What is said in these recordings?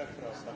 tak prosto.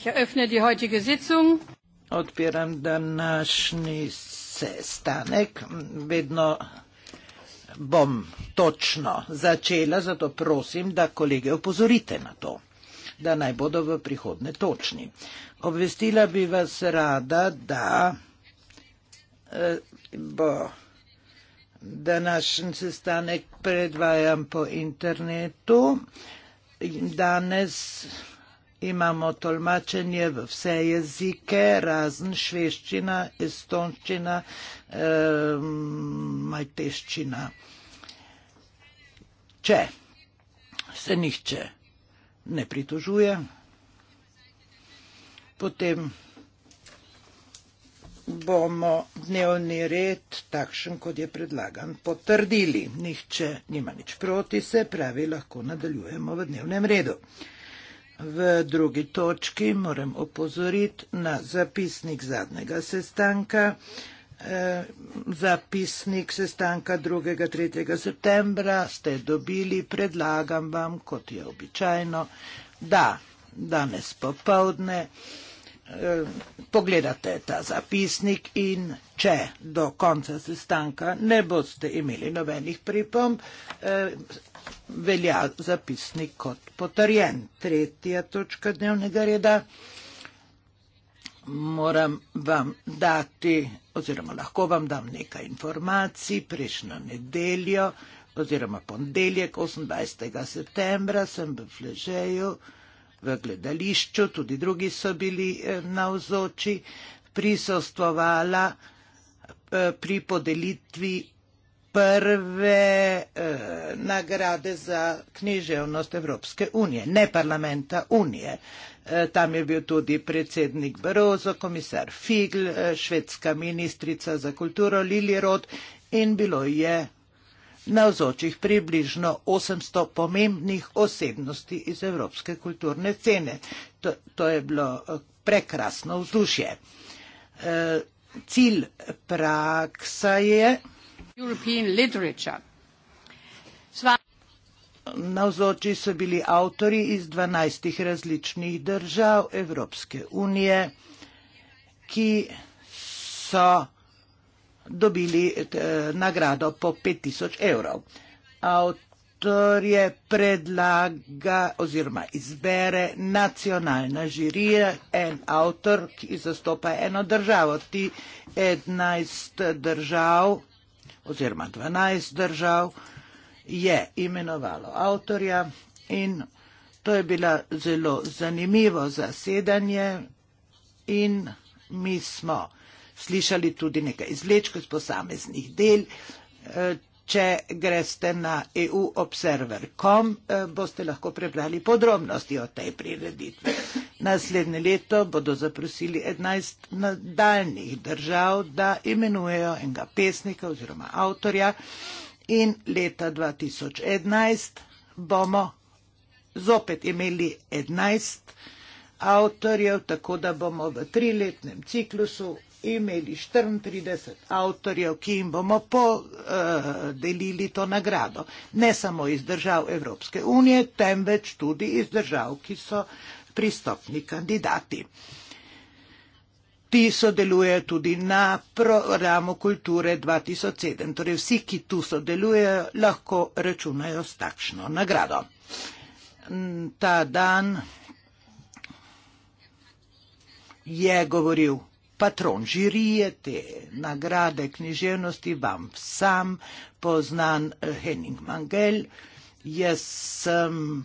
Ich eröffne die heutige Sitzung. Odpiram današnji sestanek. Vedno bom točno začela, zato prosim, da kolege opozorite na to, da naj bodo v prihodne točni. Obvestila bi vas rada, da eh, bo današnji sestanek predvajam po internetu. Danes imamo tolmačenje v vse jezike, razen švedščina, estonščina, eh, majteščina. Če se nihče ne pritožuje, potem bomo dnevni red, takšen kot je predlagan, potrdili. Nihče nima nič proti, se pravi, lahko nadaljujemo v dnevnem redu. V drugi točki moram opozoriti na zapisnik zadnjega sestanka, eh, zapisnik sestanka 2. in 3. septembra ste dobili, predlagam vam, kot je običajno, da danes popovdne. Eh, pogledate ta zapisnik in če do konca sestanka ne boste imeli nobenih pripomb, eh, velja zapisnik kot potrjen. Tretja točka dnevnega reda. Moram vam dati oziroma lahko vam dam nekaj informacij. Prejšnjo nedeljo oziroma ponedeljek 28. septembra sem v Fležeju v gledališču, tudi drugi so bili eh, navzoči, prisostvovala eh, pri podelitvi prve eh, nagrade za književnost Evropske unije, ne parlamenta unije. Tam je bil tudi predsednik Barozo, komisar Figl, švedska ministrica za kulturo Liljerod in bilo je navzočih približno 800 pomembnih osebnosti iz evropske kulturne scene. To, to je bilo eh, prekrasno vzdušje. Eh, cilj praksa je Navzoči so bili avtori iz 12 različnih držav Evropske unije, ki so dobili eh, eh, nagrado po 5000 evrov. Avtor je predlaga oziroma izbere nacionalna žirija, en avtor, ki zastopa eno državo. Ti 11 držav oziroma 12 držav je imenovalo avtorja in to je bilo zelo zanimivo zasedanje in mi smo slišali tudi nekaj izlečkov iz posameznih del. E, če greste na euobserver.com, e, boste lahko prebrali podrobnosti o tej prireditvi. Naslednje leto bodo zaprosili 11 nadaljnih držav, da imenujejo enega pesnika oziroma avtorja in leta 2011 bomo zopet imeli 11 avtorjev, tako da bomo v triletnem ciklusu imeli 34 avtorjev, ki jim bomo podelili to nagrado. Ne samo iz držav Evropske unije, temveč tudi iz držav, ki so pristopni kandidati. Ti sodelujejo tudi na programu kulture 2007, torej vsi, ki tu sodelujejo, lahko računajo s takšno nagrado. Ta dan je govoril patron žirije te nagrade književnosti vam sam poznan eh, Henning Mangel. Jaz sem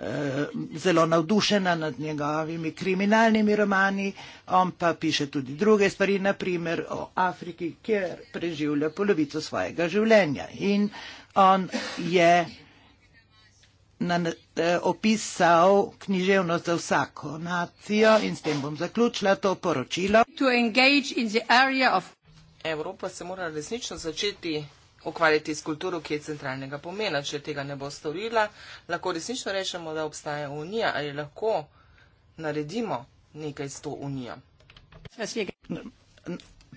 eh, zelo navdušena nad njegovimi kriminalnimi romani, on pa piše tudi druge stvari, naprimer o Afriki, kjer preživlja polovico svojega življenja. In on je na, eh, opisal književnost za vsako nacijo in s tem bom zaključila to poročilo. Of... Evropa se mora resnično začeti ukvarjati s kulturo, ki je centralnega pomena. Če tega ne bo storila, lahko resnično rečemo, da obstaja unija ali lahko naredimo nekaj s to unijo.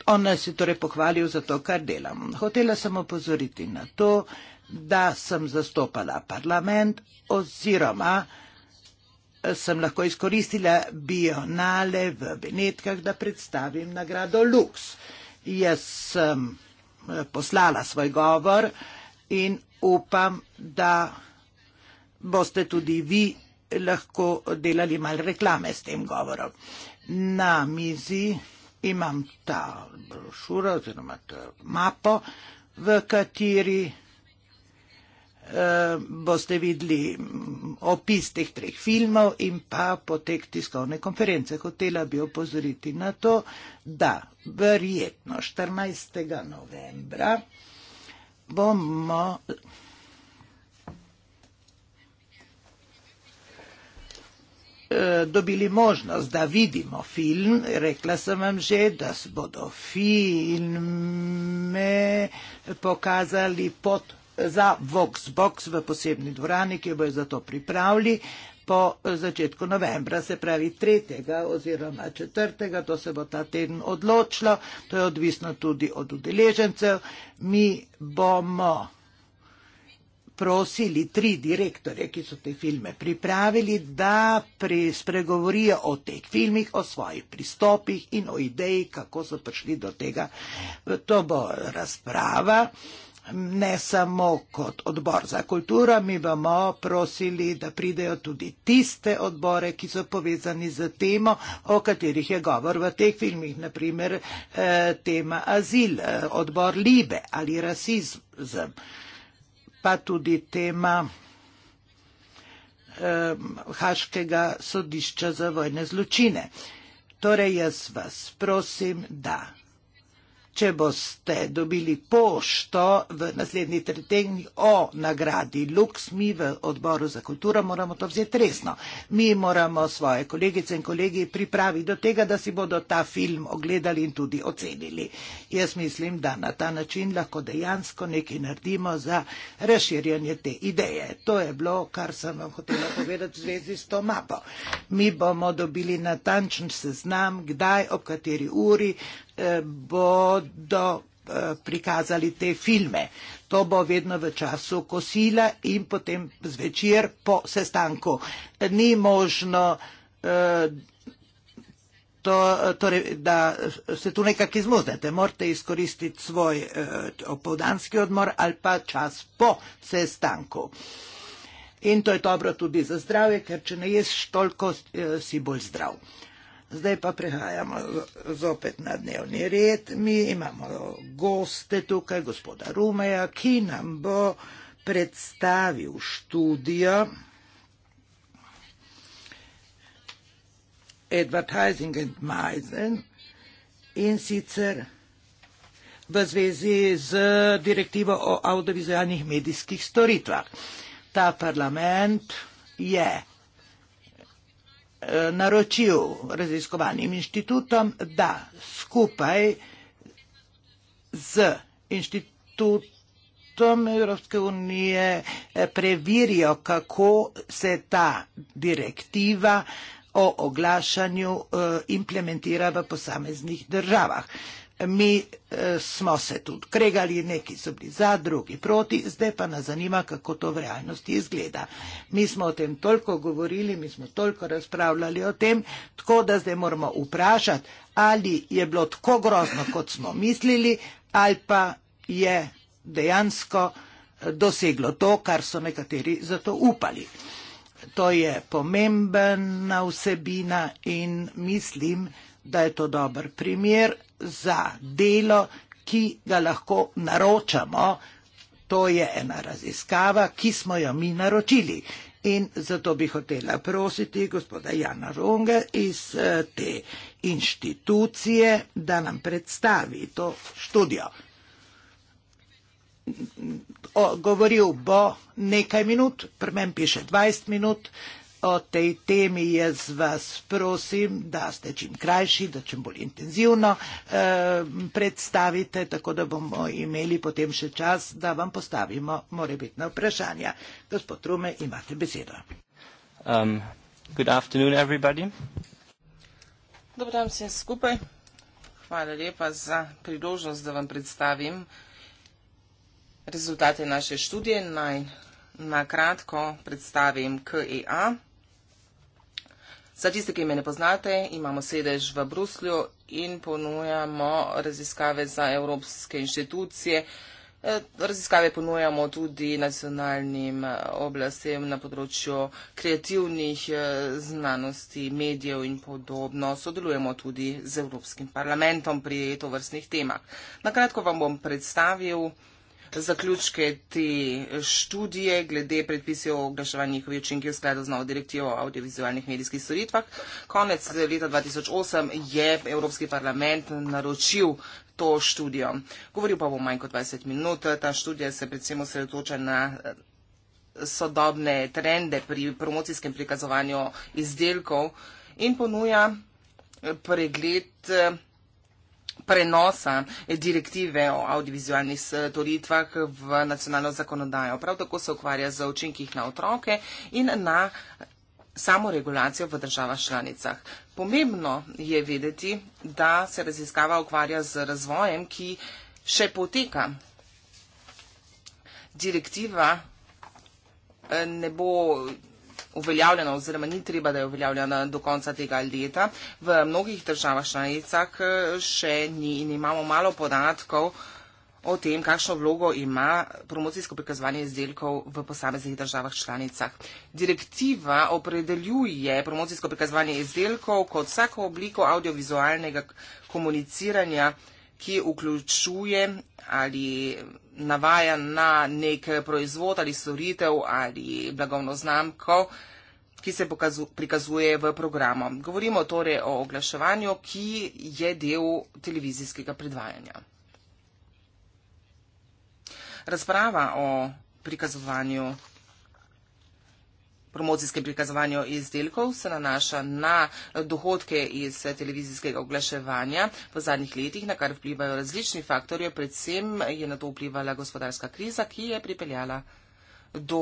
On nas je torej pohvalil za to, kar delam. Hotela sem opozoriti na to, da sem zastopala parlament oziroma eh, sem lahko izkoristila bionale v Benetkah, da predstavim nagrado Lux. Jaz sem eh, poslala svoj govor in upam, da boste tudi vi lahko delali mal reklame s tem govorom. Na mizi imam ta brošuro oziroma mapo, v kateri Eh, boste videli opis teh treh filmov in pa potek tiskovne konference. Hotela bi opozoriti na to, da verjetno 14. novembra bomo. Eh, dobili možnost, da vidimo film. Rekla sem vam že, da bodo filme pokazali pod za Vox Box v posebni dvorani, ki jo bojo za to pripravili po eh, začetku novembra, se pravi 3. oziroma 4. to se bo ta teden odločilo, to je odvisno tudi od udeležencev. Mi bomo prosili tri direktore, ki so te filme pripravili, da spregovorijo o teh filmih, o svojih pristopih in o ideji, kako so prišli do tega. To bo razprava ne samo kot odbor za kulturo, mi bomo prosili, da pridejo tudi tiste odbore, ki so povezani z temo, o katerih je govor v teh filmih, naprimer eh, tema azil, eh, odbor libe ali rasizem, pa tudi tema Haškega eh, sodišča za vojne zločine. Torej jaz vas prosim, da Če boste dobili pošto v naslednji tretjini o nagradi Lux, mi v odboru za kulturo moramo to vzeti resno. Mi moramo svoje kolegice in kolegi pripraviti do tega, da si bodo ta film ogledali in tudi ocenili. Jaz mislim, da na ta način lahko dejansko nekaj naredimo za razširjanje te ideje. To je bilo, kar sem vam hotela povedati v zvezi s to mapo. Mi bomo dobili natančen seznam, kdaj, ob kateri uri, bodo eh, prikazali te filme. To bo vedno v času kosila in potem zvečer po sestanku. Ni možno, eh, to, torej, da se tu nekako izmuznete. Morate izkoristiti svoj eh, opovdanski odmor ali pa čas po sestanku. In to je dobro tudi za zdravje, ker če ne jesi toliko, si bolj zdrav. Zdaj pa prehajamo zopet na dnevni red. Mi imamo goste tukaj, gospoda Rumeja, ki nam bo predstavil študijo. Advertising and Mizen in sicer v zvezi z direktivo o audiovizualnih medijskih storitvah. Ta parlament je Eh, naročil raziskovalnim inštitutom, da skupaj z inštitutom Evropske unije eh, preverijo, kako se ta direktiva o oglašanju eh, implementira v posameznih državah mi e, smo se tudi kregali, neki so bili za, drugi proti, zdaj pa nas zanima, kako to v realnosti izgleda. Mi smo o tem toliko govorili, mi smo toliko razpravljali o tem, tako da zdaj moramo vprašati, ali je bilo tako grozno, kot smo mislili, ali pa je dejansko eh, doseglo to, kar so nekateri zato upali. To je pomembna vsebina in mislim, da je to dober primer za delo, ki ga lahko naročamo. To je ena raziskava, ki smo jo mi naročili. In zato bi hotela prositi gospoda Jana Runge iz eh, te inštitucije, da nam predstavi to študijo. O, govoril bo nekaj minut, pri meni piše 20 minut, o tej temi jaz vas prosim, da ste čim krajši, da čim bolj intenzivno eh, predstavite, tako da bomo imeli potem še čas, da vam postavimo morebitna vprašanja. Gospod Trume, imate besedo. Um, good afternoon, everybody. Dobro dan vsem skupaj. Hvala lepa za priložnost, da vam predstavim rezultate naše študije. Naj na kratko predstavim KEA. Za tiste, ki me ne poznate, imamo sedež v Bruslju in ponujamo raziskave za evropske inštitucije. E, raziskave ponujamo tudi nacionalnim e, oblastem na področju kreativnih e, znanosti, medijev in podobno. Sodelujemo tudi z Evropskim parlamentom pri to vrstnih temah. Nakratko vam bom predstavil zaključke te študije glede predpisov o oglaševanju njihovih učinkov v skladu z novo direktivo o audiovizualnih medijskih storitvah. Konec leta 2008 je Evropski parlament naročil to študijo. Govoril pa bom manj kot 20 minut. Ta študija se predvsem osredotoča na eh, sodobne trende pri promocijskem prikazovanju izdelkov in ponuja eh, pregled eh, prenosa direktive o audiovizualnih eh, storitvah v nacionalno zakonodajo. Prav tako se ukvarja z učinkih na otroke in na samoregulacijo v državah članicah. Pomembno je vedeti, da se raziskava ukvarja z razvojem, ki še poteka. Direktiva eh, ne bo uveljavljena oziroma ni treba, da je uveljavljena do konca tega leta. V mnogih državah članicah eh, še ni in imamo malo podatkov o tem, kakšno vlogo ima promocijsko prikazovanje izdelkov v posameznih državah članicah. Direktiva opredeljuje promocijsko prikazovanje izdelkov kot vsako obliko audiovizualnega komuniciranja ki vključuje ali navaja na nek proizvod ali storitev ali blagovno znamko, ki se pokazu, prikazuje v programu. Govorimo torej o oglaševanju, ki je del televizijskega predvajanja. Razprava o prikazovanju promocijskem prikazovanju izdelkov se nanaša na dohodke iz televizijskega oglaševanja v zadnjih letih, na kar vplivajo različni faktorje. Predvsem je na to vplivala gospodarska kriza, ki je pripeljala do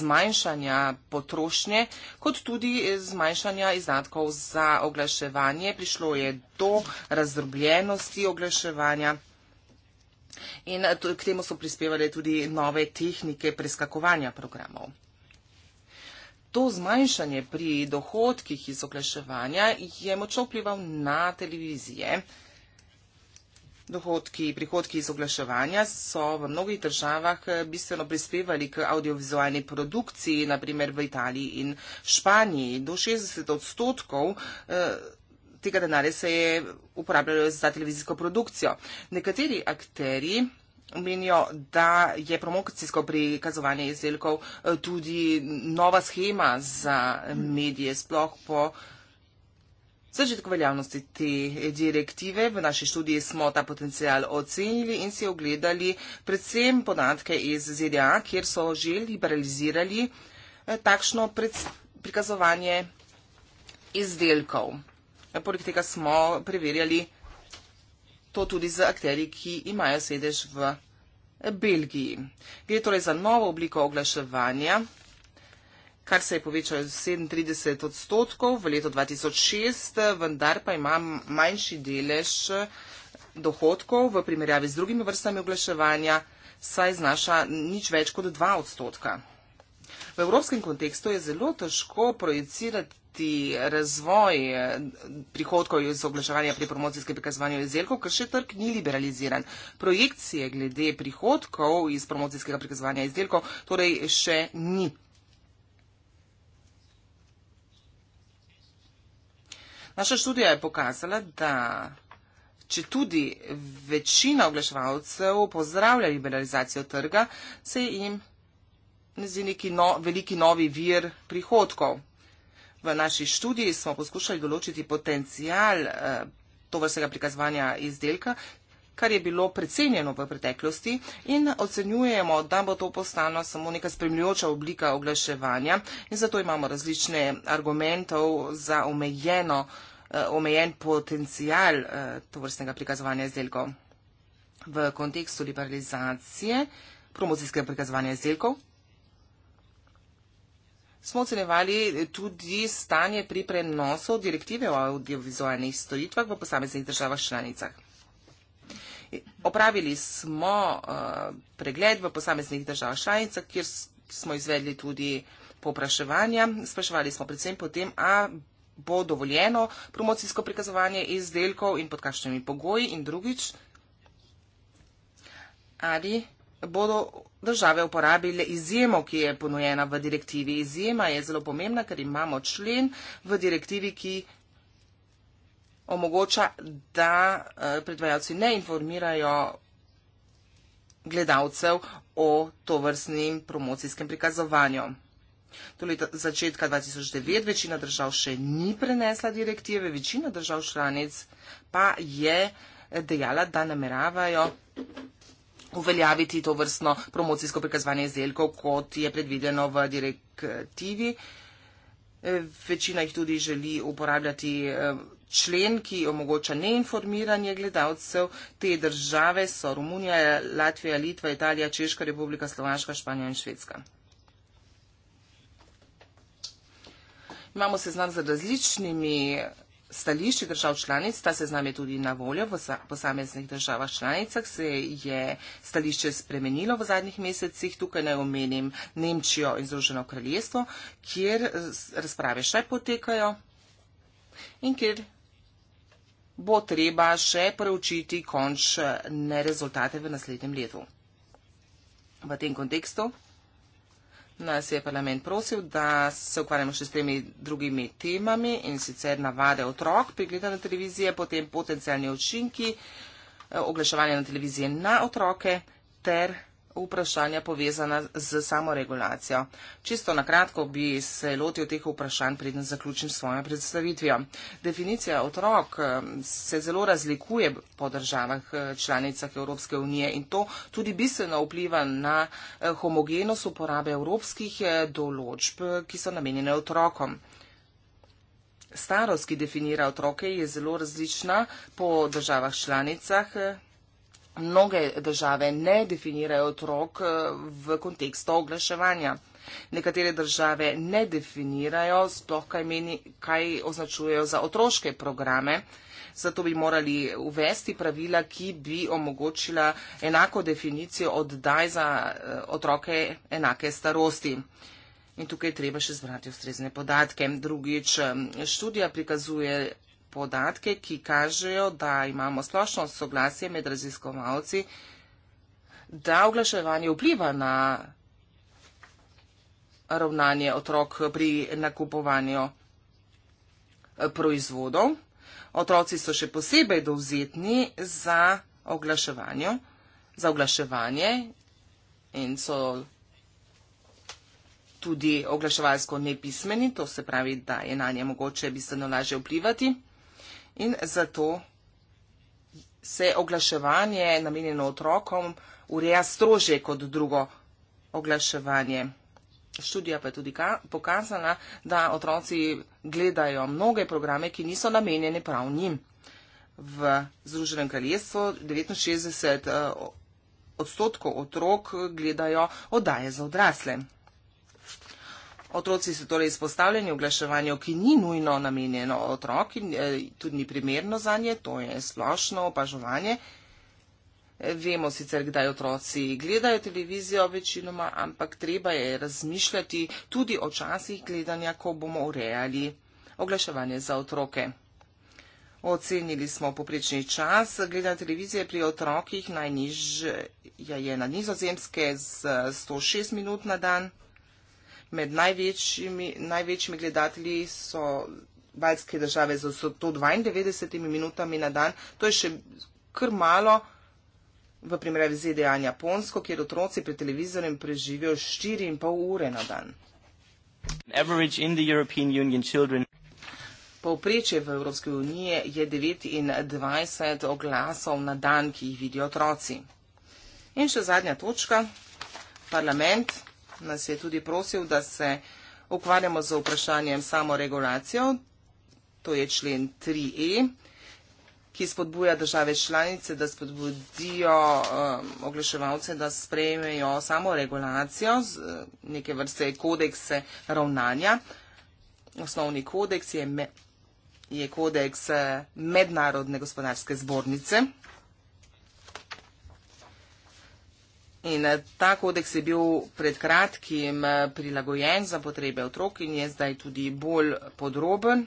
zmanjšanja potrošnje, kot tudi zmanjšanja izdatkov za oglaševanje. Prišlo je do razdrobljenosti oglaševanja. In k temu so prispevali tudi nove tehnike preskakovanja programov to zmanjšanje pri dohodkih iz oglaševanja je močno vplival na televizije. Dohodki, prihodki iz oglaševanja so v mnogih državah eh, bistveno prispevali k audiovizualni produkciji, naprimer v Italiji in Španiji. Do 60 odstotkov eh, tega denarja se je uporabljalo za televizijsko produkcijo. Nekateri akteri menijo, da je promocijsko prikazovanje izdelkov eh, tudi nova schema za medije, sploh po začetku veljavnosti te direktive. V naši študiji smo ta potencial ocenili in si ogledali predvsem podatke iz ZDA, kjer so že liberalizirali eh, takšno prikazovanje izdelkov. Poleg tega smo preverjali to tudi z akteri, ki imajo sedež v Belgiji. Gre torej za novo obliko oglaševanja, kar se je povečalo z 37 odstotkov v letu 2006, vendar pa ima manjši delež dohodkov v primerjavi z drugimi vrstami oglaševanja, saj znaša nič več kot 2 odstotka. V evropskem kontekstu je zelo težko projicirati pomagati razvoj eh, prihodkov iz oglaševanja pri promocijskem prikazovanju izdelkov, ker še trg ni liberaliziran. Projekcije glede prihodkov iz promocijskega prikazovanja izdelkov torej še ni. Naša študija je pokazala, da če tudi večina oglaševalcev pozdravlja liberalizacijo trga, se jim ne zdi neki no, veliki novi vir prihodkov. V naši študiji smo poskušali določiti potencijal eh, tovrstnega prikazovanja izdelka, kar je bilo precenjeno v preteklosti in ocenjujemo, da bo to postalo samo neka spremljujoča oblika oglaševanja in zato imamo različne argumentov za omejeno, eh, omejen potencijal eh, tovrstnega prikazovanja izdelkov. V kontekstu liberalizacije promocijskega prikazovanja izdelkov smo ocenjevali tudi stanje pri prenosu direktive o audiovizualnih storitvah v posameznih državah članicah. Opravili smo uh, pregled v posameznih državah članicah, kjer smo izvedli tudi popraševanja. Spraševali smo predvsem potem, a bo dovoljeno promocijsko prikazovanje izdelkov in pod kakšnimi pogoji in drugič. Ali bodo države uporabile izjemo, ki je ponujena v direktivi. Izjema je zelo pomembna, ker imamo člen v direktivi, ki omogoča, da eh, predvajalci ne informirajo gledalcev o tovrstnem promocijskem prikazovanju. Do leta začetka 2009 večina držav še ni prenesla direktive, večina držav članic pa je dejala, da nameravajo uveljaviti to vrstno promocijsko prikazovanje izdelkov, kot je predvideno v direktivi. E, večina jih tudi želi uporabljati e, člen, ki omogoča neinformiranje gledalcev. Te države so Romunija, Latvija, Litva, Italija, Češka, Republika Slovaška, Španija in Švedska. Imamo seznam z različnimi stališči držav članic, ta seznam je tudi na voljo v posameznih državah članicah, se je stališče spremenilo v zadnjih mesecih, tukaj naj omenim Nemčijo in Združeno kraljestvo, kjer eh, razprave še potekajo in kjer bo treba še preučiti končne rezultate v naslednjem letu. V tem kontekstu. Nas je parlament prosil, da se ukvarjamo še s temi drugimi temami in sicer navade otrok pri gledanju televizije, potem potencijalni učinki eh, oglaševanja na televiziji na otroke ter vprašanja povezana z samoregulacijo. Čisto na kratko bi se lotil teh vprašanj, preden zaključim svojo predstavitvijo. Definicija otrok eh, se zelo razlikuje po državah eh, članicah Evropske unije in to tudi bistveno vpliva na eh, homogenost uporabe evropskih določb, ki so namenjene otrokom. Starost, ki definira otroke, je zelo različna po državah članicah, mnoge države ne definirajo otrok eh, v kontekstu oglaševanja. Nekatere države ne definirajo sploh, kaj, meni, kaj označujejo za otroške programe, zato bi morali uvesti pravila, ki bi omogočila enako definicijo oddaj za eh, otroke enake starosti. In tukaj treba še zbrati ustrezne podatke. Drugič, eh, študija prikazuje podatke, ki kažejo, da imamo splošno soglasje med raziskovalci, da oglaševanje vpliva na ravnanje otrok pri nakupovanju eh, proizvodov. Otroci so še posebej dovzetni za oglaševanje, za oglaševanje in so tudi oglaševalsko nepismeni, to se pravi, da je na nje mogoče bistveno lažje vplivati. In zato se oglaševanje namenjeno otrokom ureja strožje kot drugo oglaševanje. Študija pa je tudi pokazala, da otroci gledajo mnoge programe, ki niso namenjeni prav njim. V Združenem kraljestvu 69 eh, odstotkov otrok gledajo oddaje za odrasle. Otroci so torej izpostavljeni oglaševanju, ki ni nujno namenjeno otroki, e, tudi ni primerno za nje, to je splošno opažovanje. E, vemo sicer, kdaj otroci gledajo televizijo večinoma, ampak treba je razmišljati tudi o časih gledanja, ko bomo urejali oglaševanje za otroke. Ocenili smo poprečni čas gledanja televizije pri otrokih, najnižja je na nizozemske z 106 minut na dan. Med največjimi, največjimi gledatelji so baljske države z 192 minutami na dan. To je še kar malo v primerjavi z ZDA in Japonsko, kjer otroci pred televizorjem preživijo 4,5 ure na dan. Povprečje v Evropski uniji je 29 oglasov na dan, ki jih vidijo otroci. In še zadnja točka. Parlament nas je tudi prosil, da se ukvarjamo z vprašanjem samoregulacijo, to je člen 3e, ki spodbuja države članice, da spodbudijo um, oglaševalce, da sprejmejo samoregulacijo, z, uh, neke vrste kodekse ravnanja. Osnovni kodeks je, me, je kodeks uh, mednarodne gospodarske zbornice. In eh, ta kodeks je bil pred kratkim eh, prilagojen za potrebe otrok in je zdaj tudi bolj podroben.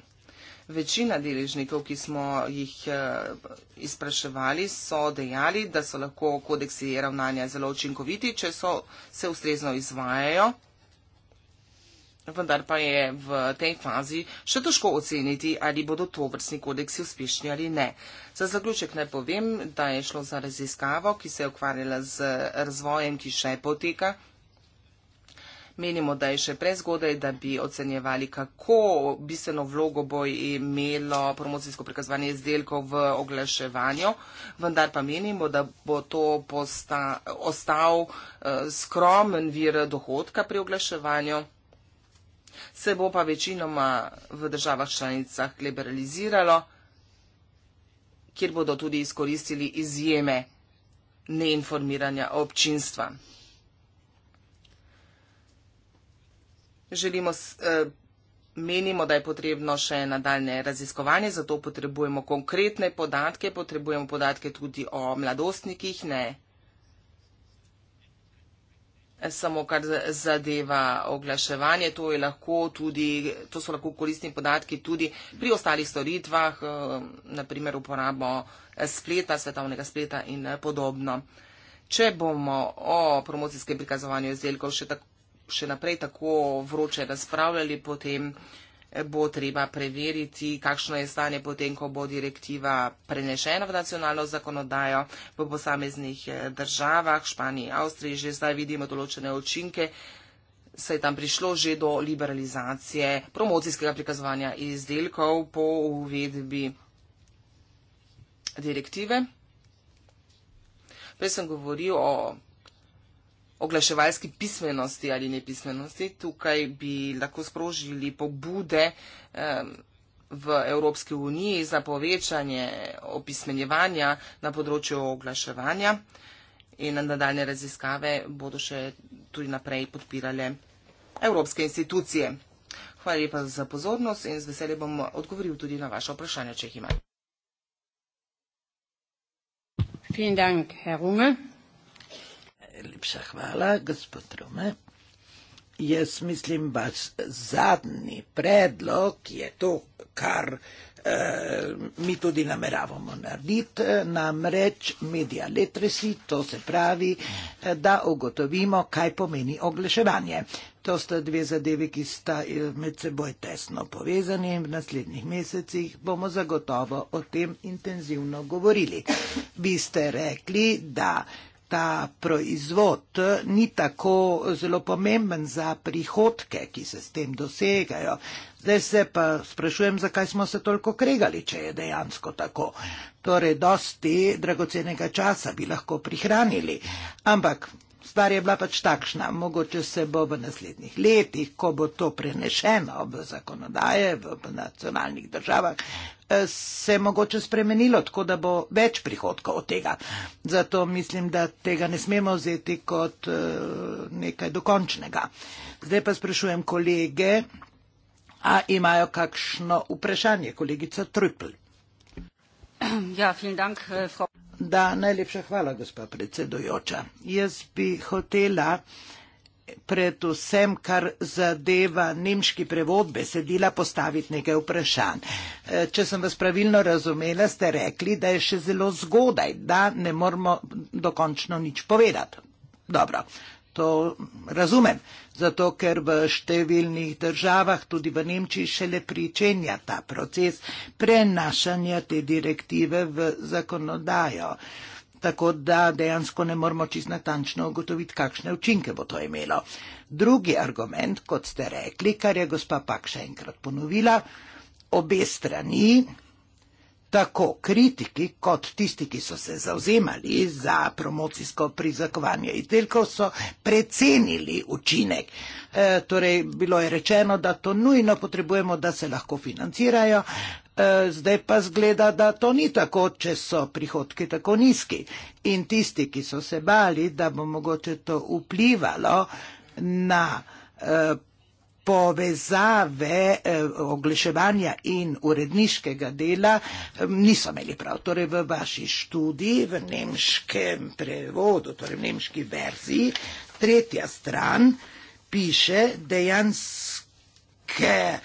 Večina deležnikov, ki smo jih eh, izpraševali, so dejali, da so lahko kodeksi ravnanja zelo učinkoviti, če so, se ustrezno izvajajo vendar pa je v tej fazi še težko oceniti, ali bodo to vrstni kodeksi uspešni ali ne. Za zaključek naj povem, da je šlo za raziskavo, ki se je ukvarjala z razvojem, ki še poteka. Menimo, da je še prezgodaj, da bi ocenjevali, kako bistveno vlogo bo imelo promocijsko prikazovanje izdelkov v oglaševanju, vendar pa menimo, da bo to posta, ostal eh, skromen vir dohodka pri oglaševanju se bo pa večinoma v državah članicah liberaliziralo, kjer bodo tudi izkoristili izjeme neinformiranja občinstva. Želimo, eh, menimo, da je potrebno še nadaljne raziskovanje, zato potrebujemo konkretne podatke, potrebujemo podatke tudi o mladostnikih, ne samo kar zadeva oglaševanje. To, tudi, to so lahko koristni podatki tudi pri ostalih storitvah, eh, naprimer uporabo eh, spleta, svetovnega spleta in eh, podobno. Če bomo o promocijskem prikazovanju izdelkov še, tako, še naprej tako vroče razpravljali, potem bo treba preveriti, kakšno je stanje potem, ko bo direktiva prenešena v nacionalno zakonodajo v posameznih eh, državah, Španiji, Avstriji, že zdaj vidimo določene učinke, saj tam prišlo že do liberalizacije promocijskega prikazovanja izdelkov po uvedbi direktive. Prej sem govoril o oglaševalski pismenosti ali nepismenosti. Tukaj bi lahko sprožili pobude v Evropski uniji za povečanje opismenjevanja na področju oglaševanja in nadaljne raziskave bodo še tudi naprej podpirale evropske institucije. Hvala lepa za pozornost in z veseljem bom odgovoril tudi na vaše vprašanje, če jih imate. Vielen Dank, Herr Runge. Lepša hvala, gospod Rome. Jaz mislim, vaš zadnji predlog je to, kar eh, mi tudi nameravamo narediti, namreč media literacy, to se pravi, eh, da ugotovimo, kaj pomeni oglaševanje. To sta dve zadeve, ki sta eh, med seboj tesno povezani in v naslednjih mesecih bomo zagotovo o tem intenzivno govorili. Vi ste rekli, da ta proizvod ni tako zelo pomemben za prihodke, ki se s tem dosegajo. Zdaj se pa sprašujem, zakaj smo se toliko kregali, če je dejansko tako. Torej, dosti dragocenega časa bi lahko prihranili, ampak Stvar je bila pač takšna, mogoče se bo v naslednjih letih, ko bo to prenešeno v zakonodaje, v nacionalnih državah, eh, se mogoče spremenilo, tako da bo več prihodkov od tega. Zato mislim, da tega ne smemo vzeti kot eh, nekaj dokončnega. Zdaj pa sprašujem kolege, a imajo kakšno vprašanje, kolegica Trupl. Ja, vielen Dank, eh, Frau. Da, najlepša hvala, gospa predsedujoča. Jaz bi hotela predvsem, kar zadeva nemški prevod besedila, postaviti nekaj vprašanj. E, če sem vas pravilno razumela, ste rekli, da je še zelo zgodaj, da ne moramo dokončno nič povedati. Dobro, To razumem, zato ker v številnih državah, tudi v Nemčiji, šele pričenja ta proces prenašanja te direktive v zakonodajo. Tako da dejansko ne moramo čist natančno ugotoviti, kakšne učinke bo to imelo. Drugi argument, kot ste rekli, kar je gospa Pak še enkrat ponovila, obe strani tako kritiki kot tisti, ki so se zauzemali za promocijsko prizakovanje izdelkov, so precenili učinek. E, torej, bilo je rečeno, da to nujno potrebujemo, da se lahko financirajo, e, zdaj pa zgleda, da to ni tako, če so prihodki tako nizki. In tisti, ki so se bali, da bo mogoče to vplivalo na e, povezave eh, oglaševanja in uredniškega dela eh, niso imeli prav. Torej v vaši študiji, v nemškem prevodu, torej v nemški verziji, tretja stran piše dejanske eh,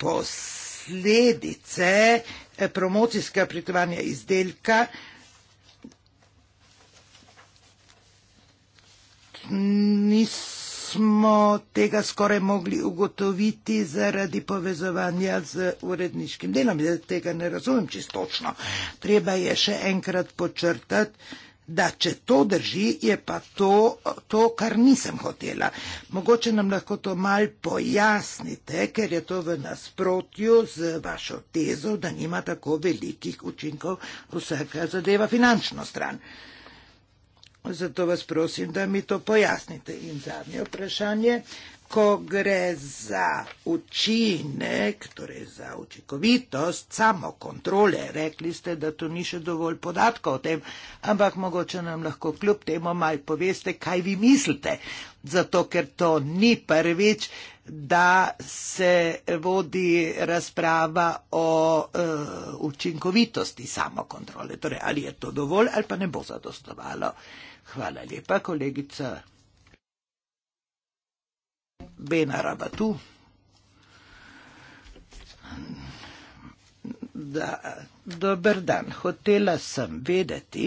posledice promocijskega pritovanja izdelka. Niso smo tega skoraj mogli ugotoviti zaradi povezovanja z uredniškim delom. Jaz tega ne razumem čistočno. Treba je še enkrat počrtati, da če to drži, je pa to, to kar nisem hotela. Mogoče nam lahko to mal pojasnite, ker je to v nasprotju z vašo tezo, da nima tako velikih učinkov vsaka zadeva finančno stran. Zato vas prosim, da mi to pojasnite. In zadnje vprašanje, ko gre za učinek, torej za učinkovitost samokontrole, rekli ste, da to ni še dovolj podatkov o tem, ampak mogoče nam lahko kljub temu mal poveste, kaj vi mislite. Zato, ker to ni prvič, da se vodi razprava o e, učinkovitosti samokontrole. Torej, ali je to dovolj ali pa ne bo zadostovalo. Hvala lepa, kolegica. Bena raba tu. Da, dober dan. Hotela sem vedeti,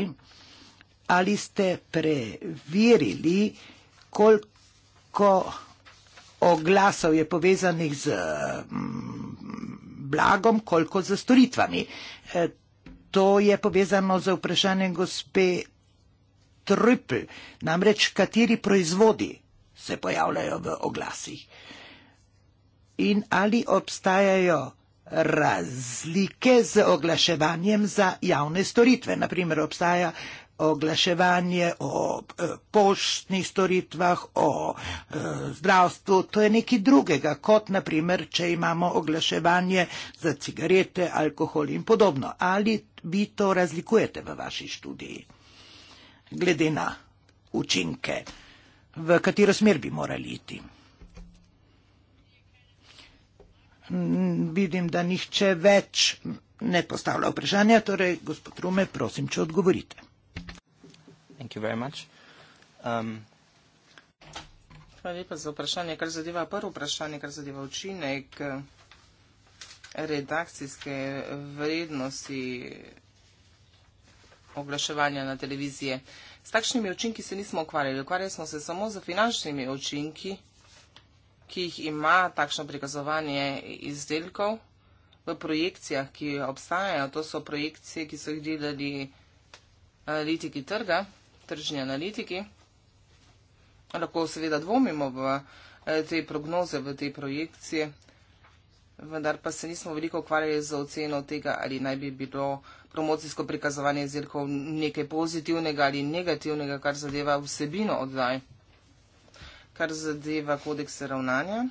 ali ste preverili, koliko oglasov je povezanih z mm, blagom, koliko z storitvami. E, to je povezano z vprašanjem gospe trpl, namreč kateri proizvodi se pojavljajo v oglasih. In ali obstajajo razlike z oglaševanjem za javne storitve, naprimer obstaja oglaševanje o eh, poštnih storitvah, o eh, zdravstvu, to je nekaj drugega, kot naprimer, če imamo oglaševanje za cigarete, alkohol in podobno. Ali vi to razlikujete v vaši študiji? glede na učinke, v katero smer bi morali iti. Vidim, da nihče več ne postavlja vprašanja, torej, gospod Rume, prosim, če odgovorite. Um, Hvala um... lepa za vprašanje, kar zadeva prvo vprašanje, kar zadeva učinek eh, redakcijske vrednosti oglaševanja na televizije. S takšnimi učinki se nismo ukvarjali, ukvarjali smo se samo z finančnimi učinki, ki jih ima takšno prikazovanje izdelkov v projekcijah, ki obstajajo. To so projekcije, ki so jih delali eh, analitiki trga, tržni analitiki. Lahko seveda dvomimo v eh, te prognoze, v te projekcije, vendar pa se nismo veliko ukvarjali z oceno tega, ali naj bi bilo promocijsko prikazovanje zirkov nekaj pozitivnega ali negativnega, kar zadeva vsebino oddaj, kar zadeva kodekse ravnanja.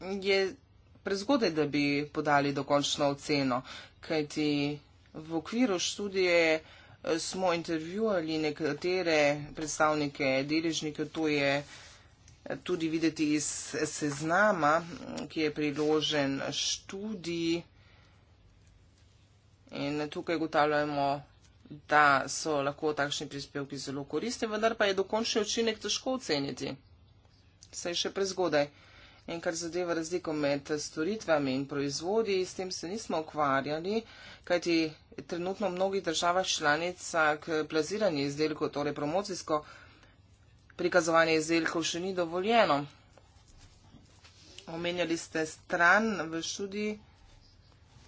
Je prezgodaj, da bi podali dokončno oceno, kajti v okviru študije eh, smo intervjuali nekatere predstavnike, deležnike, to je tudi videti iz seznama, ki je priložen študiji. In tukaj ugotavljamo, da so lahko takšni prispevki zelo koristi, vendar pa je dokončni učinek težko oceniti. Vse je še prezgodaj. In kar zadeva razliko med storitvami in proizvodi, s tem se nismo ukvarjali, kajti trenutno v mnogih državah članicah plaziranje izdelkov, torej promocijsko prikazovanje izdelkov še ni dovoljeno. Omenjali ste stran v študiji,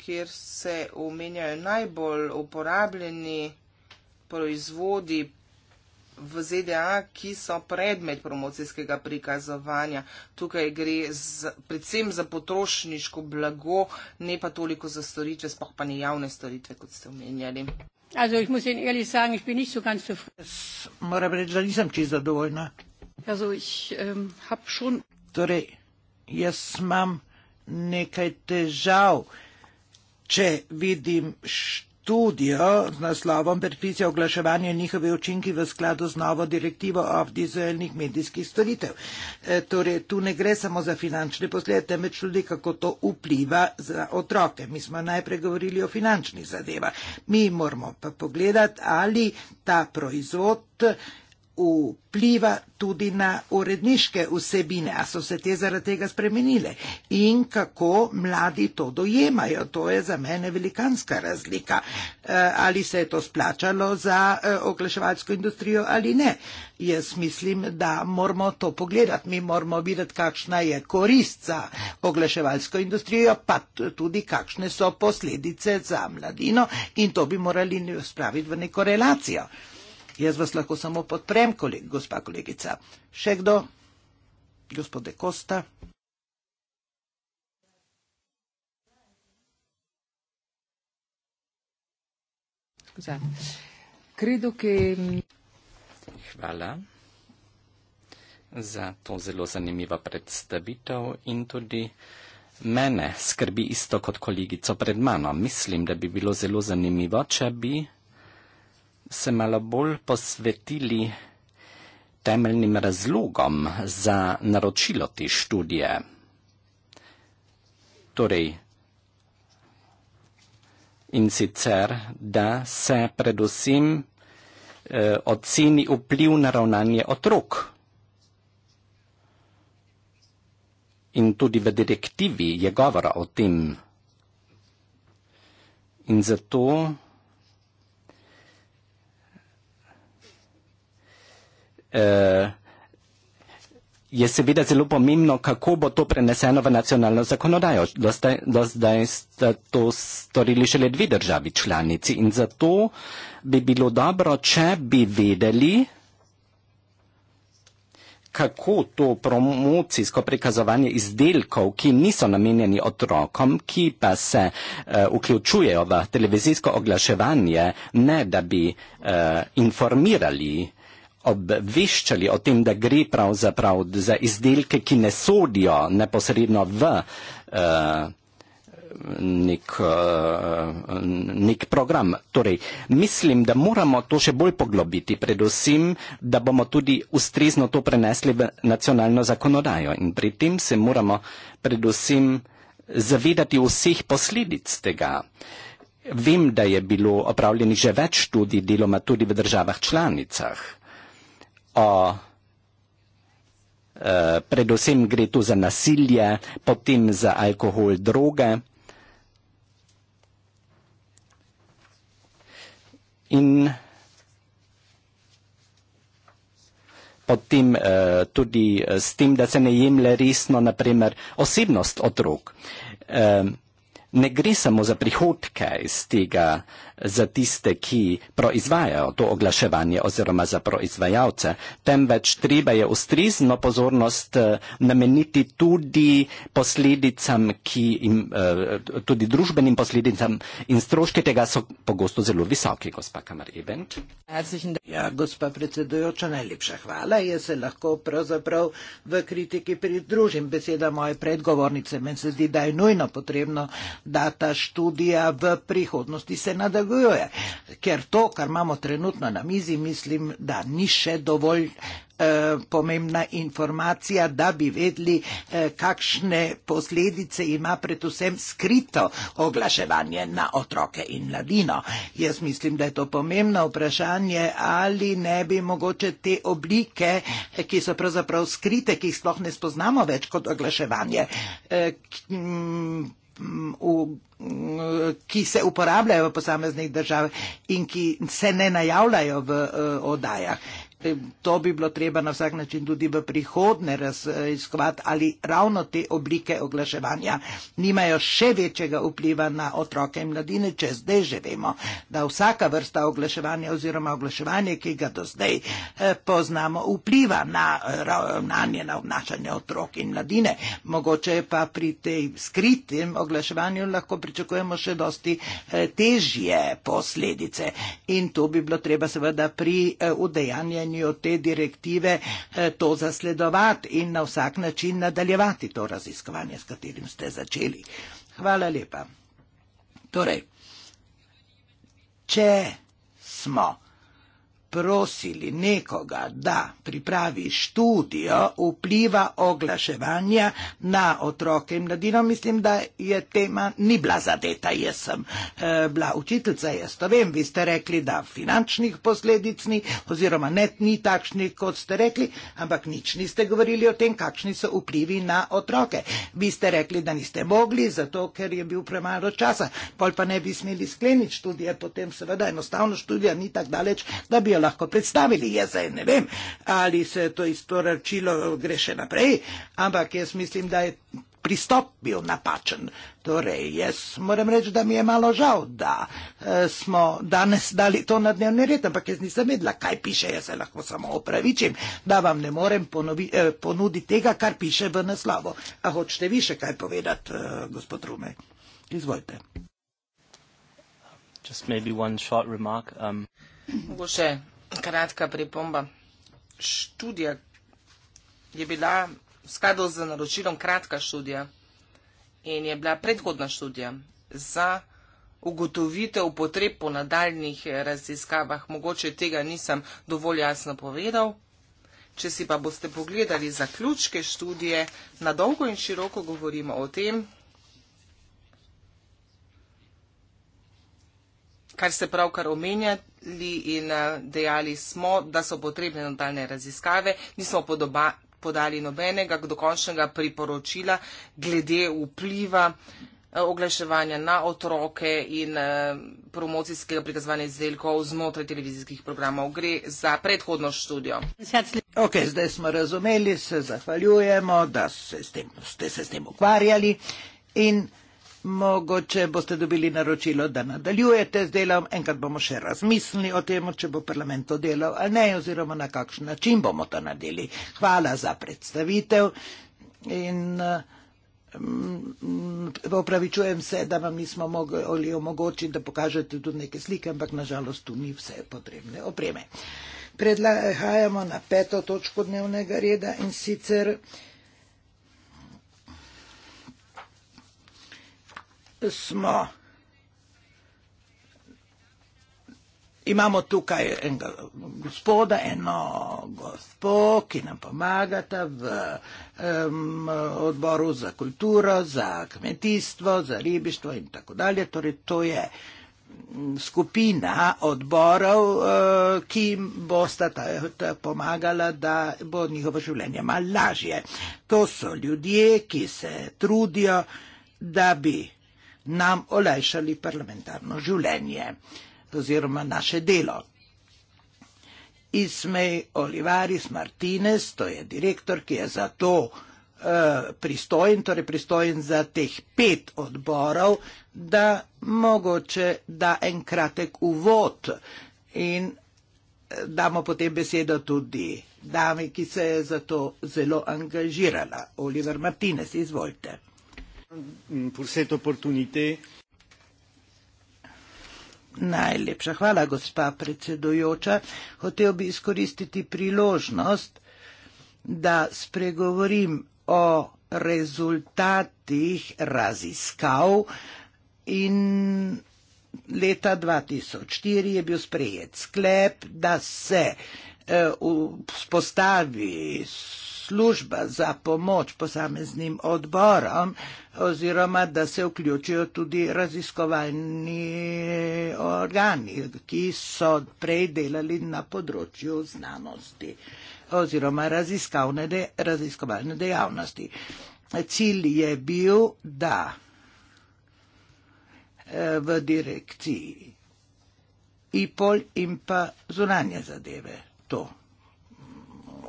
kjer se omenjajo najbolj uporabljeni proizvodi v ZDA, ki so predmet promocijskega prikazovanja. Tukaj gre za, predvsem za potrošniško blago, ne pa toliko za storitve, spoh pa ne javne storitve, kot ste omenjali. Also ich muss Ihnen ehrlich sagen, ich bin nicht so ganz zufrieden. Also ich ähm, habe schon. Torej, jaz imam nekaj težav, če vidim, študijo z naslovom Predpise oglaševanja in njihove učinki v skladu z novo direktivo o vizualnih medijskih storitev. E, torej, tu ne gre samo za finančne posledice, temveč tudi kako to vpliva za otroke. Mi smo najprej govorili o finančnih zadevah. Mi moramo pa pogledati, ali ta proizvod vpliva tudi na uredniške vsebine, a so se te zaradi tega spremenile in kako mladi to dojemajo. To je za mene velikanska razlika, eh, ali se je to splačalo za eh, oglaševalsko industrijo ali ne. Jaz mislim, da moramo to pogledati, mi moramo videti, kakšna je korist za oglaševalsko industrijo, pa tudi kakšne so posledice za mladino in to bi morali spraviti v neko relacijo. Jaz vas lahko samo podprem, koleg, gospa kolegica. Še kdo? Gospode Kosta. Kredo, ki... Hvala za to zelo zanimivo predstavitev in tudi mene skrbi isto kot kolegico pred mano. Mislim, da bi bilo zelo zanimivo, če bi se malo bolj posvetili temeljnim razlogom za naročilo te študije. Torej, in sicer, da se predvsem eh, oceni vpliv na ravnanje otrok. In tudi v direktivi je govora o tem. In zato Eh, je seveda zelo pomembno, kako bo to preneseno v nacionalno zakonodajo. Do zdaj, do zdaj sta to storili šele dve državi članici in zato bi bilo dobro, če bi vedeli, kako to promocijsko prikazovanje izdelkov, ki niso namenjeni otrokom, ki pa se uh, vključujejo v televizijsko oglaševanje, ne da bi uh, informirali uh, obveščali o tem, da gre pravzaprav za izdelke, ki ne sodijo neposredno v uh, nek, uh, nek program. Torej, mislim, da moramo to še bolj poglobiti, predvsem, da bomo tudi ustrezno to prenesli v nacionalno zakonodajo in pri tem se moramo predvsem zavedati vseh posledic tega. Vem, da je bilo opravljenih že več študij deloma tudi v državah članicah o e, predvsem gre tu za nasilje, potem za alkohol, droge. In potem e, tudi e, s tem, da se ne jemlje resno, naprimer, osebnost otrok. Ne gre samo za prihodke iz tega, za tiste, ki proizvajajo to oglaševanje oziroma za proizvajalce, temveč treba je ustrezno pozornost eh, nameniti tudi posledicam, ki jim, eh, tudi družbenim posledicam in stroške tega so pogosto zelo visoki, gospa Kamar Event. Ja, gospa predsedujoča, najlepša hvala. Jaz se lahko pravzaprav v kritiki pridružim beseda moje predgovornice. Meni se zdi, da je nujno potrebno, da ta študija v prihodnosti se nadaljuje potrebuje, ja. ker to, kar imamo trenutno na mizi, mislim, da ni še dovolj eh, pomembna informacija, da bi vedli, eh, kakšne posledice ima predvsem skrito oglaševanje na otroke in mladino. Jaz mislim, da je to pomembno vprašanje, ali ne bi mogoče te oblike, eh, ki so pravzaprav skrite, ki jih sploh ne spoznamo več kot oglaševanje, v, ki se uporabljajo v posameznih državah in ki se ne najavljajo v uh, oddajah. To bi bilo treba na vsak način tudi v prihodne raziskovati, ali ravno te oblike oglaševanja nimajo še večjega vpliva na otroke in mladine, če zdaj že vemo, da vsaka vrsta oglaševanja oziroma oglaševanje, ki ga do zdaj eh, poznamo, vpliva na ravnanje, na obnašanje otrok in mladine. Mogoče pa pri tej skritem oglaševanju lahko pričakujemo še dosti eh, težje posledice in to bi bilo treba seveda pri eh, udejanjanju izvajanju te direktive eh, to zasledovati in na vsak način nadaljevati to raziskovanje, s katerim ste začeli. Hvala lepa. Torej, če smo prosili nekoga, da pripravi študijo vpliva oglaševanja na otroke in mladino, mislim, da je tema ni bila zadeta. Jaz sem e, bila učiteljica, jaz to vem, vi ste rekli, da finančnih posledic ni oziroma net ni takšnih, kot ste rekli, ampak nič niste govorili o tem, kakšni so vplivi na otroke. Vi ste rekli, da niste mogli, zato ker je bil premalo časa, pol pa ne bi smeli skleniti študije, potem seveda enostavno študija ni tako daleč, da bi jo lahko predstavili. Jaz zdaj ne vem, ali se to izporočilo gre še naprej, ampak jaz mislim, da je pristop bil napačen. Torej, jaz moram reči, da mi je malo žal, da e, smo danes dali to na dnevni red, ampak jaz nisem vedela, kaj piše, jaz se lahko samo opravičim, da vam ne morem ponovi, e, ponuditi tega, kar piše v naslovu. A hočete vi še kaj povedati, e, gospod Rume? Izvolite. Just maybe one short remark. Um... Mogoče kratka pripomba. Študija je bila v skladu z naročilom kratka študija in je bila predhodna študija za ugotovitev potreb po nadaljnih raziskavah. Mogoče tega nisem dovolj jasno povedal. Če si pa boste pogledali zaključke študije, na dolgo in široko govorimo o tem, kar ste pravkar omenjali in eh, dejali smo, da so potrebne nadaljne raziskave, nismo podoba, podali nobenega dokončnega priporočila glede vpliva eh, oglaševanja na otroke in eh, promocijskega prikazovanja izdelkov znotraj televizijskih programov. Gre za predhodno študijo. Ok, zdaj smo razumeli, se zahvaljujemo, da se s tem, ste se s tem ukvarjali in Mogoče boste dobili naročilo, da nadaljujete z delom, enkrat bomo še razmislili o tem, če bo parlament to delal ali ne, oziroma na kakšen način bomo to nadeli. Hvala za predstavitev in um, opravičujem se, da vam nismo mogli omogočiti, da pokažete tudi neke slike, ampak nažalost tu ni vse potrebne opreme. Predlagajamo na peto točko dnevnega reda in sicer. smo, imamo tukaj enega gospoda, eno gospo, ki nam pomagata v um, odboru za kulturo, za kmetijstvo, za ribištvo in tako dalje. Torej, to je skupina odborov, eh, ki bosta ta, ta pomagala, da bo njihovo življenje malo lažje. To so ljudje, ki se trudijo, da bi nam olajšali parlamentarno življenje oziroma naše delo. Ismej Olivaris Martinez, to je direktor, ki je za to eh, pristojen, torej pristojen za teh pet odborov, da mogoče da en kratek uvod in eh, damo potem besedo tudi dami, ki se je za to zelo angažirala. Oliver Martinez, izvolite pour cette opportunité. Najlepša hvala, gospa predsedujoča. Hotel bi izkoristiti priložnost, da spregovorim o rezultatih raziskav in leta 2004 je bil sprejet sklep, da se eh, vzpostavi služba za pomoč posameznim odborom oziroma da se vključijo tudi raziskovalni organi, ki so prej delali na področju znanosti oziroma raziskovalne, de, raziskovalne dejavnosti. Cilj je bil, da eh, v direkciji IPOL in pa zunanje zadeve to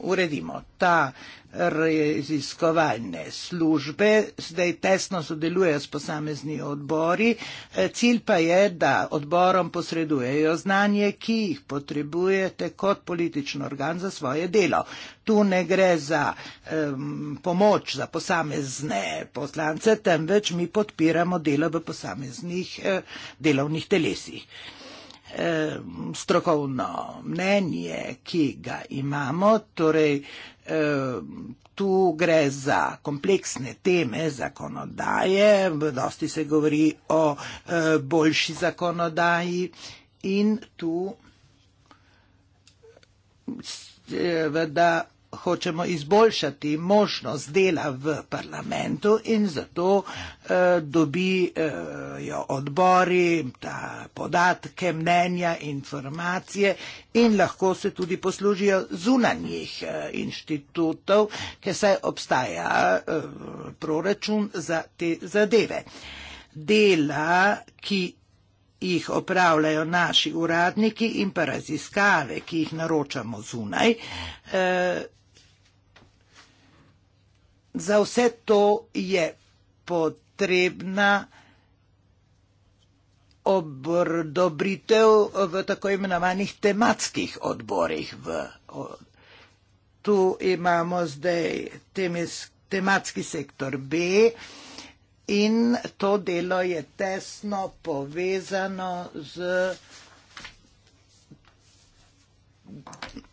uredimo. Ta raziskovalne službe zdaj tesno sodelujejo s posamezni odbori. Eh, cilj pa je, da odborom posredujejo znanje, ki jih potrebujete kot politični organ za svoje delo. Tu ne gre za um, pomoč za posamezne poslance, temveč mi podpiramo delo v posameznih uh, delovnih telesih. Uh, strokovno mnenje, ki ga imamo, torej tu gre za kompleksne teme zakonodaje, v dosti se govori o boljši zakonodaji in tu seveda hočemo izboljšati možnost dela v parlamentu in zato eh, dobijo eh, odbori ta podatke, mnenja, informacije in lahko se tudi poslužijo zunanjih eh, inštitutov, ker saj obstaja eh, proračun za te zadeve. Dela, ki jih opravljajo naši uradniki in pa raziskave, ki jih naročamo zunaj, eh, Za vse to je potrebna obrodobritev v tako imenovanih tematskih odborih. V, o, tu imamo zdaj temis, tematski sektor B in to delo je tesno povezano z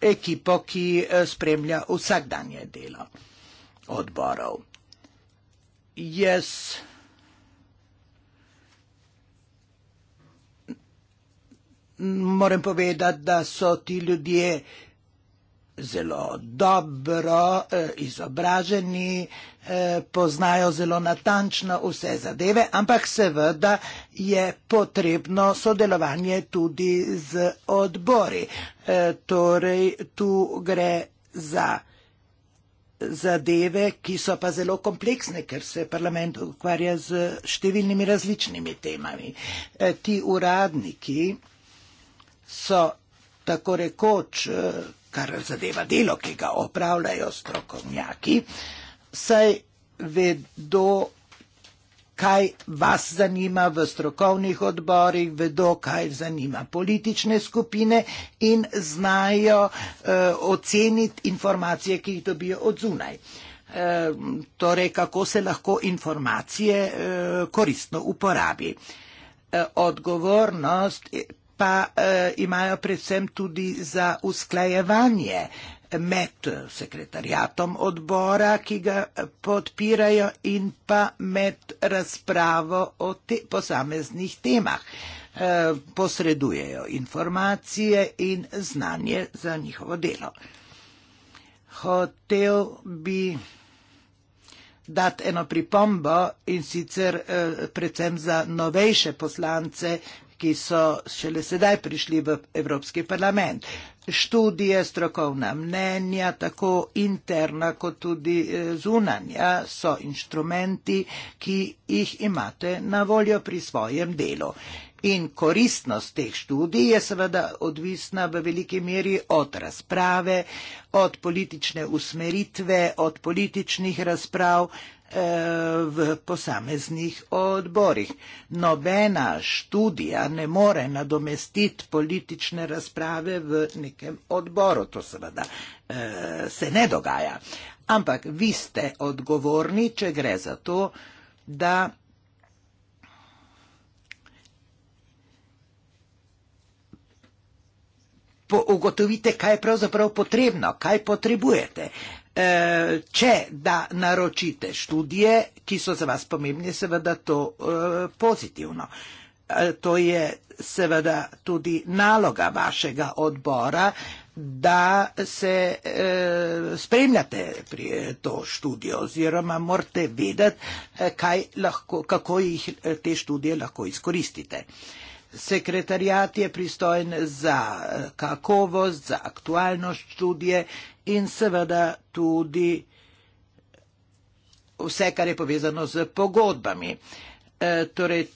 ekipo, ki eh, spremlja vsakdanje delo odborov. Jaz moram povedati, da so ti ljudje zelo dobro eh, izobraženi, eh, poznajo zelo natančno vse zadeve, ampak seveda je potrebno sodelovanje tudi z odbori. Eh, torej, tu gre za zadeve, ki so pa zelo kompleksne, ker se parlament ukvarja z številnimi različnimi temami. E, ti uradniki so tako rekoč, e, kar zadeva delo, ki ga opravljajo strokovnjaki, saj vedo, kaj vas zanima v strokovnih odborih, vedo, kaj zanima politične skupine in znajo uh, oceniti informacije, ki jih dobijo od zunaj. E, torej, kako se lahko informacije e, koristno uporabi. E, odgovornost pa e, imajo predvsem tudi za usklajevanje med sekretarjatom odbora, ki ga podpirajo, in pa med razpravo o te posameznih temah. E, posredujejo informacije in znanje za njihovo delo. Hotel bi dati eno pripombo in sicer e, predvsem za novejše poslance, ki so šele sedaj prišli v Evropski parlament. Študije, strokovna mnenja, tako interna kot tudi eh, zunanja, so inštrumenti, ki jih imate na voljo pri svojem delu. In koristnost teh študij je seveda odvisna v veliki meri od razprave, od politične usmeritve, od političnih razprav, E, v posameznih odborih. Nobena študija ne more nadomestiti politične razprave v nekem odboru, to seveda e, se ne dogaja. Ampak vi ste odgovorni, če gre za to, da ugotovite, kaj je pravzaprav potrebno, kaj potrebujete eh, če da naročite študije, ki so za vas pomembne, seveda to eh, pozitivno. Eh, to je seveda tudi naloga vašega odbora, da se eh, spremljate pri eh, to študijo oziroma morate vedeti, eh, kaj lahko, kako jih eh, te študije lahko izkoristite. Sekretarjat je pristojen za eh, kakovost, za aktualnost študije in seveda tudi vse, kar je povezano z pogodbami. E, torej,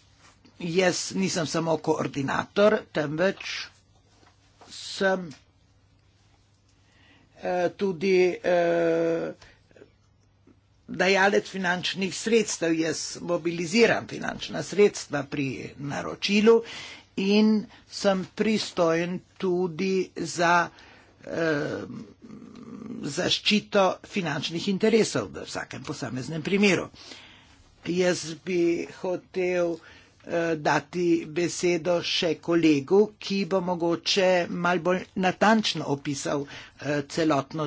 jaz nisem samo koordinator, temveč sem e, tudi e, dajalec finančnih sredstev, jaz mobiliziram finančna sredstva pri naročilu in sem pristojen tudi za eh, zaščito finančnih interesov v vsakem posameznem primeru. Jaz bi hotel eh, dati besedo še kolegu, ki bo mogoče mal bolj natančno opisal eh, celotno.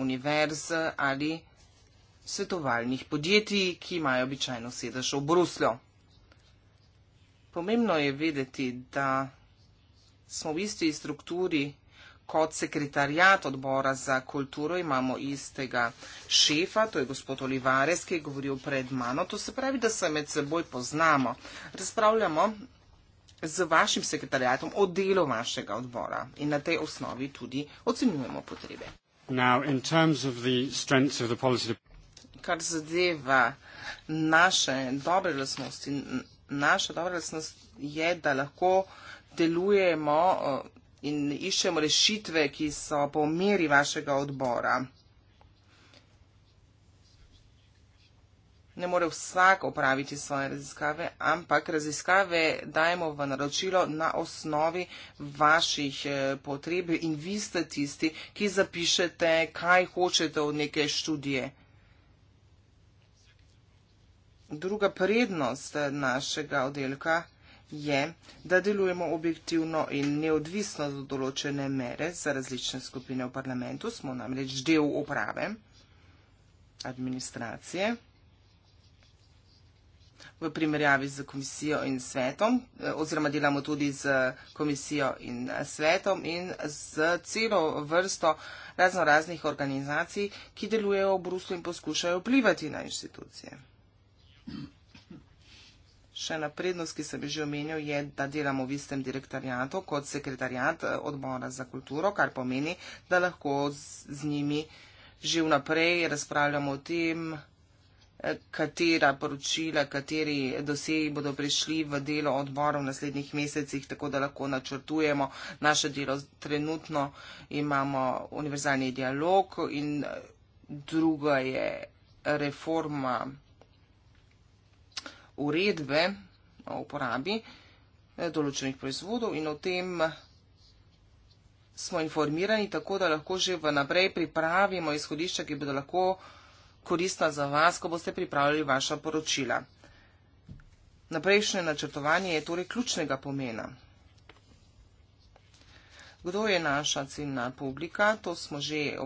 univerz ali svetovalnih podjetij, ki imajo običajno sedež v Bruslju. Pomembno je vedeti, da smo v isti strukturi kot sekretarjat odbora za kulturo, imamo istega šefa, to je gospod Olivares, ki je govoril pred mano. To se pravi, da se med seboj poznamo. Razpravljamo z vašim sekretarjatom o delu vašega odbora in na tej osnovi tudi ocenjujemo potrebe. Kar zadeva naše dobre lasnosti, naša dobra lasnost je, da lahko delujemo uh, in iščemo rešitve, ki so po meri vašega odbora. ne more vsak opraviti svoje raziskave, ampak raziskave dajemo v naročilo na osnovi vaših eh, potreb in vi ste tisti, ki zapišete, kaj hočete od neke študije. Druga prednost eh, našega oddelka je, da delujemo objektivno in neodvisno do določene mere za različne skupine v parlamentu, smo namreč del uprave administracije v primerjavi z komisijo in svetom, eh, oziroma delamo tudi z komisijo in eh, svetom in z celo vrsto razno raznih organizacij, ki delujejo v Bruslu in poskušajo vplivati na inštitucije. Še ena prednost, ki sem že omenil, je, da delamo v istem direktorijatu kot sekretarijat eh, odbora za kulturo, kar pomeni, da lahko z, z njimi že vnaprej razpravljamo o tem, katera poročila, kateri dosegi bodo prišli v delo odbora v naslednjih mesecih, tako da lahko načrtujemo naše delo. Trenutno imamo univerzalni dialog in druga je reforma uredbe o uporabi eh, določenih proizvodov in o tem smo informirani, tako da lahko že vnaprej pripravimo izhodišča, ki bodo lahko koristna za vas, ko boste pripravljali vaša poročila. Naprejšnje načrtovanje je torej ključnega pomena. Kdo je naša ciljna publika? To smo že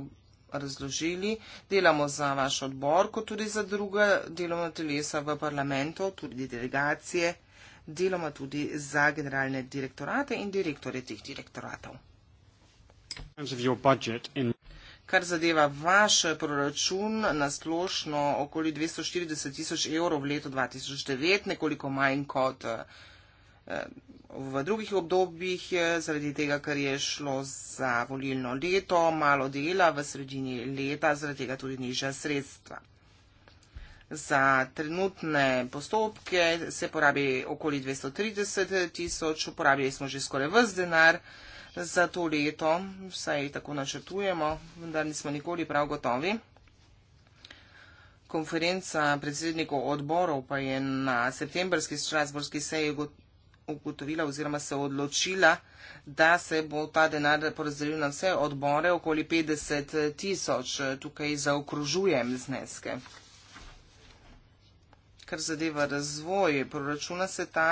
razložili. Delamo za vaš odbor, kot tudi za druga delovna telesa v parlamentu, tudi delegacije. Deloma tudi za generalne direktorate in direktore teh direktoratov. In kar zadeva vaš proračun na splošno okoli 240 tisoč evrov v letu 2009, nekoliko manj kot eh, v drugih obdobjih, eh, zaradi tega, ker je šlo za volilno leto, malo dela v sredini leta, zaradi tega tudi nižja sredstva. Za trenutne postopke se porabi okoli 230 tisoč, uporabili smo že skoraj vse denar, za to leto, vsaj tako načrtujemo, vendar nismo nikoli prav gotovi. Konferenca predsednikov odborov pa je na septembrski strasborski seji ugotovila oziroma se odločila, da se bo ta denar porazdelil na vse odbore, okoli 50 eh, tisoč, eh, tukaj zaokružujem zneske. Kar zadeva razvoj proračuna, se ta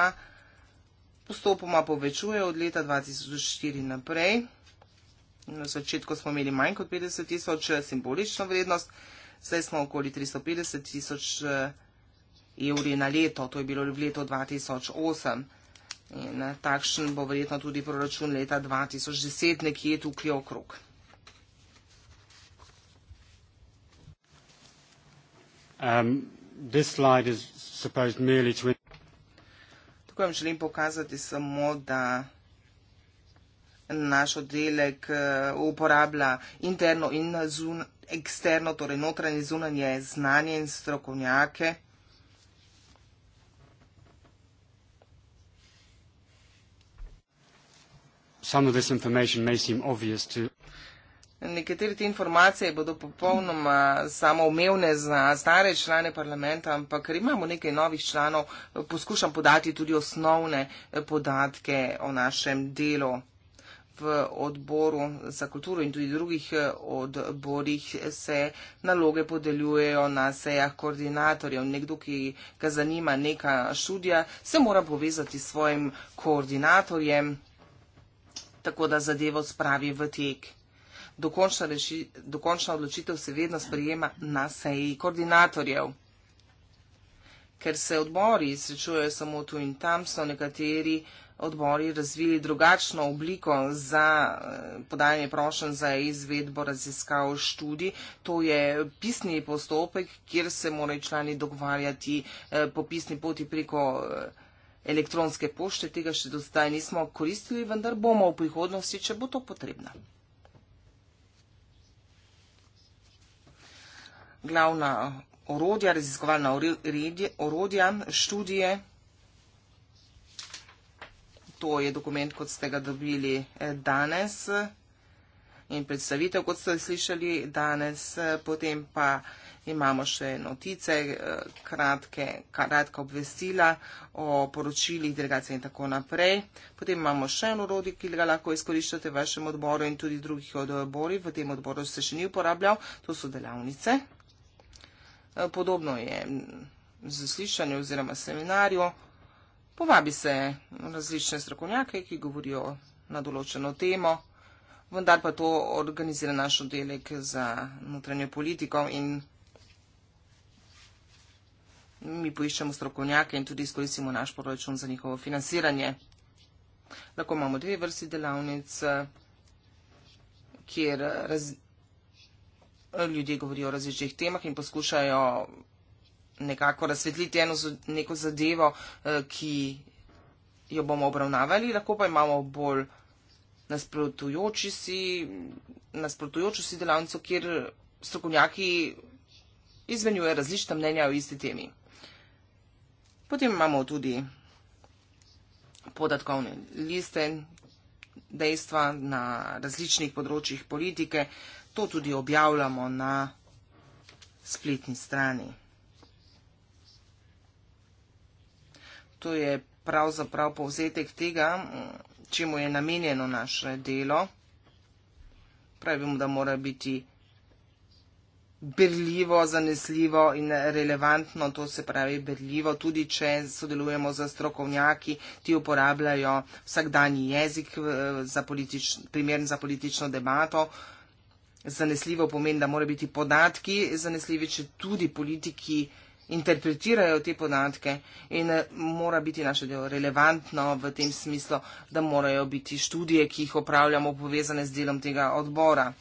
postopoma povečuje od leta 2004 naprej. Na začetku smo imeli manj kot 50 tisoč simbolično vrednost, zdaj smo okoli 350 tisoč eh, evri na leto, to je bilo v letu 2008. In eh, takšen bo verjetno tudi proračun leta 2010, nekje tukaj okrog. Um, Tukaj vam želim pokazati samo, da naš oddelek eh, uporablja interno in eksterno, torej notranje zunanje znanje in strokovnjake. Some of this information may seem obvious to Nekatere te informacije bodo popolnoma samoumevne za stare člane parlamenta, ampak ker imamo nekaj novih članov, poskušam podati tudi osnovne eh, podatke o našem delu v odboru za kulturo in tudi drugih eh, odborih se naloge podeljujejo na sejah koordinatorjev. Nekdo, ki ga zanima neka študija, se mora povezati s svojim koordinatorjem, tako da zadevo spravi v tek dokončna, reši, dokončna odločitev se vedno sprejema na seji koordinatorjev. Ker se odbori srečujejo samo tu in tam, so nekateri odbori razvili drugačno obliko za eh, podajanje prošen za izvedbo raziskav študij. To je pisni postopek, kjer se morajo člani dogovarjati eh, po pisni poti preko eh, elektronske pošte. Tega še do zdaj nismo koristili, vendar bomo v prihodnosti, če bo to potrebno. glavna orodja, raziskovalna orodja, študije. To je dokument, kot ste ga dobili eh, danes in predstavitev, kot ste slišali danes. Potem pa imamo še notice, eh, kratke, kratka obvestila o poročilih delegacije in tako naprej. Potem imamo še en orodje, ki ga lahko izkoriščate v vašem odboru in tudi drugih odborih. V tem odboru se še ni uporabljal, to so delavnice podobno je zaslišanju oziroma seminarju, povabi se različne strokovnjake, ki govorijo na določeno temo, vendar pa to organizira naš oddelek za notranjo politiko in mi poiščemo strokovnjake in tudi izkoristimo naš proračun za njihovo financiranje. Lahko imamo dve vrsti delavnic, kjer različne ljudje govorijo o različnih temah in poskušajo nekako razsvetliti eno neko zadevo, eh, ki jo bomo obravnavali, lahko pa imamo bolj nasprotujoči si, nasprotujoči si delavnico, kjer strokovnjaki izmenjujejo različna mnenja o isti temi. Potem imamo tudi podatkovne liste, dejstva na različnih področjih politike, to tudi objavljamo na spletni strani. To je pravzaprav povzetek tega, čemu je namenjeno naše delo. Pravimo, da mora biti berljivo, zanesljivo in relevantno, to se pravi berljivo, tudi če sodelujemo z strokovnjaki, ti uporabljajo vsakdanji jezik za politič, primern za politično debato. Uh, zanesljivo pomeni, da morajo biti podatki zanesljivi, če tudi politiki interpretirajo te podatke in eh, mora biti naše delo relevantno v tem smislu, da morajo biti študije, ki jih opravljamo, povezane z delom tega odbora.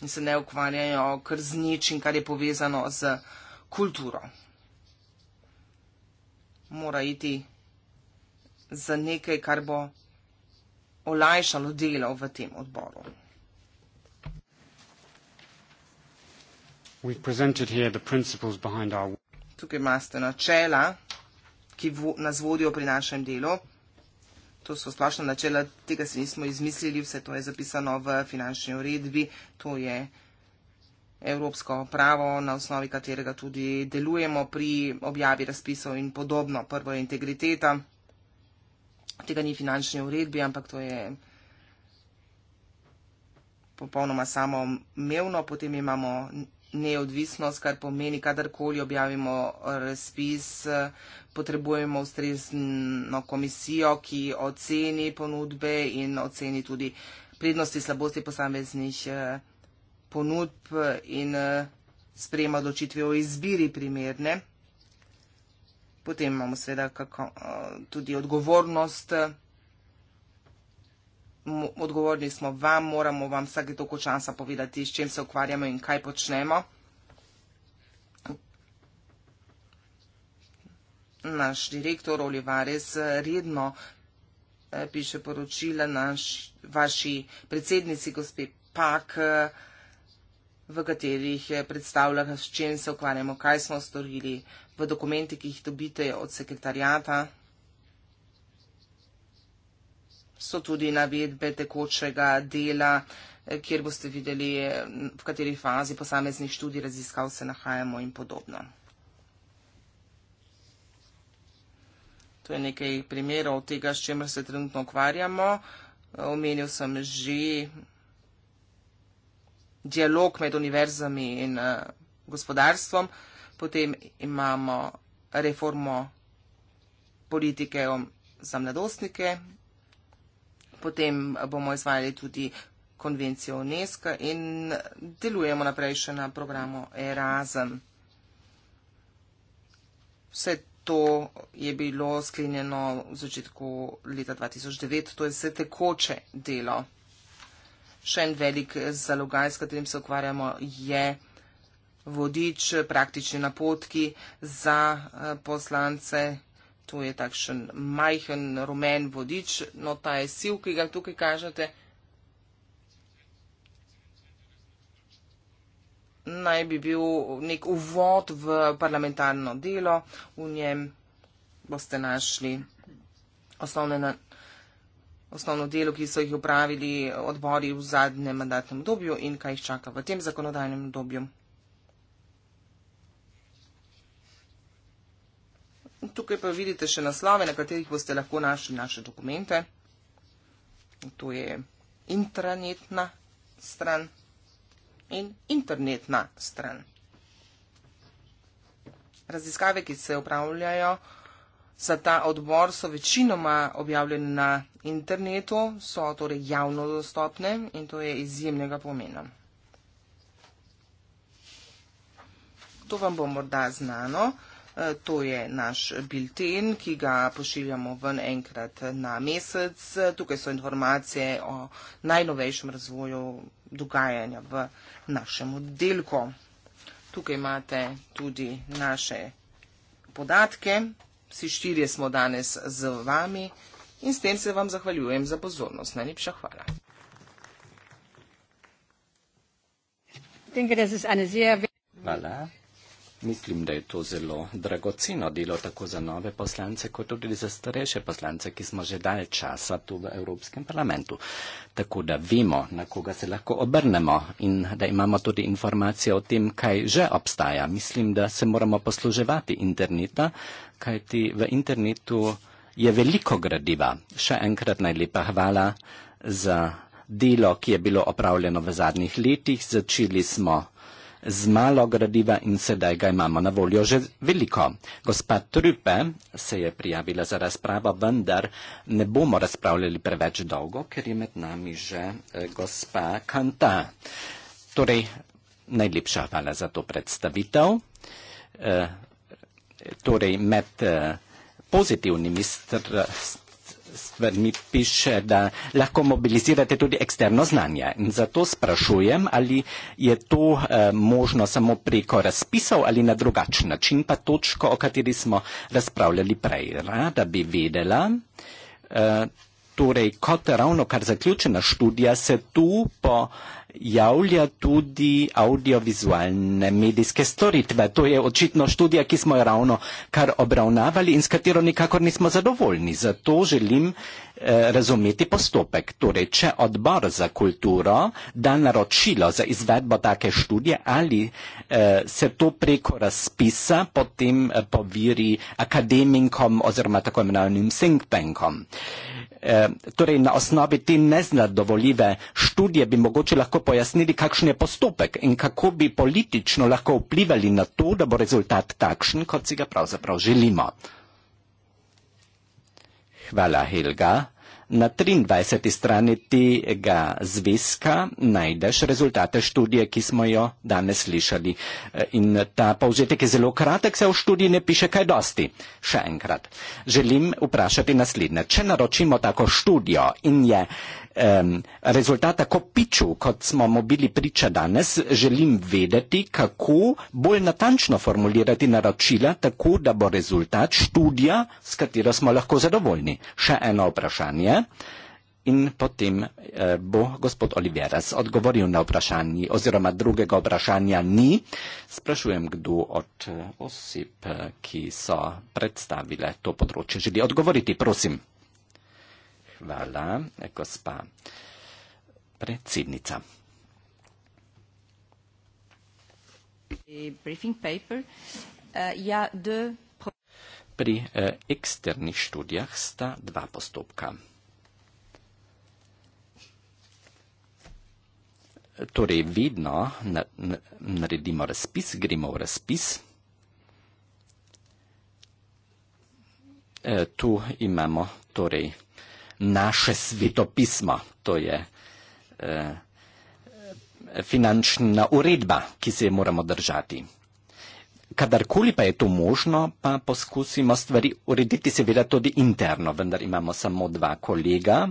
In se ne ukvarjajo kar z ničim, kar je povezano z kulturo. Mora iti za nekaj, kar bo olajšalo delo v tem odboru. Tukaj imate načela, ki vo, nas vodijo pri našem delu. To so splošna načela, tega se nismo izmislili, vse to je zapisano v finančni uredbi, to je evropsko pravo, na osnovi katerega tudi delujemo pri objavi razpisov in podobno. Prvo je integriteta tega ni finančni uredbi, ampak to je popolnoma samoumevno. Potem imamo neodvisnost, kar pomeni, kadarkoli objavimo razpis, potrebujemo ustrezno komisijo, ki oceni ponudbe in oceni tudi prednosti, slabosti posameznih eh, ponudb in eh, sprejema odločitve o izbiri primerne. Potem imamo seveda kako, eh, tudi odgovornost. Eh, odgovorni smo vam, moramo vam vsak toliko časa povedati, s čim se ukvarjamo in kaj počnemo. Naš direktor Olivares eh, redno piše poročila naš, vaši predsednici, gospe Pak, v katerih predstavlja, s čim se ukvarjamo, kaj smo storili, v dokumenti, ki jih dobite od sekretarjata, so tudi navedbe tekočega dela, eh, kjer boste videli, eh, v kateri fazi posameznih študij raziskav se nahajamo in podobno. To je nekaj primerov tega, s čemer se trenutno ukvarjamo. Omenil sem že dialog med univerzami in eh, gospodarstvom. Potem imamo reformo politike za mladostnike, potem bomo izvajali tudi konvencijo UNESCO in delujemo naprej še na programu Erasm. Vse to je bilo sklenjeno v začetku leta 2009, to je vse tekoče delo. Še en velik zalogaj, s katerim se ukvarjamo, je vodič, praktični napotki za eh, poslance. Tu je takšen majhen rumen vodič, no ta je siv, ki ga tukaj kažete. Naj bi bil nek uvod v parlamentarno delo, v njem boste našli osnovne na osnovno delo, ki so jih upravili odbori v zadnjem mandatnem dobju in kaj jih čaka v tem zakonodajnem dobju. Tukaj pa vidite še naslove, na katerih boste lahko našli naše dokumente. To je intranetna stran in internetna stran. Raziskave, ki se upravljajo za ta odbor, so večinoma objavljene na internetu, so torej javno dostopne in to je izjemnega pomena. To vam bo morda znano. Eh, to je naš bilten, ki ga pošiljamo ven enkrat na mesec. Tukaj so informacije o najnovejšem razvoju dogajanja v našem oddelku. Tukaj imate tudi naše podatke. Vsi štirje smo danes z vami in s tem se vam zahvaljujem za pozornost. Najlepša hvala. Hvala. Mislim, da je to zelo dragoceno delo tako za nove poslance, kot tudi za starejše poslance, ki smo že dalj časa tu v Evropskem parlamentu. Tako da vemo, na koga se lahko obrnemo in da imamo tudi informacije o tem, kaj že obstaja. Mislim, da se moramo posluževati interneta, kajti v internetu je veliko gradiva. Še enkrat najlepa hvala za delo, ki je bilo opravljeno v zadnjih letih. Začeli smo z malo gradiva in sedaj ga imamo na voljo že veliko. Gospa Trupe se je prijavila za razpravo, vendar ne bomo razpravljali preveč dolgo, ker je med nami že eh, gospa Kanta. Torej, najlepša hvala za to predstavitev. Eh, torej, med eh, pozitivnimi strani stvarmi piše, da lahko mobilizirate tudi eksterno znanje. In zato sprašujem, ali je to eh, možno samo preko razpisov ali na drugačen način, pa točko, o kateri smo razpravljali prej, da bi vedela. Eh, torej, kot ravno kar zaključena študija, se tu po. Eh, javlja tudi audiovizualne medijske storitve. To je očitno študija, ki smo jo ravno kar obravnavali in s katero nikakor nismo zadovoljni. Zato želim eh, razumeti postopek. Torej, če odbor za kulturo da naročilo za izvedbo take študije ali eh, se to preko razpisa potem eh, poviri akademikom oziroma tako imenovanim think tankom. Eh, torej, na osnovi te nezadovoljive študije bi mogoče lahko pojasnili, kakšen je postopek in kako bi politično lahko vplivali na to, da bo rezultat takšen, kot si ga pravzaprav želimo. Hvala, Helga. Na 23. strani tega zvezka najdeš rezultate študije, ki smo jo danes slišali. In ta povzetek je zelo kratek, se v študiji ne piše kaj dosti. Še enkrat. Želim vprašati naslednje. Če naročimo tako študijo in je eh, rezultata kopiču, kot smo mu bili priča danes, želim vedeti, kako bolj natančno formulirati naročila, tako da bo rezultat študija, s katero smo lahko zadovoljni. Še eno vprašanje in potem eh, bo gospod Oliveras odgovoril na vprašanje oziroma drugega vprašanja ni. Sprašujem, kdo od eh, oseb, eh, ki so predstavile to področje, želi odgovoriti, prosim. Hvala, gospa predsednica. Uh, ja, Pri eh, eksternih študijah sta dva postopka. Torej, vedno naredimo razpis, gremo v razpis. Eh, tu imamo torej naše svetopisma, to je eh, finančna uredba, ki se je moramo držati. Kadarkoli pa je to možno, pa poskusimo stvari urediti seveda tudi interno, vendar imamo samo dva kolega,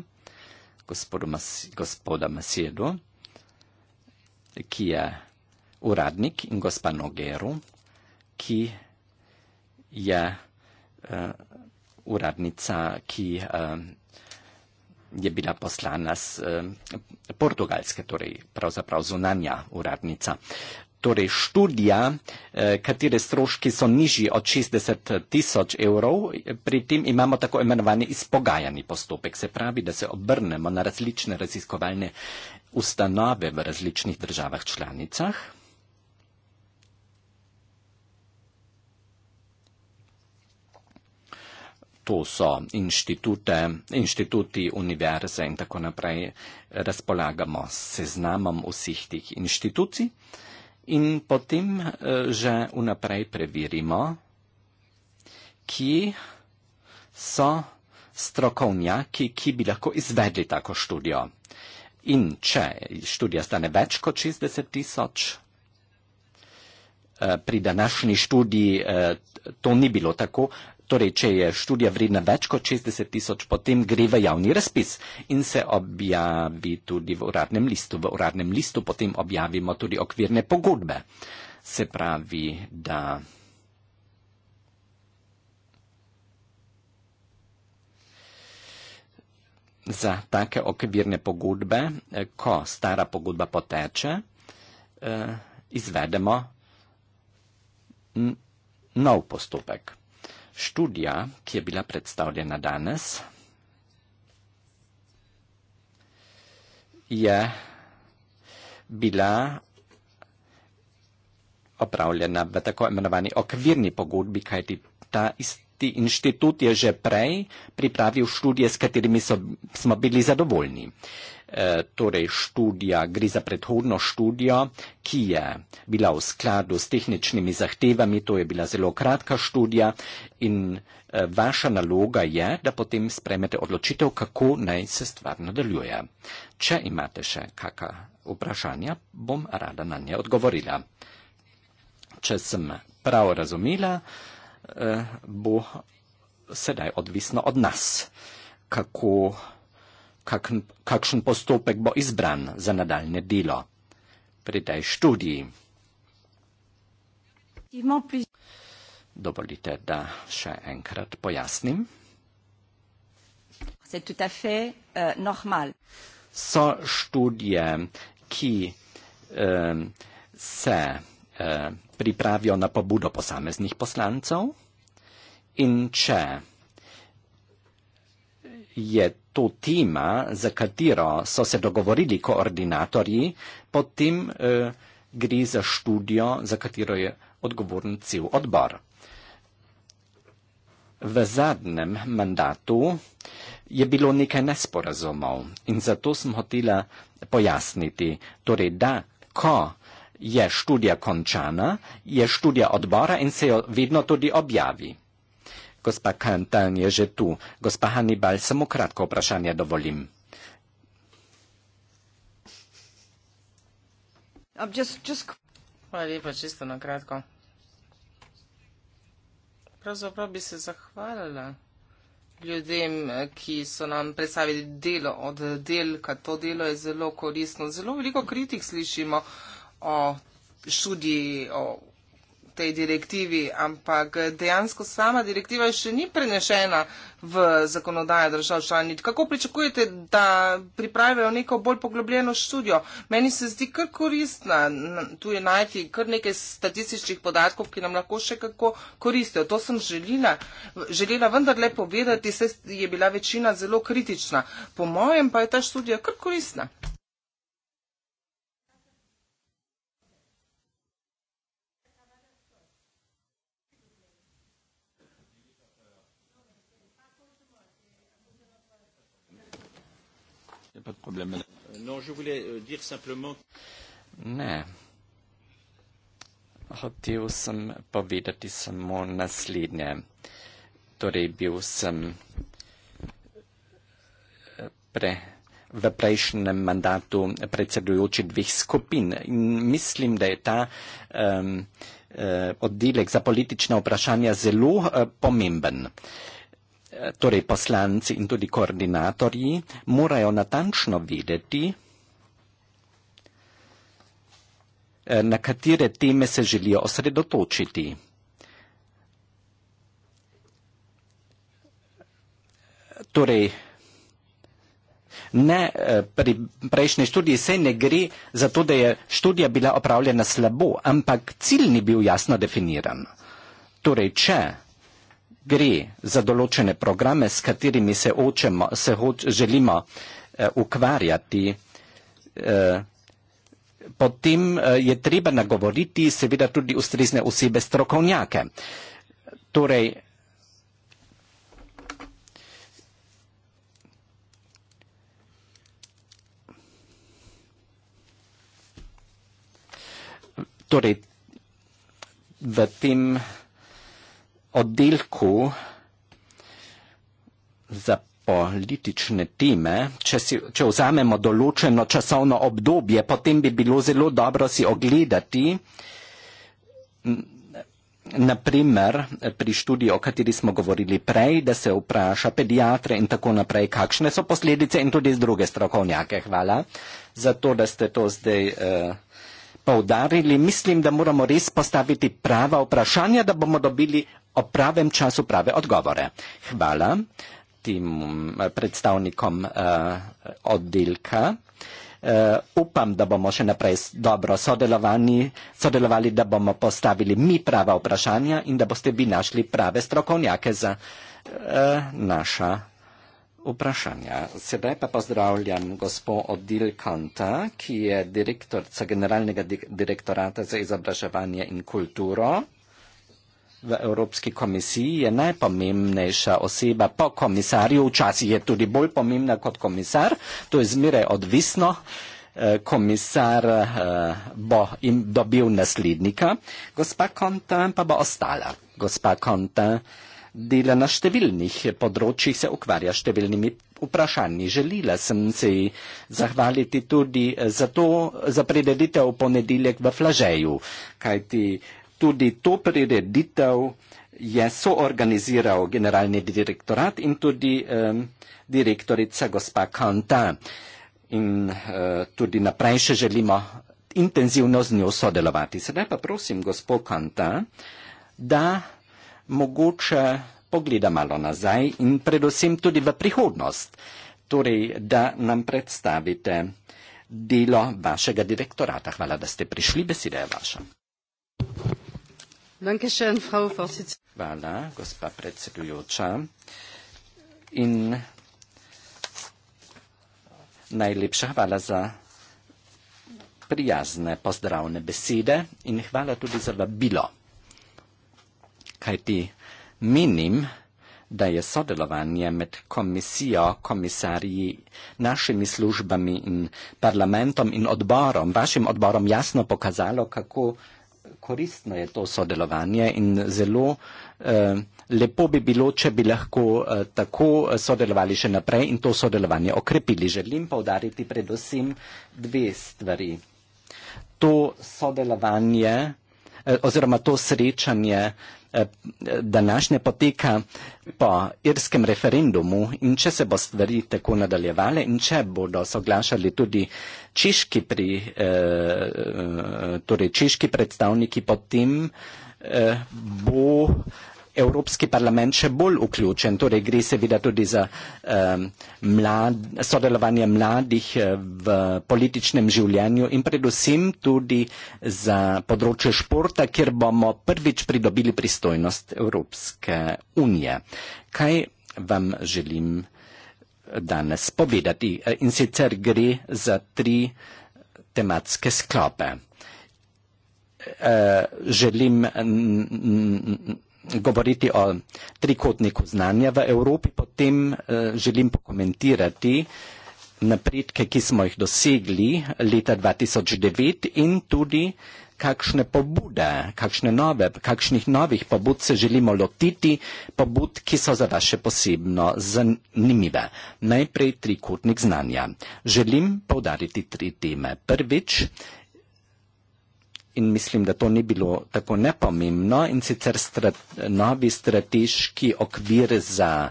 Mas gospoda Masedo, ki je uradnik in gospa Nogero, ki je uh, uradnica, ki uh, je bila poslana z eh, portugalske, torej pravzaprav zunanja uradnica. Torej študija, eh, katere stroški so nižji od 60 tisoč evrov, pri tem imamo tako imenovani izpogajani postopek. Se pravi, da se obrnemo na različne raziskovalne ustanove v različnih državah članicah tu so inštitute, inštituti, univerze in tako naprej, razpolagamo s seznamom vseh tih inštitucij in potem eh, že vnaprej preverimo, kje so strokovnjaki, ki bi lahko izvedli tako študijo. In če študija stane več kot 60 tisoč, eh, pri današnji študiji eh, to ni bilo tako, Torej, če je študija vredna več kot 60 tisoč, potem gre v javni razpis in se objavi tudi v uradnem listu. V uradnem listu potem objavimo tudi okvirne pogodbe. Se pravi, da. Za take okvirne pogodbe, eh, ko stara pogodba poteče, eh, izvedemo nov postopek študija, ki je bila predstavljena danes, je bila opravljena v tako imenovani okvirni pogodbi, kajti ta isti inštitut je že prej pripravil študije, s katerimi so, smo bili zadovoljni. E, torej, študija gre za predhodno študijo, ki je bila v skladu s tehničnimi zahtevami, to je bila zelo kratka študija in e, vaša naloga je, da potem spremete odločitev, kako naj se stvar nadaljuje. Če imate še kakšna vprašanja, bom rada na nje odgovorila če sem prav razumela, eh, bo sedaj odvisno od nas, kako, kak, kakšen postopek bo izbran za nadaljne delo pri tej študiji. Dovolite, da še enkrat pojasnim. Euh, so študije, ki eh, se Eh, pripravijo na pobudo posameznih poslancev in če je to tema, za katero so se dogovorili koordinatorji, potem eh, gre za študijo, za katero je odgovoren cel odbor. V zadnjem mandatu je bilo nekaj nesporazumov in zato sem hotela pojasniti, torej da, ko je študija končana, je študija odbora in se jo vedno tudi objavi. Gospa Kantan je že tu. Gospa Hannibal, samo kratko vprašanje dovolim. Hvala lepa, čisto na kratko. Pravzaprav bi se zahvalila ljudem, ki so nam predstavili delo od delka. To delo je zelo koristno. Zelo veliko kritik slišimo. Uh, o študiji, o tej direktivi, ampak dejansko sama direktiva še ni prenešena v zakonodaje držav članic. Kako pričakujete, da pripravijo neko bolj poglobljeno študijo? Meni se zdi kar koristna tu je najti kar nekaj statističnih podatkov, ki nam lahko še kako koristijo. To sem želila, želela vendar le povedati, se je bila večina zelo kritična. Po mojem pa je ta študija kar koristna. pas de problème. Madame. Euh, non, je voulais euh, dire simplement. Ne. Hotel sem povedati samo naslednje. Torej, bil sem eh, pre, v prejšnjem mandatu predsedujoči dveh skupin in mislim, da je ta um, oddelek za politične vprašanja zelo uh, pomemben. Uh, torej poslanci in tudi koordinatorji morajo natančno vedeti, eh, na katere teme se želijo osredotočiti. Torej, ne, eh, pri prejšnji študiji se ne gre za to, da je študija bila opravljena slabo, ampak cilj ni bil jasno definiran. Torej, če gre za določene programe, s katerimi se, očemo, se hoč, želimo eh, ukvarjati, eh, potem eh, je treba nagovoriti seveda tudi ustrezne osebe strokovnjake. Torej, torej v tem oddelku za politične teme, če, si, če vzamemo določeno časovno obdobje, potem bi bilo zelo dobro si ogledati, naprimer pri študiji, o kateri smo govorili prej, da se vpraša pediatre in tako naprej, kakšne so posledice in tudi z druge strokovnjake. Hvala za to, da ste to zdaj. Uh, Poudarili, mislim, da moramo res postaviti prava vprašanja, da bomo dobili o pravem času prave odgovore. Hvala tim eh, predstavnikom uh, oddelka. Uh, upam, da bomo še naprej dobro sodelovali, da bomo postavili mi prava vprašanja in da boste vi našli prave strokovnjake za uh, naša vprašanja. Sedaj pa pozdravljam gospod Odil Kanta, ki je direktorica generalnega direktorata za izobraževanje in kulturo. V Evropski komisiji je najpomembnejša oseba po komisarju, včasih je tudi bolj pomembna kot komisar, to je zmeraj odvisno. Eh, komisar eh, bo im dobil naslednika, gospa Konta pa bo ostala. Gospa Konta dela na številnih področjih, se ukvarja številnimi vprašanji. Želila sem se zahvaliti tudi eh, za to, za prededitev v ponedeljek v Flažeju, kajti eh, tudi to prireditev je soorganiziral generalni direktorat in tudi eh, direktorica gospa Kanta. In eh, tudi naprej še želimo intenzivno z njo sodelovati. Sedaj pa prosim gospo Kanta, da mogoče pogleda malo nazaj in predvsem tudi v prihodnost, torej da nam predstavite delo vašega direktorata. Hvala, da ste prišli, beseda je vaša. Hvala, gospa predsedujoča. In najlepša hvala za prijazne pozdravne besede in hvala tudi za vabilo. Kaj ti menim, da je sodelovanje med komisijo, komisarji, našimi službami in parlamentom in odborom, vašim odborom jasno pokazalo, kako vse koristno je to sodelovanje in zelo eh, lepo bi bilo, če bi lahko eh, tako sodelovali še naprej in to sodelovanje okrepili. Želim povdariti predvsem dve stvari. To sodelovanje eh, oziroma to srečanje Eh, današnje poteka po irskem referendumu in če se bo stvari tako nadaljevale in če bodo soglašali tudi češki, pri, eh, eh, torej češki predstavniki, potem bo Evropski parlament še bolj vključen, torej gre seveda tudi za um, mlad, sodelovanje mladih eh, v političnem življenju in predvsem tudi za področje športa, kjer bomo prvič pridobili pristojnost Evropske unije. Kaj vam želim eh, danes povedati? In sicer gre za tri tematske sklope. Uh, želim govoriti o trikotniku znanja v Evropi, potem eh, želim pokomentirati napredke, ki smo jih dosegli leta 2009 in tudi kakšne pobude, kakšne nove, kakšnih novih pobud se želimo lotiti, pobud, ki so za vaše posebno zanimive. Najprej trikotnik znanja. Želim povdariti tri teme. Prvič, in mislim, da to ni bilo tako nepomembno, in sicer strat, novi strateški okvir za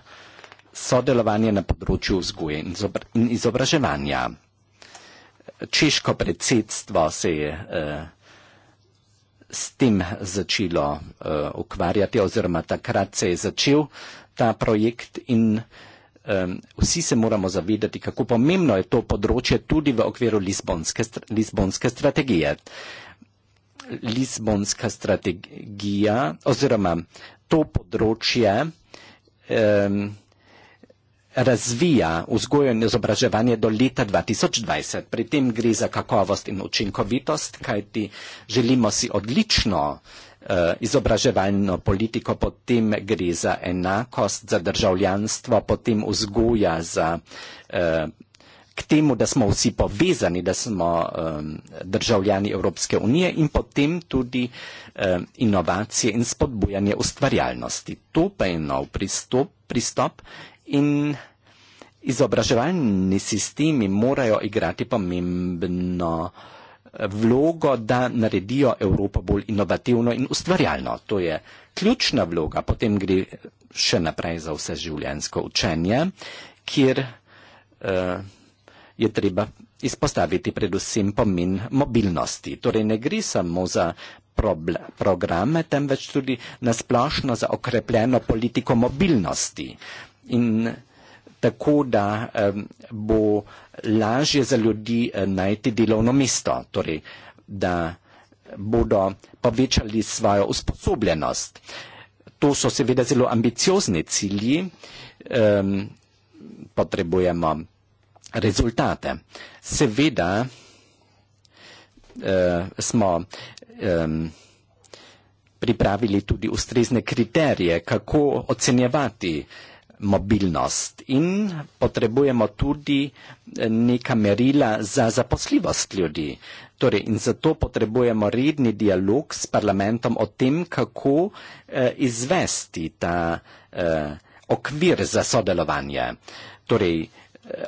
sodelovanje na področju vzgoje in, izobra, in izobraževanja. Češko predsedstvo se je eh, s tem začelo eh, ukvarjati oziroma takrat se je začel ta projekt in eh, vsi se moramo zavedati, kako pomembno je to področje tudi v okviru Lizbonske, Lizbonske strategije. Eh, lizbonska strategija oziroma to področje razvija vzgojo in izobraževanje do leta 2020. Pri tem gre za kakovost in učinkovitost, kajti želimo si odlično e, izobraževalno politiko, potem gre za enakost, za državljanstvo, potem vzgoja za e, k temu, da smo vsi povezani, da smo um, državljani Evropske unije in potem tudi um, inovacije in spodbujanje ustvarjalnosti. To pa je nov pristop, pristop in izobraževalni sistemi morajo igrati pomembno eh, vlogo, da naredijo Evropo bolj inovativno in ustvarjalno. To je ključna vloga, potem gre še naprej za vse življensko učenje, kjer uh, je treba izpostaviti predvsem pomen mobilnosti. Torej ne gre samo za programe, temveč tudi nasplošno za okrepljeno politiko mobilnosti. In tako, da bo lažje za ljudi eh, najti delovno mesto, torej da bodo povečali svojo usposobljenost. To so seveda zelo ambiciozni cilji. Potrebujemo rezultate. Seveda uh, smo um, pripravili tudi ustrezne kriterije, kako ocenjevati mobilnost in potrebujemo tudi neka merila za zaposljivost ljudi. Torej, in zato potrebujemo redni dialog s parlamentom o tem, kako eh, izvesti ta eh, okvir za sodelovanje. Torej,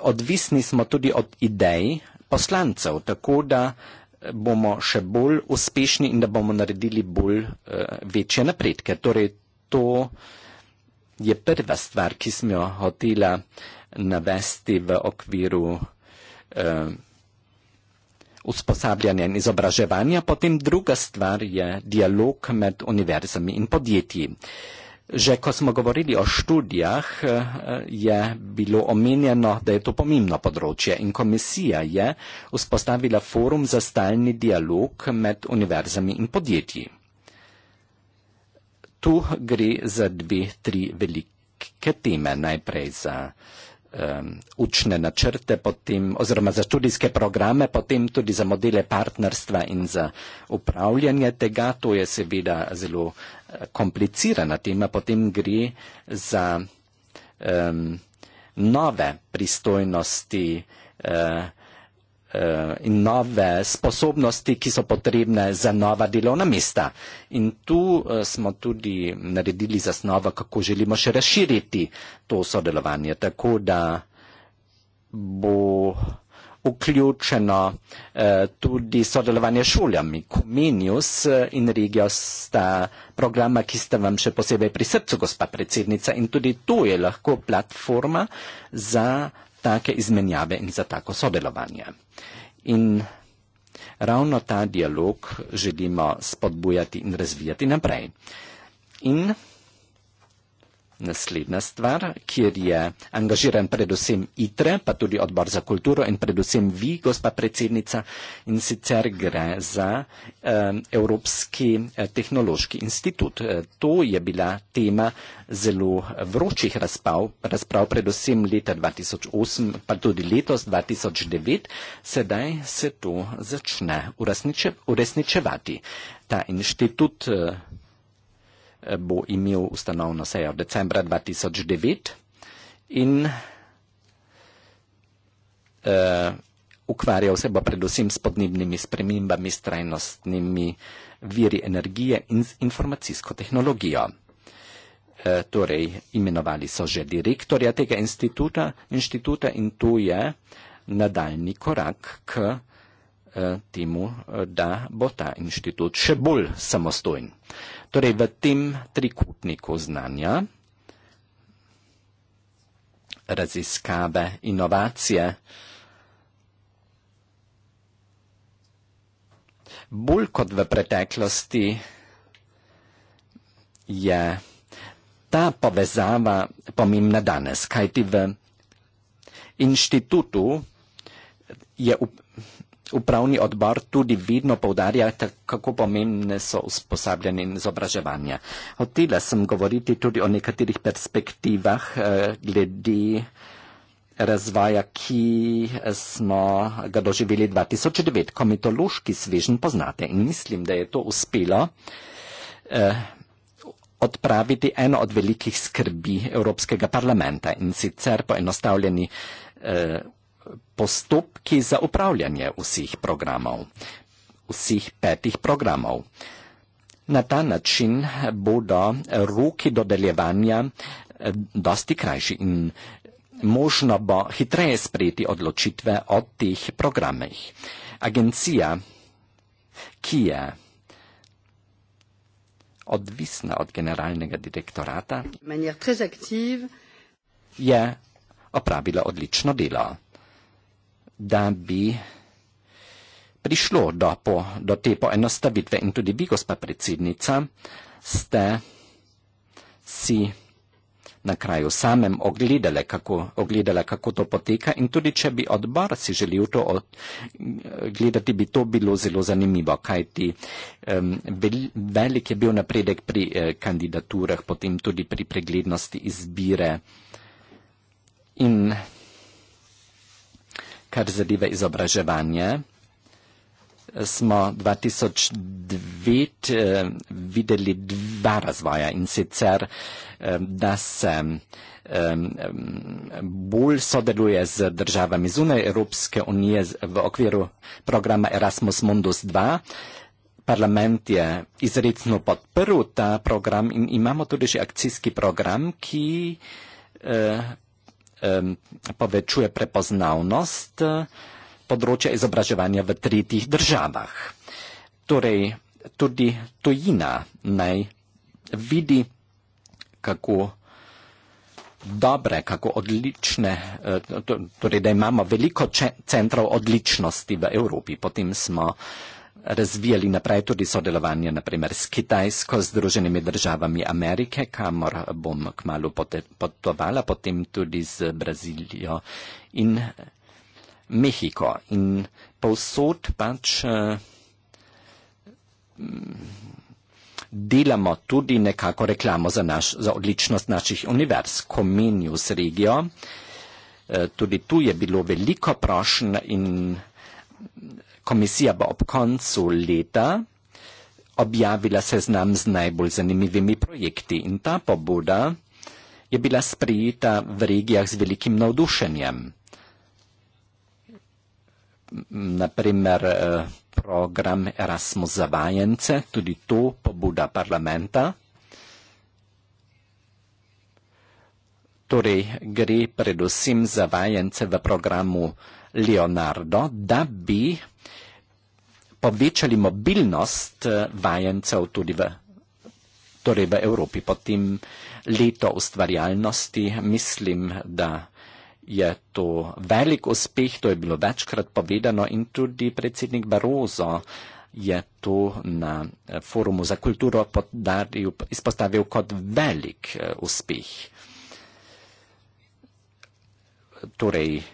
odvisni smo tudi od idej poslancev, tako da eh, bomo še bolj uspešni in da bomo naredili bolj uh, večje napredke. Torej, to je prva stvar, ki smo jo hotela navesti v okviru uh, usposabljanja in izobraževanja. Potem druga stvar je dialog med univerzami in podjetji. Uh, Že ko smo govorili o študijah, eh, je bilo omenjeno, da je to pomembno področje in komisija je vzpostavila forum za stalni dialog med univerzami in podjetji. Tu gre za dve, tri velike teme. Najprej za um, učne načrte, potem, oziroma za študijske programe, potem tudi za modele partnerstva in za upravljanje tega. To je seveda zelo komplicirana tema, potem gre za um, nove pristojnosti uh, uh, in nove sposobnosti, ki so potrebne za nova delovna mesta. In tu uh, smo tudi naredili zasnovo, kako želimo še razširiti to sodelovanje, tako da bo vključeno eh, tudi sodelovanje s šoljami. Kominjus eh, in Regio sta programa, ki sta vam še posebej pri srcu, gospa predsednica, in tudi tu je lahko platforma za take izmenjave in za tako sodelovanje. In ravno ta dialog želimo spodbujati in razvijati naprej. In naslednja stvar, kjer je angažiran predvsem ITRE, pa tudi odbor za kulturo in predvsem vi, gospa predsednica, in sicer gre za eh, Evropski eh, tehnološki institut. Eh, to je bila tema zelo vročih razprav, razprav predvsem leta 2008, pa tudi letos 2009. Sedaj se to začne uresničevati. Ta inštitut. Eh, Eh, bo imel ustanovno sejo decembra 2009 in uh, ukvarjal se bo predvsem s podnebnimi spremembami, s trajnostnimi viri energije in z informacijsko tehnologijo. Eh, torej, imenovali so že direktorja tega instituta, inštituta in to je nadaljni korak k Eh, temu, eh, da bo ta inštitut še bolj samostojen. Torej, v tem trikotniku znanja, raziskave, inovacije, bolj kot v preteklosti je ta povezava pomembna danes, kajti v inštitutu je upravljanje Upravni odbor tudi vedno povdarja, kako pomembne so usposabljanje in izobraževanje. Hotela sem govoriti tudi o nekaterih perspektivah eh, glede razvoja, ki smo ga doživeli 2009. Komitološki svežen poznate in mislim, da je to uspelo eh, odpraviti eno od velikih skrbi Evropskega parlamenta in sicer poenostavljeni eh, postopki za upravljanje vseh programov, vseh petih programov. Na ta način bodo roki dodeljevanja eh, dosti krajši in možno bo hitreje sprejeti odločitve o teh programih. Agencija, ki je odvisna od generalnega direktorata, je opravila odlično delo da bi prišlo do, po, do te poenostavitve in tudi vi, gospa predsednica, ste si na kraju samem ogledale kako, ogledale, kako to poteka in tudi, če bi odbor si želel to gledati, bi to bilo zelo zanimivo, kajti um, velik je bil napredek pri eh, kandidaturah, potem tudi pri preglednosti izbire in kar zadeva izobraževanje. Smo 2009 eh, videli dva razvoja in sicer, eh, da se eh, bolj sodeluje z državami zunaj Evropske unije v okviru programa Erasmus Mundus 2. Parlament je izredno podprl ta program in imamo tudi že akcijski program, ki povečuje prepoznavnost eh, področja izobraževanja v tretjih državah. Torej, tudi tujina naj vidi, kako dobre, kako odlične, eh, torej, da imamo veliko centrov odličnosti v Evropi. Potem smo uh, razvijali naprej tudi sodelovanje, naprimer s Kitajsko, z Združenimi državami Amerike, kamor bom kmalo potovala, potem tudi z Brazilijo in Mehiko. In povsod pač eh, mm, delamo tudi nekako reklamo za, naš, za odličnost naših univerz, komenju s regijo. Eh, tudi tu je bilo veliko prošen in Komisija bo ob koncu leta objavila seznam z najbolj zanimivimi projekti in ta pobuda je bila sprejeta v regijah z velikim navdušenjem. Naprimer eh, program Erasmus za vajence, tudi to pobuda parlamenta. Torej gre predvsem za vajence v programu Leonardo, da bi povečali mobilnost eh, vajencev tudi v, torej v Evropi. Potem leto ustvarjalnosti, mislim, da je to velik uspeh, to je bilo večkrat povedano in tudi predsednik Barozo je to na eh, forumu za kulturo podaril, izpostavil kot velik eh, uspeh. Torej,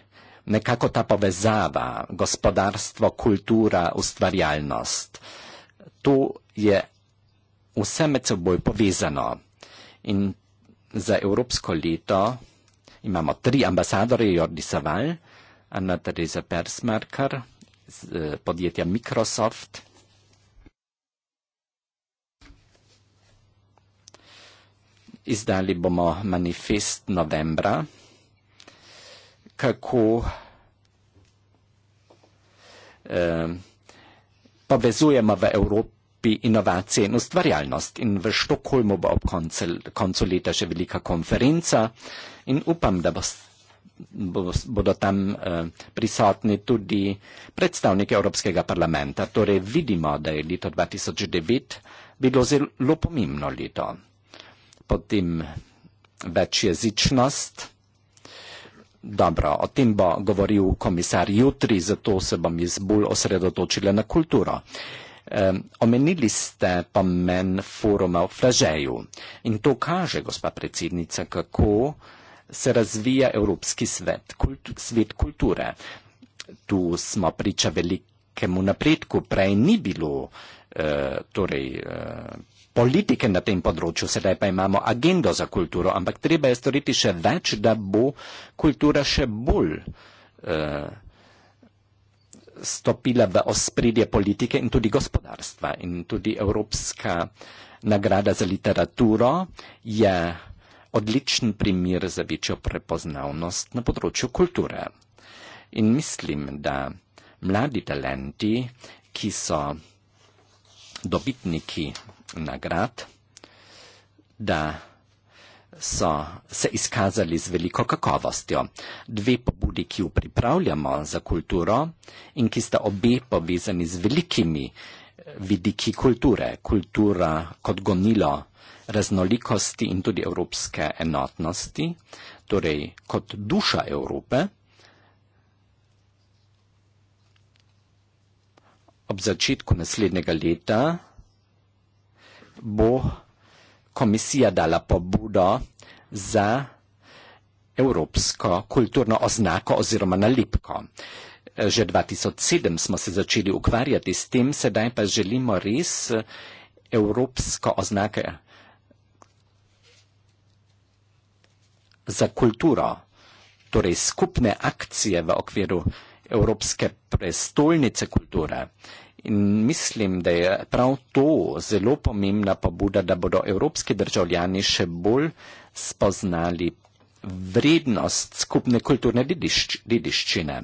nekako ta povezava gospodarstvo, kultura, ustvarjalnost. Tu je vse med seboj povezano. In za Evropsko leto imamo tri ambasadore, Jordi Saval, Anna Teresa Persmarker, eh, podjetja Microsoft. Izdali bomo manifest novembra kako eh, povezujemo v Evropi inovacije in ustvarjalnost. In v Štokholmu bo ob koncu, koncu leta še velika konferenca in upam, da bo, bo, bodo tam eh, prisotni tudi predstavniki Evropskega parlamenta. Torej vidimo, da je leto 2009 bilo zelo pomembno leto. Potem večjezičnost. jezičnost. Dobro, o tem bo govoril komisar jutri, zato se bom jaz bolj osredotočila na kulturo. Um, omenili ste pomen foruma v Flažeju in to kaže, gospa predsednica, kako se razvija Evropski svet, kultu, svet kulture. Tu smo priča velikemu napredku, prej ni bilo uh, torej, uh, politike na tem področju, sedaj pa imamo agendo za kulturo, ampak treba je storiti še več, da bo kultura še bolj uh, stopila v ospredje politike in tudi gospodarstva. In tudi Evropska nagrada za literaturo je odličen primer za večjo prepoznavnost na področju kulture. In mislim, da mladi talenti, ki so dobitniki nagrad, da so se izkazali z veliko kakovostjo. Dve pobudi, ki jo pripravljamo za kulturo in ki sta obe povezani z velikimi eh, vidiki kulture. Kultura kot gonilo raznolikosti in tudi evropske enotnosti, torej kot duša Evrope. Ob začetku naslednjega leta bo komisija dala pobudo za evropsko kulturno oznako oziroma nalipko. E, že 2007 smo se začeli ukvarjati s tem, sedaj pa želimo res e, evropsko oznake za kulturo, torej skupne akcije v okviru Evropske prestolnice kulture in mislim, da je prav to zelo pomembna pobuda, da bodo evropski državljani še bolj spoznali vrednost skupne kulturne dediščine.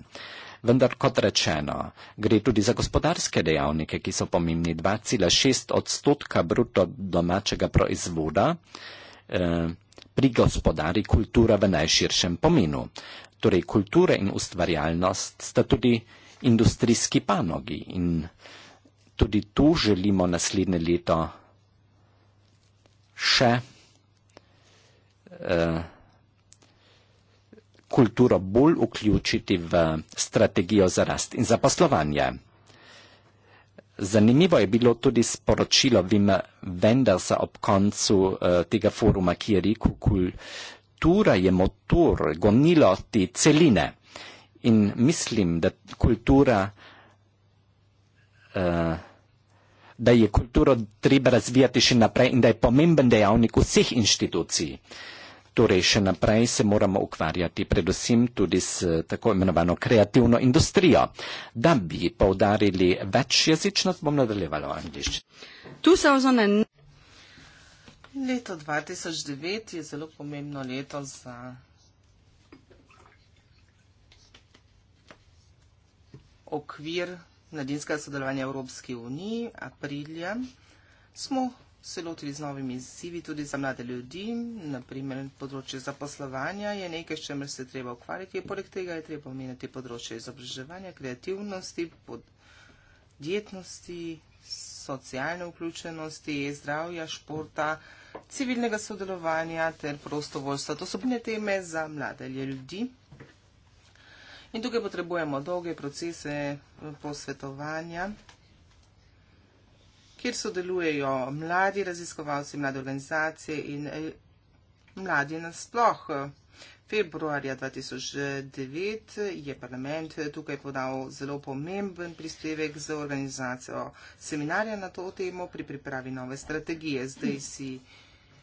Vendar kot rečeno, gre tudi za gospodarske dejavnike, ki so pomembni 2,6 odstotka bruto domačega proizvoda eh, pri gospodari kultura v najširšem pomenu. Torej kultura in ustvarjalnost sta tudi industrijski panogi. In tudi tu želimo naslednje leto še eh, kulturo bolj vključiti v strategijo za rast in za poslovanje. Zanimivo je bilo tudi sporočilo Vima Wendersa ob koncu eh, tega foruma, ki je rekel, kultura je motor, gonilo te celine in mislim, da kultura, uh, da je kulturo treba razvijati še naprej in da je pomemben dejavnik vseh inštitucij. Torej, še naprej se moramo ukvarjati predvsem tudi s tako imenovano kreativno industrijo. Da bi poudarili več jezičnost, bom nadaljevalo v angliščini. Leto 2009 je zelo pomembno leto za okvir mladinskega sodelovanja Evropske unije aprilja smo se lotili z novimi izzivi tudi za mlade ljudi, naprimer področje zaposlovanja je nekaj, s čemer se treba ukvarjati. Poleg tega je treba omeniti področje izobraževanja, kreativnosti, podjetnosti, socialne vključenosti, zdravja, športa, civilnega sodelovanja ter prostovoljstva. To so bile teme za mlade ljudi. In tukaj potrebujemo dolge procese eh, posvetovanja, kjer sodelujejo mladi raziskovalci, mlade organizacije in eh, mladi nasploh. Februarja 2009 je parlament eh, tukaj podal zelo pomemben prispevek za organizacijo seminarja na to temo pri pripravi nove strategije. Zdaj si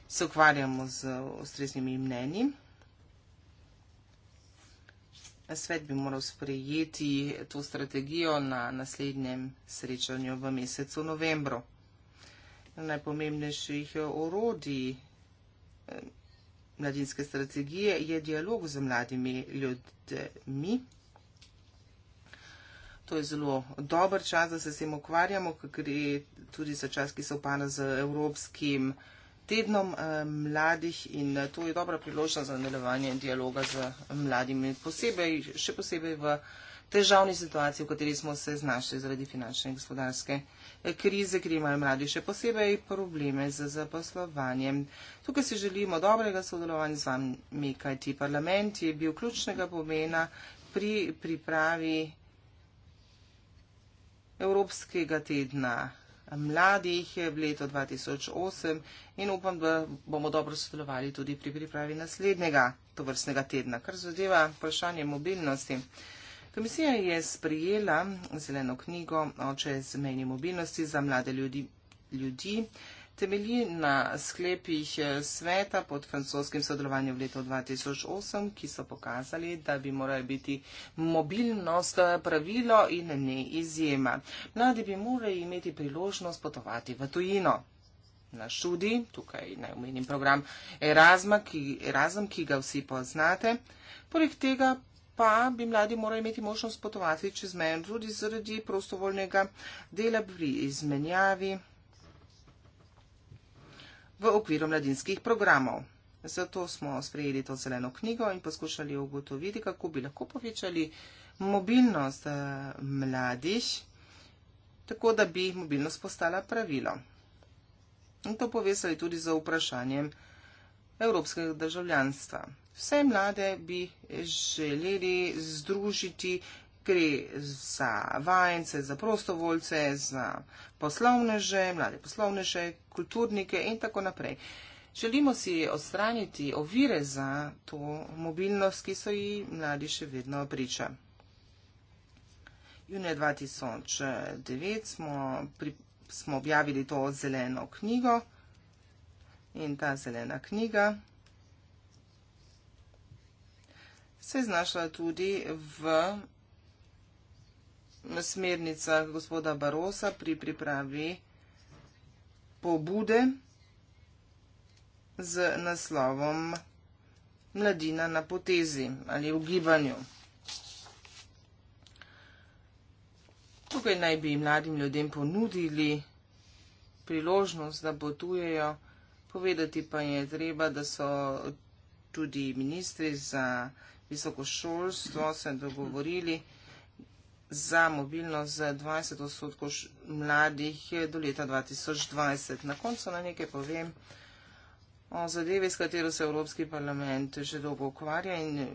se ukvarjamo z ustreznimi mnenji svet bi moral sprejeti to strategijo na naslednjem srečanju v mesecu novembru. Najpomembnejših orodij eh, mladinske strategije je dialog z mladimi ljudmi. To je zelo dober čas, da se s tem ukvarjamo, ker gre tudi za čas, ki se upana z evropskim tednom eh, mladih in eh, to je dobra priložnost za nadaljevanje dialoga z eh, mladimi, posebej, še posebej v težavni situaciji, v kateri smo se znašli zaradi finančne in gospodarske krize, ker imajo mladi še posebej probleme z zaposlovanjem. Tukaj si želimo dobrega sodelovanja z vami, kajti parlament je bil ključnega pomena pri pripravi Evropskega tedna mladih v leto 2008 in upam, da bomo dobro sodelovali tudi pri pripravi naslednjega tovrstnega tedna, kar zadeva vprašanje mobilnosti. Komisija je sprijela zeleno knjigo o čezmejni mobilnosti za mlade ljudi. ljudi temelji na sklepih eh, sveta pod francoskim sodelovanjem v letu 2008, ki so pokazali, da bi morala biti mobilnost eh, pravilo in ne izjema. Mladi bi morali imeti priložnost potovati v tujino. Na študij, tukaj naj omenim program Erasma, ki, Erasm, ki ga vsi poznate. Poleg tega pa bi mladi morali imeti možnost potovati čez mejo tudi zaradi prostovoljnega dela pri izmenjavi v okviru mladinskih programov. Zato smo sprejeli to zeleno knjigo in poskušali ugotoviti, kako bi lahko povečali mobilnost eh, mladih, tako da bi mobilnost postala pravilo. In to povezali tudi z vprašanjem evropskega državljanstva. Vse mlade bi želeli združiti gre za vajence, za prostovoljce, za poslovneže, mlade poslovneže, kulturnike in tako naprej. Želimo si odstraniti ovire za to mobilnost, ki so ji mladi še vedno priča. Junija 2009 smo, pri, smo objavili to zeleno knjigo in ta zelena knjiga se je znašla tudi v smernicah gospoda Barosa pri pripravi pobude z naslovom Mladina na potezi ali v gibanju. Tukaj naj bi mladim ljudem ponudili priložnost, da potujejo, povedati pa je treba, da so tudi ministri za visoko šolstvo se dogovorili, za mobilnost za 20 odstotkov mladih eh, do leta 2020. Na koncu na nekaj povem o zadevi, s katero se Evropski parlament že dolgo ukvarja in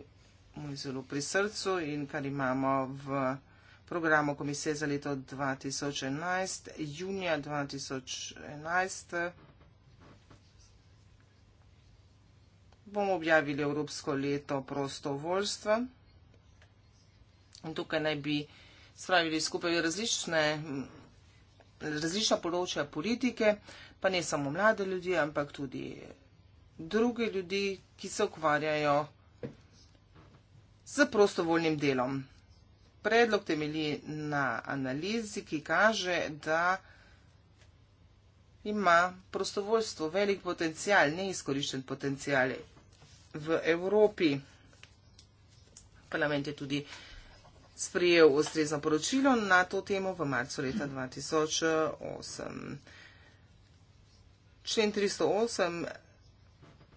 mu je zelo pri srcu in kar imamo v programu komisije za leto 2011, junija 2011. Bomo objavili Evropsko leto prostovoljstva. In tukaj naj bi spravili skupaj različne, različna področja politike, pa ne samo mlade ljudi, ampak tudi druge ljudi, ki se ukvarjajo z prostovoljnim delom. Predlog temelji na analizi, ki kaže, da ima prostovoljstvo velik potencial, neizkoriščen potencial v Evropi. Parlament je tudi sprejel ustrezno poročilo na to temo v marcu leta 2008. Člen 308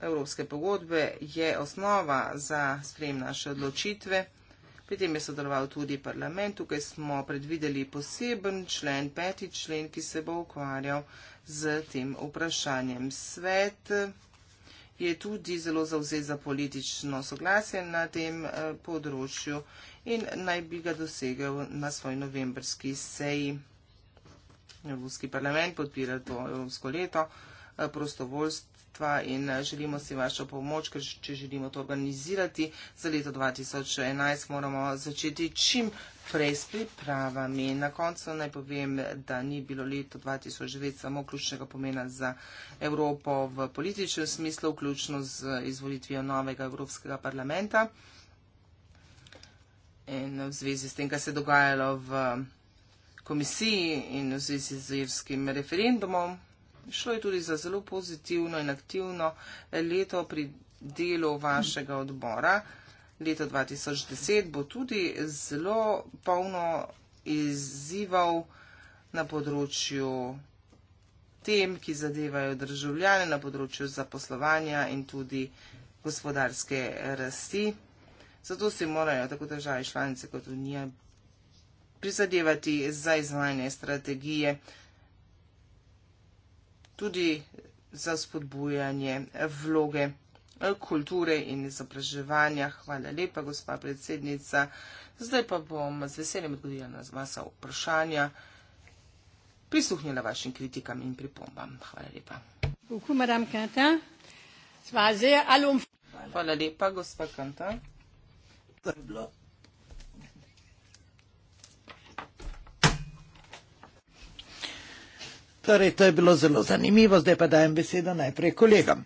Evropske pogodbe je osnova za sprejem naše odločitve. Pri tem je sodeloval tudi parlament. Tukaj smo predvideli poseben člen, peti člen, ki se bo ukvarjal z tem vprašanjem. Svet je tudi zelo zauzet za politično soglasje na tem eh, področju in naj bi ga dosegel na svoj novembrski seji. Ruski parlament podpira to evropsko leto eh, prostovoljstva sredstva in eh, želimo si vašo pomoč, ker če želimo to organizirati za leto 2011, moramo začeti čim prej s pripravami. Na koncu naj povem, da ni bilo leto 2009 samo ključnega pomena za Evropo v političnem smislu, vključno z izvolitvijo novega Evropskega parlamenta in v zvezi s tem, kaj se je dogajalo v komisiji in v zvezi z irskim referendumom. Šlo je tudi za zelo pozitivno in aktivno leto pri delu vašega odbora. Leto 2010 bo tudi zelo polno izzival na področju tem, ki zadevajo državljane, na področju zaposlovanja in tudi gospodarske rasti. Zato si morajo tako države članice kot Unija prizadevati za izvajanje strategije tudi za spodbujanje vloge eh, kulture in izobraževanja. Hvala lepa, gospa predsednica. Zdaj pa bom z veseljem odgovorila na vaša vprašanja, prisluhnila vašim kritikam in pripombam. Hvala lepa. Hvala lepa, gospa Kanta. Torej, to je bilo zelo zanimivo, zdaj pa dajem besedo najprej kolegam.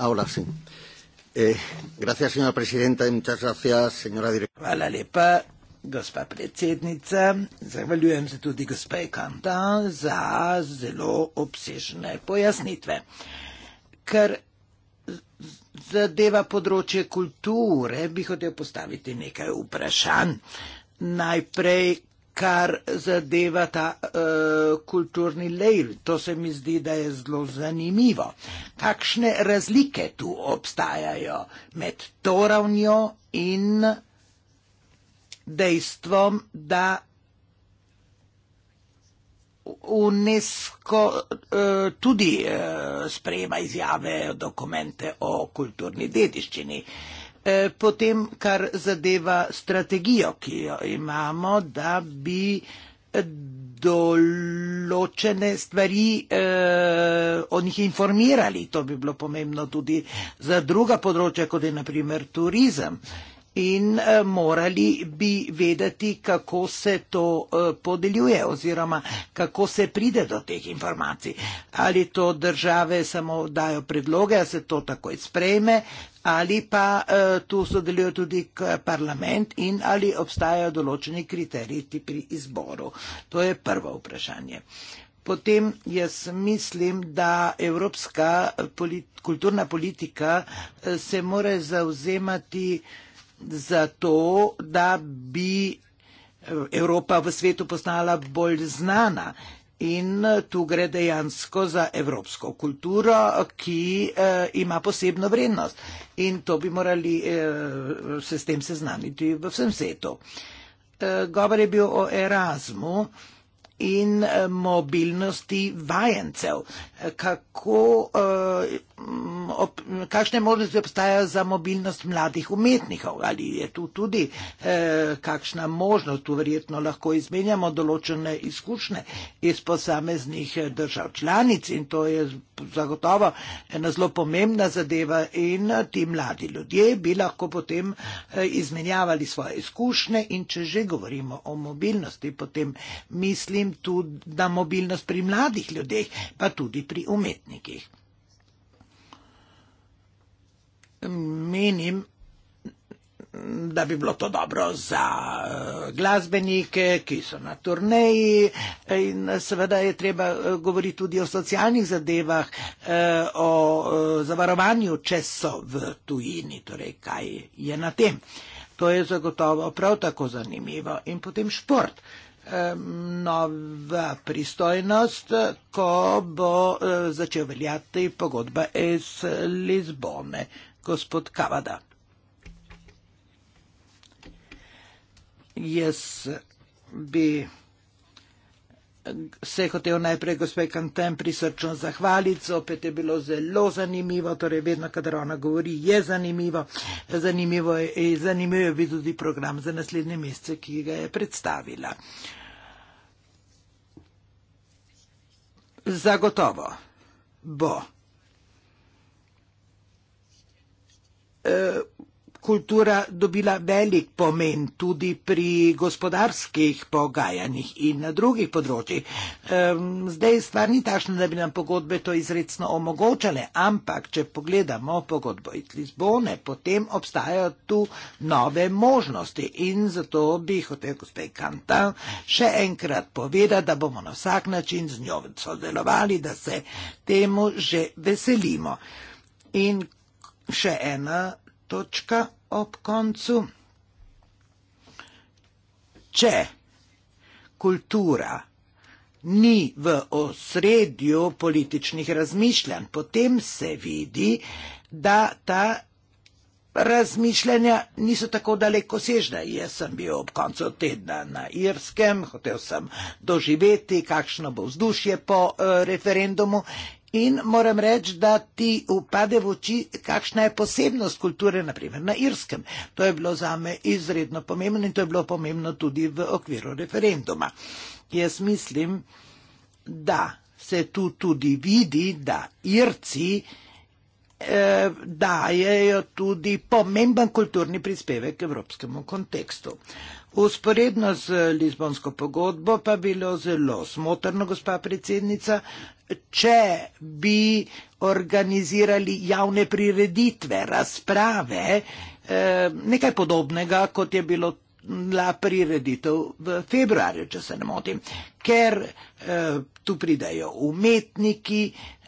Ahora sí. Eh, gracias, señora presidenta, y muchas gracias, señora directora. Vale, Gospa predsednica, zahvaljujem se tudi gospe Kanta za zelo obsežne pojasnitve. Ker zadeva področje kulture, bi hotel postaviti nekaj vprašanj. Najprej, kar zadeva ta uh, kulturni lejl, to se mi zdi, da je zelo zanimivo. Kakšne razlike tu obstajajo med to ravnjo in dejstvom, da UNESCO eh, tudi eh, sprejema izjave, dokumente o kulturni dediščini. Eh, potem, kar zadeva strategijo, ki jo imamo, da bi določene stvari eh, o njih informirali. To bi bilo pomembno tudi za druga področja, kot je naprimer turizem. Eh, in eh, morali bi vedeti, kako se to eh, podeljuje oziroma kako se pride do teh informacij. Ali to države samo dajo predloge, ali se to takoj sprejme, ali pa eh, tu sodelujo tudi parlament in ali obstajajo določeni kriteriji pri izboru. To je prvo vprašanje. Potem jaz mislim, da evropska polit kulturna politika se more zauzemati, zato, da bi Evropa v svetu postala bolj znana. In eh, tu gre dejansko za evropsko kulturo, ki eh, ima posebno vrednost. In to bi morali eh, se s tem seznaniti v vsem svetu. Eh, govor je bil o Erasmu. Eh, in eh, mobilnosti vajencev. Kako, uh, ob, kakšne možnosti obstajajo za mobilnost mladih umetnikov? Ali je tu tudi uh, kakšna možnost? Tu verjetno lahko izmenjamo določene izkušnje iz posameznih držav članic in to je zagotovo ena zelo pomembna zadeva in ti mladi ljudje bi lahko potem izmenjavali svoje izkušnje in če že govorimo o mobilnosti, potem mislim, potem tudi na mobilnost pri mladih ljudeh, pa tudi pri umetnikih. Menim, da bi bilo to dobro za eh, glasbenike, ki so na turneji eh, in seveda je treba eh, govoriti tudi o socialnih zadevah, o zavarovanju, če so v tujini, torej kaj je na tem. To je zagotovo prav tako zanimivo. In potem šport nova pristojnost, ko bo e, začel veljati pogodba iz Lizbone. Gospod Kavada. Jaz bi se je hotel najprej gospe Kantem prisrčno zahvaliti, zopet je bilo zelo zanimivo, torej vedno, kadar ona govori, je zanimivo, zanimivo je, eh, zanimivo je bil tudi program za naslednje mesece, ki ga je predstavila. Zagotovo bo. Eh, kultura dobila velik pomen tudi pri gospodarskih pogajanjih in na drugih področjih. Zdaj stvar ni takšna, da bi nam pogodbe to izredno omogočale, ampak če pogledamo pogodbo iz Lizbone, potem obstajajo tu nove možnosti in zato bi hotel gospod Kanta še enkrat povedati, da bomo na vsak način z njo sodelovali, da se temu že veselimo. In še ena točka ob koncu. Če kultura ni v osredju političnih razmišljanj, potem se vidi, da ta razmišljanja niso tako daleko sežna. Jaz sem bil ob koncu tedna na Irskem, hotel sem doživeti, kakšno bo vzdušje po uh, referendumu In moram reči, da ti upade v oči, kakšna je posebnost kulture, naprimer na Irskem. To je bilo za me izredno pomembno in to je bilo pomembno tudi v okviru referenduma. Jaz mislim, da se tu tudi vidi, da Irci eh, dajejo tudi pomemben kulturni prispevek evropskemu kontekstu. Usporedno z Lizbonsko pogodbo pa bilo zelo smotrno, gospa predsednica, če bi organizirali javne prireditve, razprave, eh, nekaj podobnega, kot je bilo la prireditev v februarju, če se ne motim, ker eh, tu pridajo umetniki,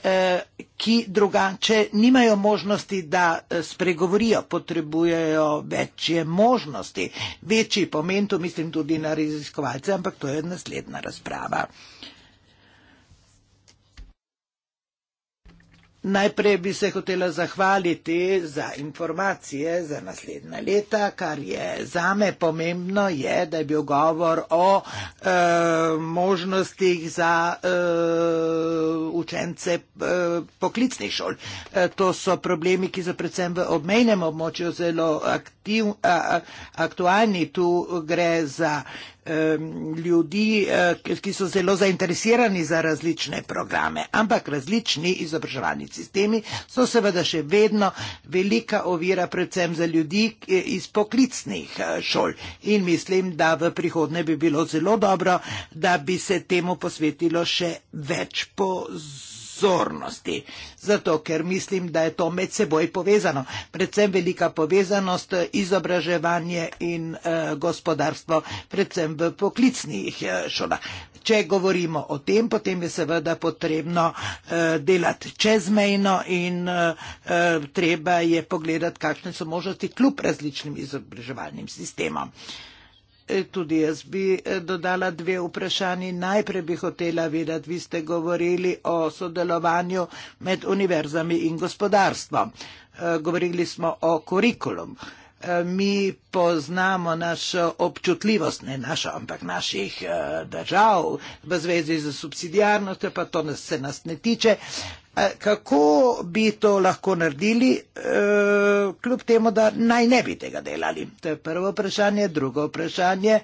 Eh, ki drugače nimajo možnosti, da eh, spregovorijo, potrebujejo večje možnosti. Večji pomen, to mislim tudi na raziskovalce, ampak to je naslednja razprava. Najprej bi se hotela zahvaliti za informacije za naslednja leta, kar je zame pomembno, je, da je bil govor o e, možnostih za e, učence e, poklicnih šol. E, to so problemi, ki so predvsem v obmejnem območju zelo aktiv, a, aktualni. Tu gre za ljudi, eh, ki so zelo zainteresirani za različne programe, ampak različni izobraževalni sistemi so seveda še vedno velika ovira predvsem za ljudi eh, iz poklicnih eh, šol. In mislim, da v prihodnje bi bilo zelo dobro, da bi se temu posvetilo še več pozornosti pozornosti, zato ker mislim, da je to med seboj povezano, predvsem velika povezanost, izobraževanje in eh, gospodarstvo, predvsem v poklicnih eh, šolah. Če govorimo o tem, potem je seveda potrebno eh, delati čezmejno in eh, eh treba je pogledati, kakšne so možnosti kljub različnim izobraževalnim sistemom. Eh, E, tudi jaz bi e, dodala dve vprašanji. Najprej bi hotela vedeti, vi ste govorili o sodelovanju med univerzami in gospodarstvom. E, govorili smo o kurikulumu. Eh, mi poznamo našo občutljivost, ne našo, ampak naših eh, držav v zvezi z subsidijarnostjo, pa to nas, se nas ne tiče. Eh, kako bi to lahko naredili, kljub temu, da naj ne bi tega delali? To je prvo vprašanje. Drugo vprašanje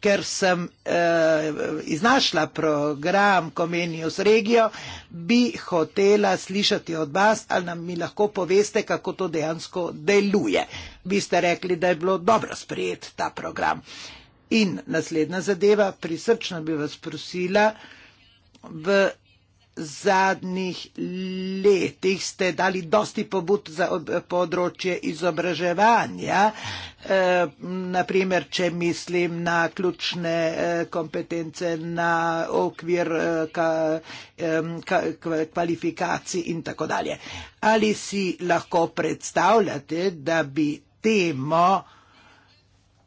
ker sem eh, iznašla program Comenius Regio, bi hotela slišati od vas, ali nam mi lahko poveste, kako to dejansko deluje. Vi ste rekli, da je bilo dobro sprejet ta program. In naslednja zadeva, prisrčno bi vas prosila, v zadnjih letih ste dali dosti pobud za področje izobraževanja, e, naprimer, če mislim na ključne e, kompetence, na okvir e, kvalifikacij in tako dalje. Ali si lahko predstavljate, da bi temo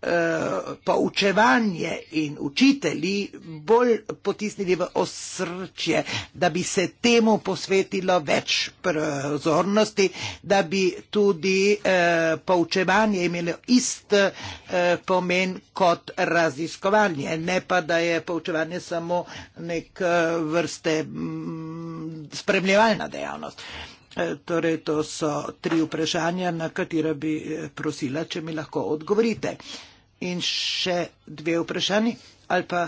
Eh, poučevanje in učitelji bolj potisnili v osrčje, da bi se temu posvetilo več pozornosti, da bi tudi eh, poučevanje imelo ist eh, pomen kot raziskovanje, ne pa da je poučevanje samo nek vrste mm, spremljevalna dejavnost. Torej, to so tri vprašanja, na katera bi prosila, če mi lahko odgovorite. In še dve vprašanji, ali pa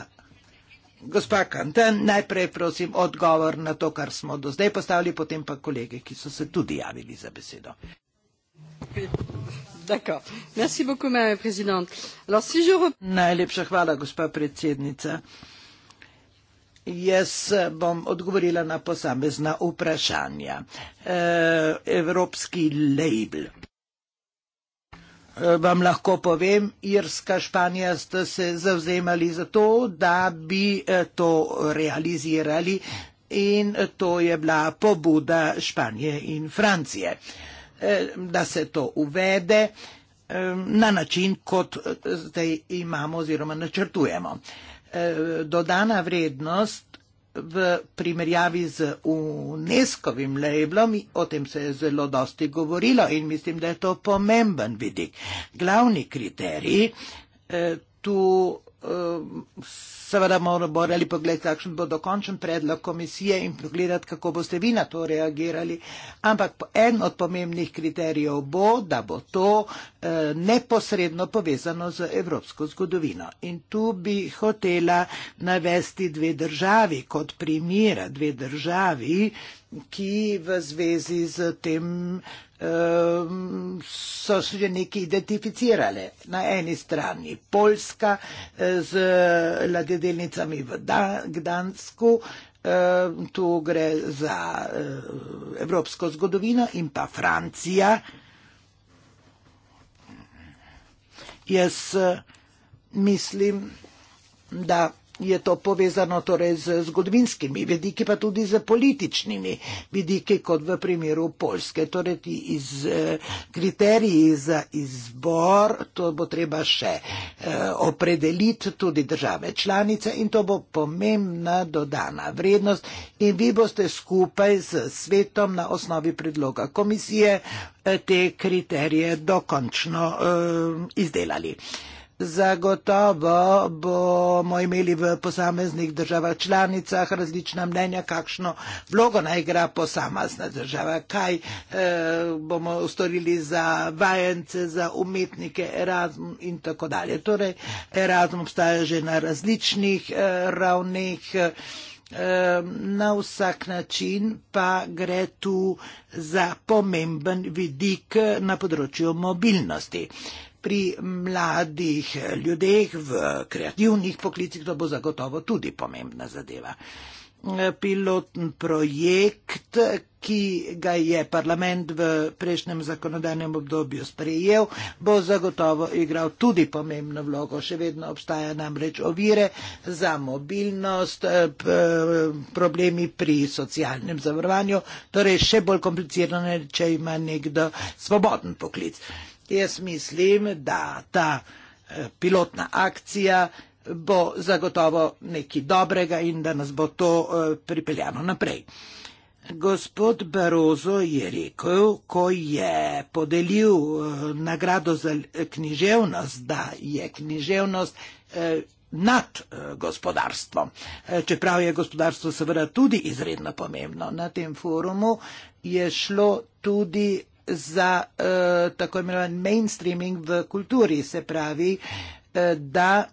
gospa Kanten, najprej prosim odgovor na to, kar smo do zdaj postavili, potem pa kolege, ki so se tudi javili za besedo. Beaucoup, Alors, si je... Najlepša hvala, gospa predsednica. Jaz bom odgovorila na posamezna vprašanja. Eh, evropski label. Eh, vam lahko povem, Irska, Španija ste se zavzemali za to, da bi eh, to realizirali in eh, to je bila pobuda Španije in Francije, da se to uvede na način, kot zdaj imamo oziroma načrtujemo. Dodana vrednost v primerjavi z UNESCO-vim leblom, o tem se je zelo dosti govorilo in mislim, da je to pomemben vidik. Glavni kriterij eh, tu Eh, seveda morali pogledati, kakšen bo dokončen predlog komisije in pogledati, kako boste vi na to reagirali. Ampak en od pomembnih kriterijev bo, da bo to eh, neposredno povezano z evropsko zgodovino. In tu bi hotela navesti dve državi kot primira dve državi, ki v zvezi z tem um, so se neki identificirale. Na eni strani Poljska eh, z ladjedelnicami v Gdansku, um, tu gre za um, evropsko zgodovino in pa Francija. Jaz uh, mislim, da je to povezano torej z zgodovinskimi vidiki, pa tudi z političnimi vidiki, kot v primeru Poljske. Torej ti iz, eh, kriteriji za izbor, to bo treba še eh, opredeliti tudi države članice in to bo pomembna dodana vrednost in vi boste skupaj z svetom na osnovi predloga komisije eh, te kriterije dokončno eh, izdelali. Eh, Zagotovo bomo imeli v posameznih državah članicah različna mnenja, kakšno vlogo naj igra posamezna država, kaj eh, bomo ustorili za vajence, za umetnike, Erasmus in tako dalje. Torej, Erasmus obstaja že na različnih eh, ravneh. Eh, na vsak način pa gre tu za pomemben vidik na področju mobilnosti pri mladih ljudeh v kreativnih poklicih, to bo zagotovo tudi pomembna zadeva. Pilotni projekt, ki ga je parlament v prejšnjem zakonodajnem obdobju sprejel, bo zagotovo igral tudi pomembno vlogo. Še vedno obstaja namreč ovire za mobilnost, problemi pri socialnem zavarovanju, torej še bolj komplicirane, če ima nekdo svoboden poklic. Jaz mislim, da ta eh, pilotna akcija bo zagotovo nekaj dobrega in da nas bo to eh, pripeljano naprej. Gospod Barozo je rekel, ko je podelil eh, nagrado za književnost, da je književnost nad gospodarstvom. Čeprav je gospodarstvo seveda tudi izredno pomembno, na tem forumu je šlo tudi za uh, tako imenovan mainstreaming v kulturi, se pravi, uh, da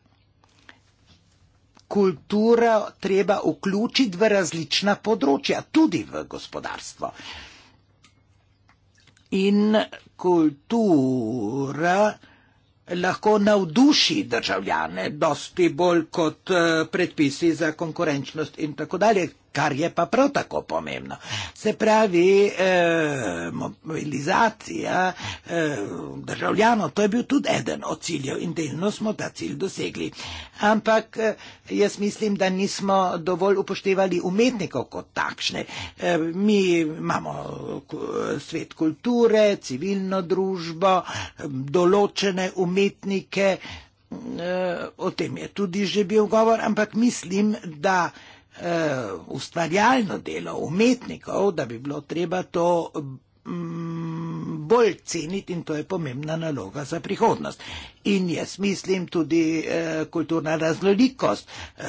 kulturo treba vključiti v različna področja, tudi v gospodarstvo. In kultura lahko navduši državljane, dosti bolj kot eh, predpisi za konkurenčnost in tako dalje, kar je pa prav tako pomembno. Se pravi, eh, mobilizacija eh, državljanov, to je bil tudi eden od ciljev in delno smo ta cilj dosegli. Ampak eh, jaz mislim, da nismo dovolj upoštevali umetnikov kot takšne. Eh, mi imamo svet kulture, civilno družbo, eh, določene umetnike, eh, o tem je tudi že bil govor, ampak mislim, da uh, ustvarjalno delo umetnikov, da bi bilo treba to Mm, bolj ceniti in to je pomembna naloga za prihodnost. In jaz mislim tudi eh, kulturna raznolikost. Eh,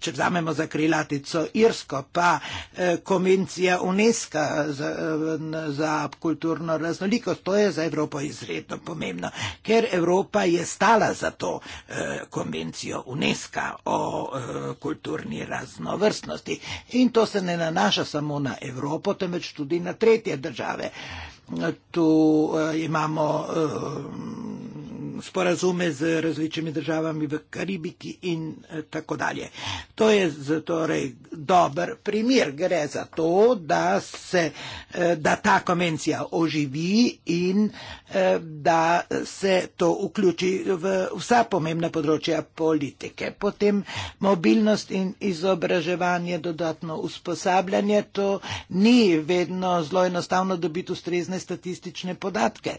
če vzamemo za krilatico Irsko, pa eh, konvencija UNESCO za, eh, za kulturno raznolikost, to je za Evropo izredno pomembno, ker Evropa je stala za to eh, konvencijo UNESCO o eh, kulturni raznovrstnosti. In to se ne nanaša samo na Evropo, temveč tudi na tretje države. Tu eh, imamo eh, sporazume z različnimi državami v Karibiki in eh, tako dalje. To je torej dober primer. Gre za to, da se eh, da ta konvencija oživi in eh, da se to vključi v vsa pomembna področja politike. Potem mobilnost in izobraževanje, dodatno usposabljanje, to ni vedno zelo enostavno dobiti ustrezne statistične podatke.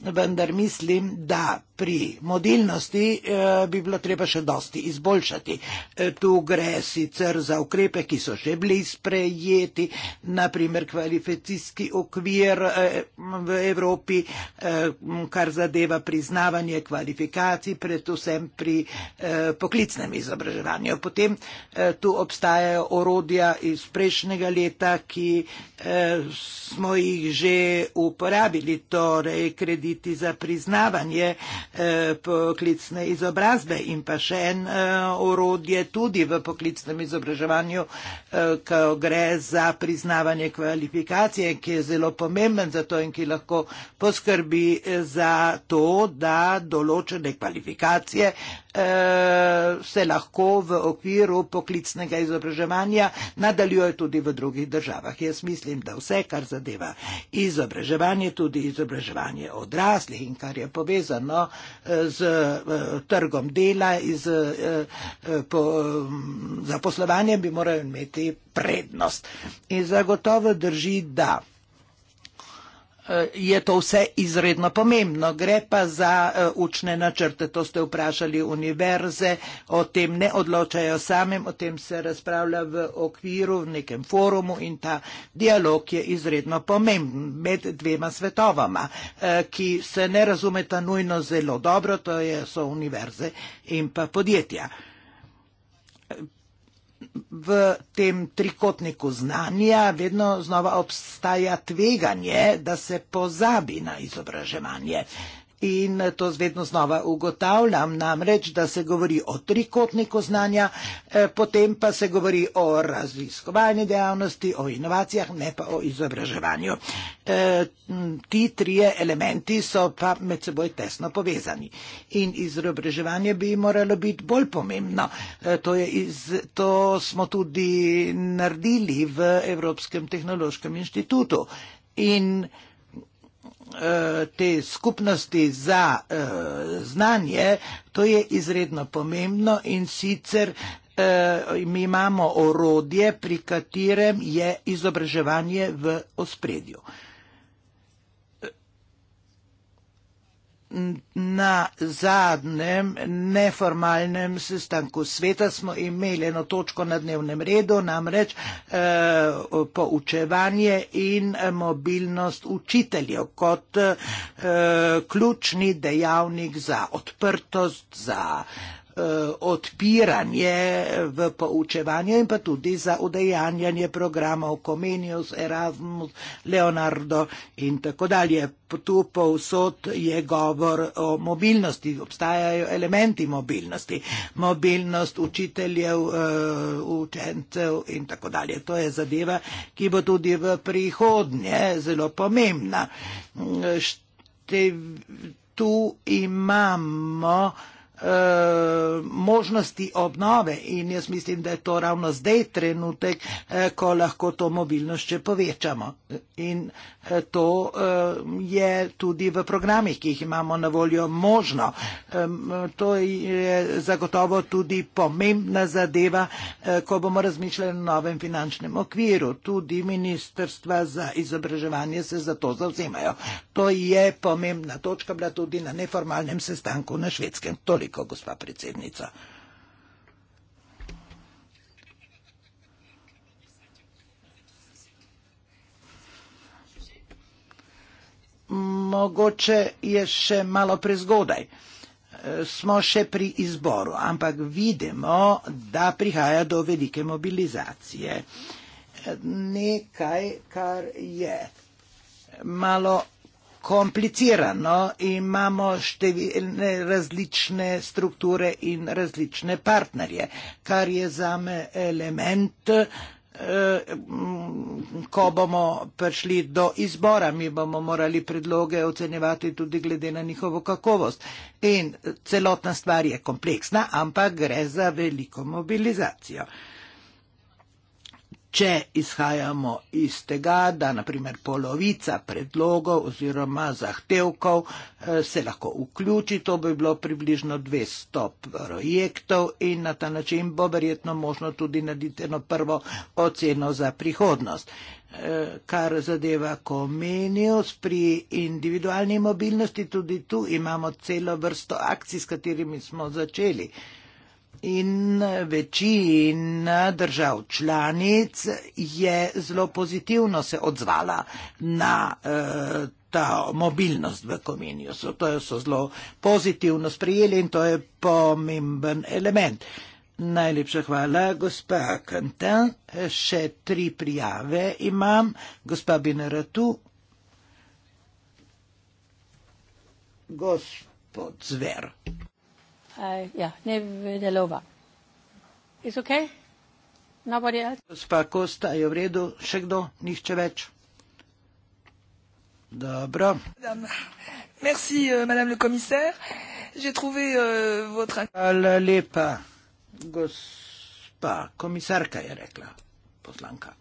Vendar mislim, da pri modilnosti eh, bi bilo treba še dosti izboljšati. Eh, tu gre sicer za ukrepe, ki so že bili sprejeti, naprimer kvalifikacijski okvir eh, v Evropi, eh, kar zadeva priznavanje kvalifikacij, predvsem pri eh, poklicnem izobraževanju. Potem eh, tu obstajajo orodja iz prejšnjega leta, ki eh, smo jih že uporabili, torej krediti za priznavanje. Eh, poklicne izobrazbe in pa še en eh, orodje tudi v poklicnem izobraževanju, eh, ko gre za priznavanje kvalifikacije, ki je zelo pomemben za to in ki lahko poskrbi za to, da določene kvalifikacije Eh, se lahko v okviru poklicnega izobraževanja nadaljuje tudi v drugih državah. Jaz mislim, da vse, kar zadeva izobraževanje, tudi izobraževanje odraslih in kar je povezano eh, z eh, trgom dela in z po, mm, zaposlovanjem, bi morali imeti prednost. In zagotovo drži, da. Eh, je to vse izredno pomembno. Gre pa za eh, učne načrte, to ste vprašali univerze, o tem ne odločajo samem, o tem se razpravlja v okviru, v nekem forumu in ta dialog je izredno pomemben med dvema svetovama, eh, ki se ne razumeta nujno zelo dobro, to je, so univerze in pa podjetja v tem trikotniku znanja vedno znova obstaja tveganje, da se pozabi na izobraževanje. In to vedno znova ugotavljam, namreč, da se govori o trikotniku znanja, eh, potem pa se govori o raziskovalni dejavnosti, o inovacijah, ne pa o izobraževanju. Eh, ti trije elementi so pa med seboj tesno povezani. In izobraževanje bi moralo biti bolj pomembno. Eh, to, iz, to smo tudi naredili v Evropskem tehnološkem inštitutu. In Eh, te skupnosti za uh, znanje, to je izredno pomembno in sicer uh, mi imamo orodje, pri katerem je izobraževanje v ospredju. na zadnjem neformalnem sestanku sveta smo imeli eno točko na dnevnem redu, namreč eh, poučevanje in mobilnost učiteljev kot eh, ključni dejavnik za odprtost, za Eh, odpiranje eh, v poučevanje in pa tudi za udejanjanje programov Comenius, Erasmus, Leonardo in tako dalje. Tu povsod je govor o mobilnosti, obstajajo elementi mobilnosti, mobilnost učiteljev, eh, učencev in tako dalje. To je zadeva, ki bo tudi v prihodnje zelo pomembna. Tu imamo E, možnosti obnove in jaz mislim, da je to ravno zdaj trenutek, e, ko lahko to mobilnost še povečamo. In e, to je tudi v programih, ki jih imamo na voljo možno. To je zagotovo tudi pomembna zadeva, ko bomo razmišljali o novem finančnem okviru. Tudi ministrstva za izobraževanje se za to zavzemajo. To je pomembna točka, bila tudi na neformalnem sestanku na švedskem. Toliko toliko, gospa predsednica. Mogoče je še malo prezgodaj. E, smo še pri izboru, ampak vidimo, da prihaja do velike mobilizacije. E, nekaj, kar je malo komplicirano, imamo številne različne strukture in različne partnerje, kar je za me element, eh, ko bomo prišli do izbora, mi bomo morali predloge ocenjevati tudi glede na njihovo kakovost. In celotna stvar je kompleksna, ampak gre za veliko mobilizacijo če izhajamo iz tega, da naprimer polovica predlogov oziroma zahtevkov eh, se lahko vključi, to bi bilo približno 200 projektov in na ta način bo verjetno možno tudi narediti eno prvo oceno za prihodnost. Eh, kar zadeva komenijos pri individualni mobilnosti, tudi tu imamo celo vrsto akcij, s katerimi smo začeli in večina držav članic je zelo pozitivno se odzvala na uh, ta mobilnost v Kominju. So to so zelo pozitivno sprijeli in to je pomemben element. Najlepša hvala, gospa Kanten. Še tri prijave imam. Gospa Binaratu. Gospod Zver. Uh, ja, ne delova. Is ok? Nobody else? Gospa Kosta, je v redu? Še kdo? Nihče več? Dobro. Merci, euh, madame le commissaire. J'ai trouvé uh, votre... Hvala lepa, gospa komisarka, je rekla poslanka.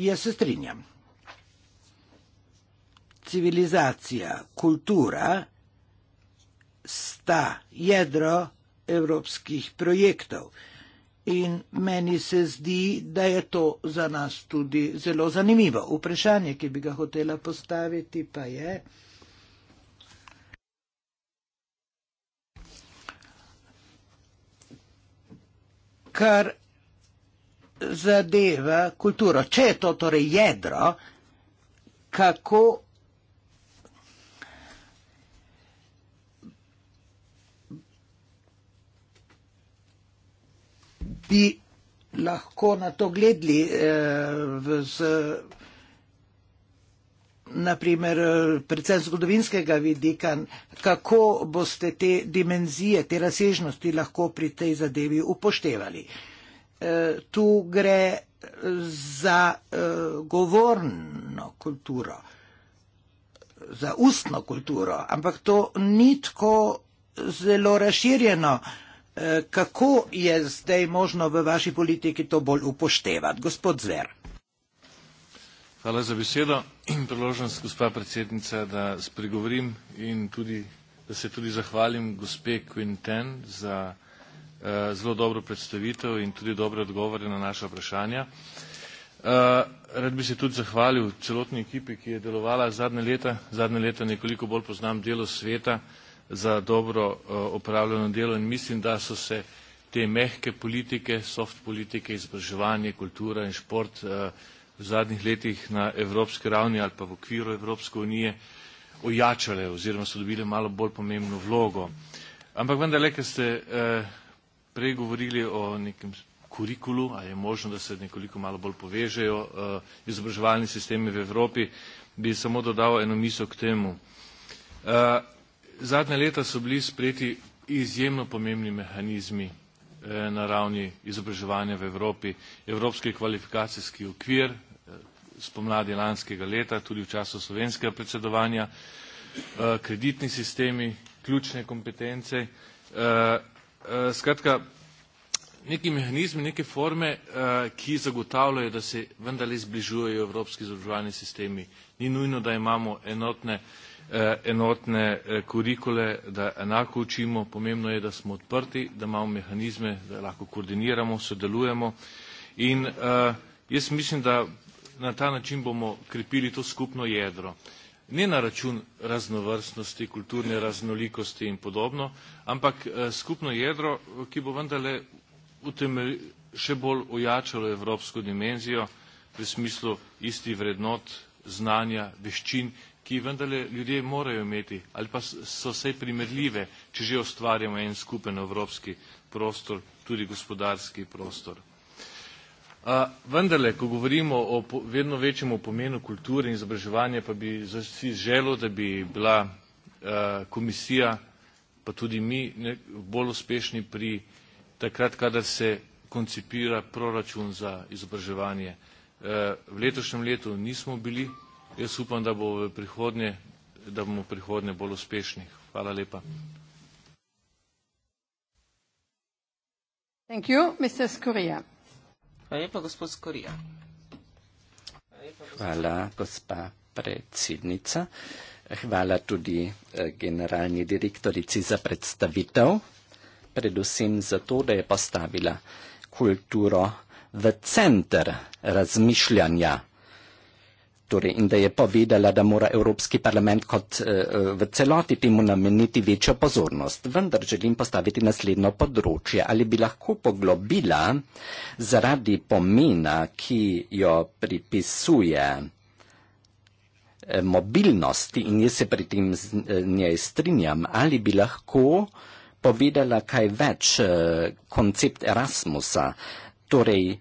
Jaz se strinjam civilizacija, kultura sta jedro evropskih projektov. In meni se zdi, da je to za nas tudi zelo zanimivo. Vprašanje, ki bi ga hotela postaviti, pa je. Kar zadeva kulturo, če je to torej jedro, kako bi lahko na to gledali eh, z, naprimer, eh, predvsem zgodovinskega vidika, kako boste te dimenzije, te razsežnosti lahko pri tej zadevi upoštevali. Eh, tu gre za govorno kulturo, za ustno kulturo, ampak to ni tako zelo razširjeno. Eh, kako je zdaj možno v vaši politiki to bolj upoštevati? Gospod Zver. Hvala za besedo in priložnost, gospa predsednica, da spregovorim in tudi, da se tudi zahvalim gospe Quinten za uh, zelo dobro predstavitev in tudi dobre odgovore na naše vprašanja. Uh, rad bi se tudi zahvalil celotni ekipi, ki je delovala zadnje leta, zadnje leta nekoliko bolj poznam delo sveta, uh, za dobro eh, opravljeno delo in mislim, da so se te mehke politike, soft politike, izobraževanje, kultura in šport eh, v zadnjih letih na evropski ravni ali pa v okviru Evropske unije ojačale oziroma so dobile malo bolj pomembno vlogo. Ampak vendar, le, ker ste eh, prej govorili o nekem kurikulu, a je možno, da se nekoliko malo bolj povežejo izobraževalni sistemi v Evropi, bi samo dodal eno misel k temu zadnja leta so bili sprejeti izjemno pomembni mehanizmi eh, na ravni izobraževanja v Evropi, Evropski kvalifikacijski okvir eh, spomladi lanskega leta, tudi v času slovenskega predsedovanja, eh, kreditni sistemi, ključne kompetence, skratka neki mehanizmi, neke forme, ki zagotavljajo, da se vendarle zbližujejo evropski izobraževalni sistemi. Ni nujno, da imamo enotne Eh, enotne eh, kurikule, da enako učimo, pomembno je, da smo odprti, da imamo mehanizme, da lahko koordiniramo, sodelujemo in eh, jaz mislim, da na ta način bomo krepili to skupno jedro. Ne na račun raznovrstnosti, kulturne raznolikosti in podobno, ampak skupno jedro, ki bo vendarle še bolj ojačalo evropsko dimenzijo v smislu isti vrednot znanja, veščin ki vendarle ljudje morajo imeti ali pa so vse primerljive, če že ustvarjamo en skupen evropski prostor, tudi gospodarski prostor. A, vendarle, ko govorimo o po, vedno večjem pomenu kulture in izobraževanja, pa bi si želel, da bi bila a, komisija, pa tudi mi, ne, bolj uspešni pri takrat, kadar se koncipira proračun za izobraževanje. A, v letošnjem letu nismo bili Jaz upam, da, bo da bomo prihodnje bolj uspešni. Hvala lepa. Thank you, Mr. Skorija. Hvala lepa, gospod Skorija. Hvala, gospa predsednica. Hvala tudi eh, generalni direktorici za predstavitev, predvsem zato, da je postavila kulturo v center razmišljanja torej, in da je povedala, da mora Evropski parlament kot eh, eh, v celoti temu nameniti večjo pozornost. Vendar želim postaviti naslednjo področje. Ali bi lahko poglobila zaradi pomena, ki jo pripisuje eh, mobilnosti in jaz se pri tem z eh, njej strinjam, ali bi lahko povedala kaj več koncept Erasmusa, torej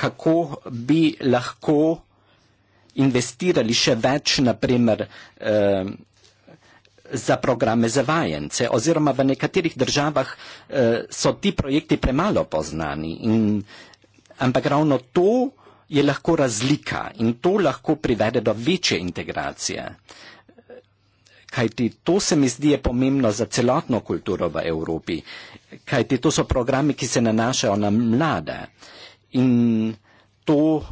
kako bi lahko investirali še več, naprimer, eh, za programe za vajence. Oziroma v nekaterih državah eh, so ti projekti premalo poznani. In, ampak ravno to je lahko razlika in to lahko privede do večje integracije. Kajti to se mi zdi je pomembno za celotno kulturo v Evropi. Kajti to so programi, ki se nanašajo na mlade. Eh, in to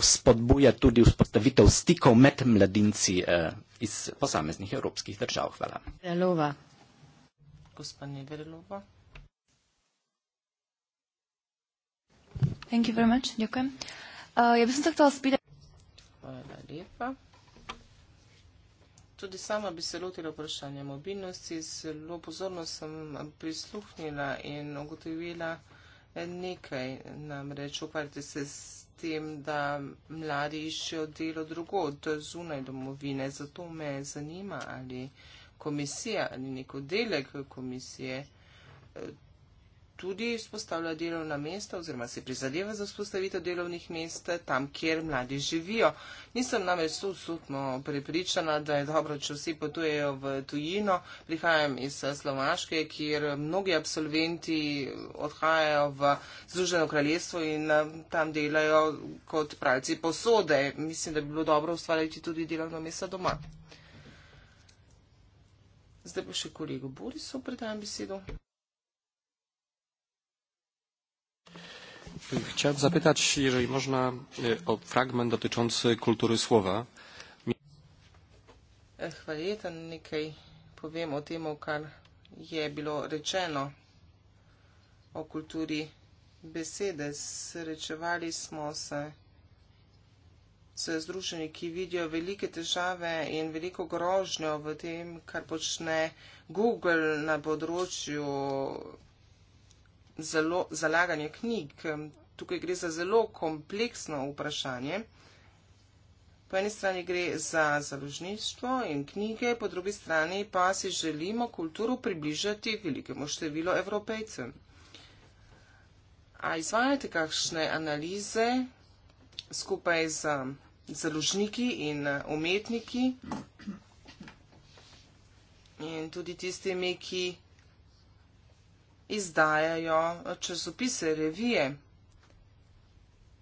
spodbuja eh, tudi vzpostavitev stikov med mladinci eh, iz posameznih evropskih držav. Hvala. Verlova. Gospa Neverlova. Thank you very much. Ďakujem. Uh, ja by som sa chcela spýtať... Hvala lepa. Tudi sama bi se lotila vprašanja mobilnosti. Zelo pozorno sem prisluhnila in ugotovila, nekaj, namreč ukvarjate se s tem, da mladi iščejo delo drugo, to je zunaj domovine. Zato me zanima, ali komisija ali neko delek komisije eh, tudi izpostavlja delovna mesta oziroma se prizadeva za vzpostavitev delovnih mest tam, kjer mladi živijo. Nisem namreč sodsutno prepričana, da je dobro, če vsi potujejo v tujino. Prihajam iz eh, Slovaške, kjer mnogi absolventi eh, odhajajo v Združeno kraljestvo in eh, tam delajo kot pravci posode. Mislim, da bi bilo dobro ustvariti tudi delovno mesto doma. Zdaj pa še kolego Borisov predajam besedo. Chciałem zapytać, jeżeli można, e, o fragment dotyczący kultury słowa. Hvala leta, nekaj povem o tem, o kar je bilo rečeno o kulturi besede. Srečevali smo se s združeni, ki vidijo velike težave in veliko grožnjo v tem, kar počne Google na področju zelo zalaganje knjig. Tukaj gre za zelo kompleksno vprašanje. Po eni strani gre za založništvo in knjige, po drugi strani pa si želimo kulturo približati velikemu številu evropejcev. A izvajate kakšne analize skupaj z založniki in eh, umetniki in tudi tistimi, ki izdajajo časopise, revije.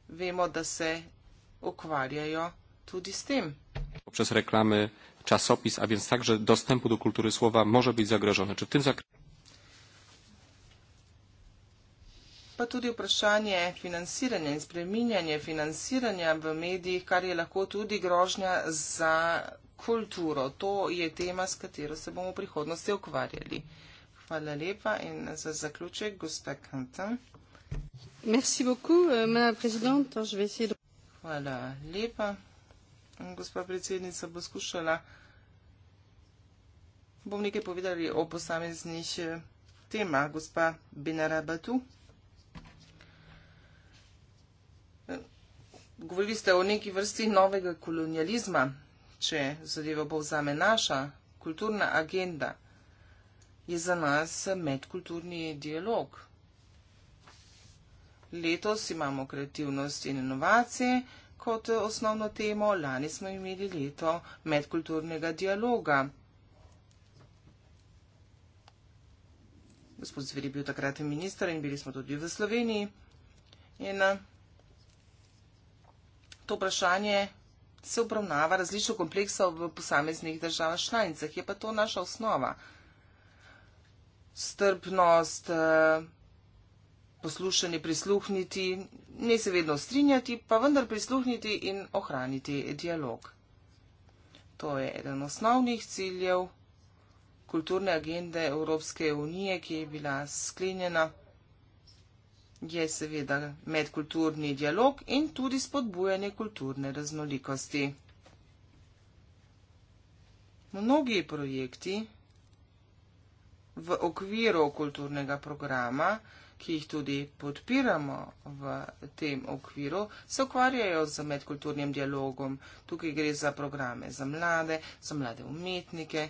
Vemo, da se ukvarjajo tudi s tem. Poprez reklame časopis, a więc także dostępu do kultury słowa może być zagrożone. Czy w tym zakresie... Pa tudi vprašanje financiranja in spreminjanje financiranja v medijih, kar je lahko tudi grožnja za kulturo. To je tema, s katero se bomo v prihodnosti ukvarjali. Hvala lepa in za zaključek, gospa Kantem. Merci beaucoup, euh, madame la présidente. Je vais essayer de... Hvala lepa. Gospa predsednica bo skušala, bom nekaj povedali o posameznih eh, tema. Gospa Binaraba tu. Govorili ste o neki vrsti novega kolonializma, če zadeva bo vzame naša kulturna agenda je za nas medkulturni dialog. Letos imamo kreativnost in inovacije kot osnovno temo, lani smo imeli leto medkulturnega dialoga. Gospod Zver je bil takrat minister in bili smo tudi v Sloveniji. In eh, to vprašanje se obravnava različno kompleksov v posameznih državah članicah, je pa to naša osnova strpnost, eh, poslušanje, prisluhniti, ne se vedno strinjati, pa vendar prisluhniti in ohraniti dialog. To je eden osnovnih ciljev kulturne agende Evropske unije, ki je bila sklenjena. Je seveda medkulturni dialog in tudi spodbujanje kulturne raznolikosti. Mnogi projekti, v okviru kulturnega programa, ki jih tudi podpiramo v tem okviru, se ukvarjajo z medkulturnim dialogom. Tukaj gre za programe za mlade, za mlade umetnike.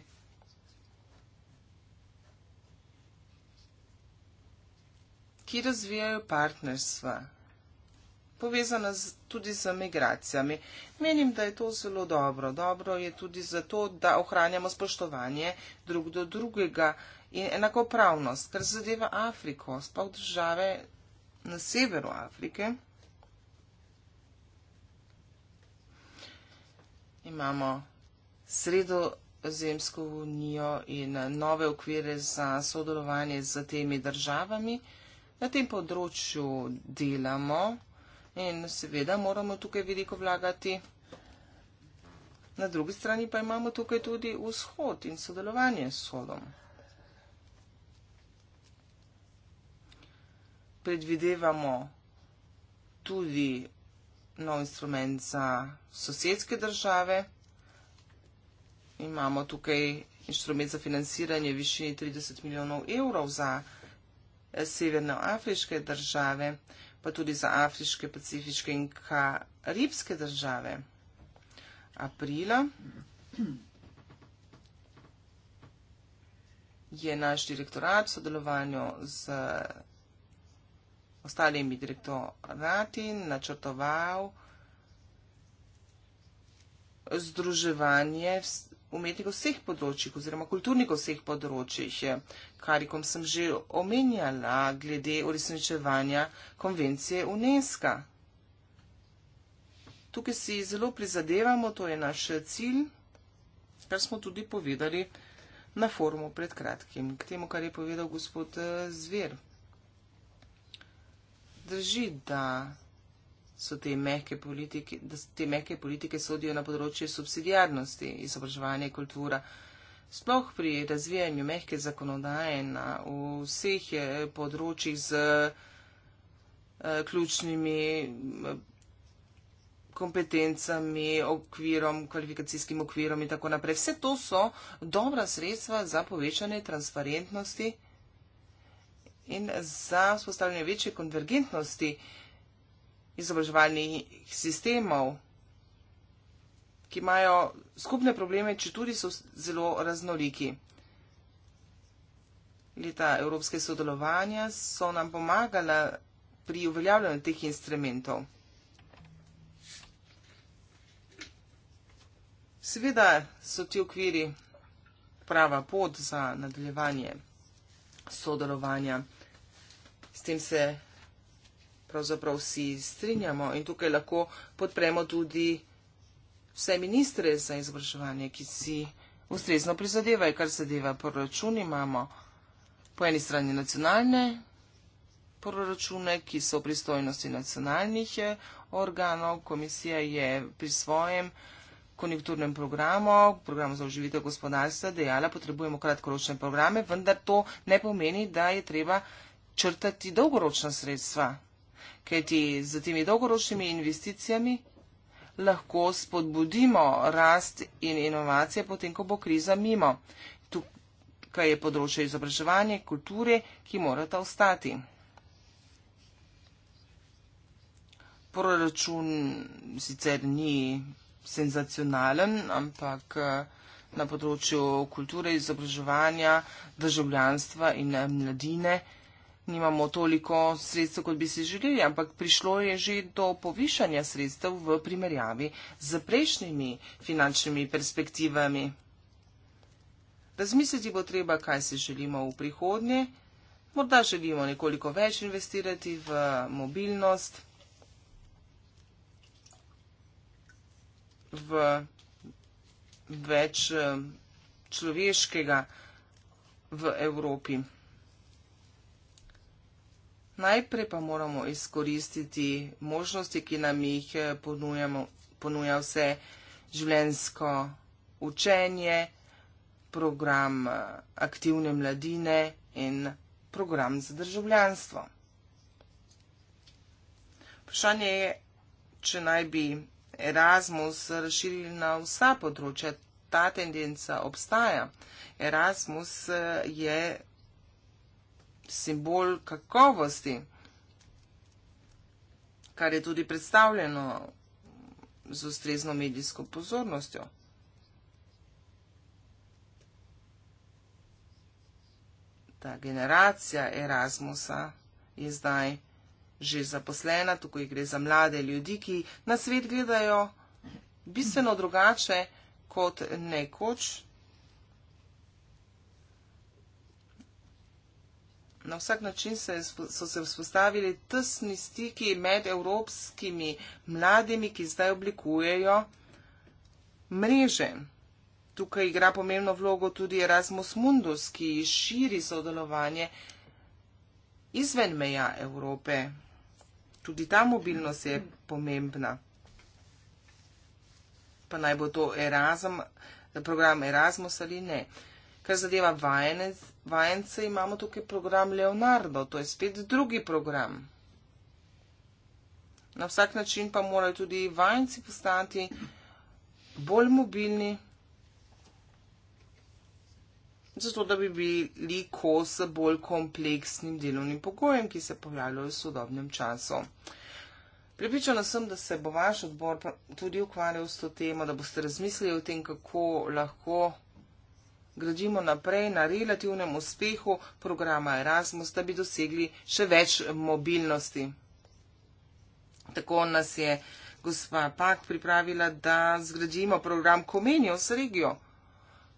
ki razvijajo partnerstva, povezana z, tudi z migracijami. Menim, da je to zelo dobro. Dobro je tudi zato, da ohranjamo spoštovanje drug do drugega, uh, in enakopravnost, kar zadeva Afriko, spav države na severu Afrike. Imamo sredozemsko unijo in nove okvire za sodelovanje z temi državami. Na tem področju delamo in seveda moramo tukaj veliko vlagati. Na drugi strani pa imamo tukaj tudi vzhod in sodelovanje s sodom. predvidevamo tudi nov instrument za sosedske države. Imamo tukaj inštrument za financiranje višini 30 milijonov evrov za eh, severnoafriške države, pa tudi za afriške, pacifiške in karibske države. Aprila je naš direktorat v sodelovanju z ostalimi direktorati načrtoval združevanje umetnikov vseh področjih oziroma kulturnikov vseh področjih, karikom sem že omenjala glede uresničevanja konvencije UNESCO. Tukaj si zelo prizadevamo, to je naš cilj, kar smo tudi povedali na forumu pred kratkim, k temu, kar je povedal gospod eh, Zver drži, da so te mehke politike, da te mehke politike sodijo na področje subsidijarnosti, izobraževanje, kultura. Sploh pri razvijanju mehke zakonodaje na vseh eh, področjih z eh, ključnimi eh, kompetencami, okvirom, kvalifikacijskim okvirom in tako naprej. Vse to so dobra sredstva za povečanje transparentnosti in za vzpostavljanje večje konvergentnosti izobraževalnih sistemov, ki imajo skupne probleme, če tudi so zelo raznoliki. Leta evropske sodelovanja so nam pomagala pri uveljavljanju teh instrumentov. Seveda so ti okviri prava pot za nadaljevanje sodelovanja. S tem se pravzaprav vsi strinjamo in tukaj lahko podpremo tudi vse ministre za izobraževanje, ki si ustrezno prizadevajo, kar zadeva proračun. Imamo po eni strani nacionalne proračune, ki so v pristojnosti nacionalnih eh, organov. Komisija je pri svojem konjunkturnem programu, programu za oživitev gospodarstva, dejala, potrebujemo kratkoročne programe, vendar to ne pomeni, da je treba črtati dolgoročna sredstva, kajti z temi dolgoročnimi investicijami lahko spodbudimo rast in inovacije potem, ko bo kriza mimo. Tukaj je področje izobraževanja, kulture, ki morata ostati. Proračun sicer ni senzacionalen, ampak eh, na področju kulture, izobraževanja, državljanstva in eh, mladine nimamo toliko sredstev, kot bi si želeli, ampak prišlo je že do povišanja sredstev v primerjavi z prejšnjimi finančnimi perspektivami. Razmisliti bo treba, kaj si želimo v prihodnje. Morda želimo nekoliko več investirati v mobilnost, v več eh, človeškega v Evropi. Najprej pa moramo izkoristiti možnosti, ki nam jih eh, ponujamo, ponuja vse življensko učenje, program eh, aktivne mladine in program za državljanstvo. Vprašanje je, če naj bi Erasmus razširili na vsa področja. Ta tendenca obstaja. Erasmus eh, je simbol kakovosti, kar je tudi predstavljeno z ustrezno medijsko pozornostjo. Ta generacija Erasmusa je zdaj že zaposlena, tukaj gre za mlade ljudi, ki na svet gledajo bistveno drugače kot nekoč, Na vsak način se so se vzpostavili tesni stiki med evropskimi mladimi, ki zdaj oblikujejo mreže. Tukaj igra pomembno vlogo tudi Erasmus Mundus, ki širi sodelovanje izven meja Evrope. Tudi ta mobilnost je pomembna. Pa naj bo to Erasm, program Erasmus ali ne. Kar zadeva vajenec, vajence, imamo tukaj program Leonardo, to je spet drugi program. Na vsak način pa morajo tudi vajenci postati bolj mobilni, zato da bi bili kos bolj kompleksnim delovnim pogojem, ki se pojavljajo v sodobnem času. Pripričana sem, da se bo vaš odbor tudi ukvarjal s to temo, da boste razmislili o tem, kako lahko gradimo naprej na relativnem uspehu programa Erasmus, da bi dosegli še več mobilnosti. Tako nas je gospa Pak pripravila, da zgradimo program Comenius Regio,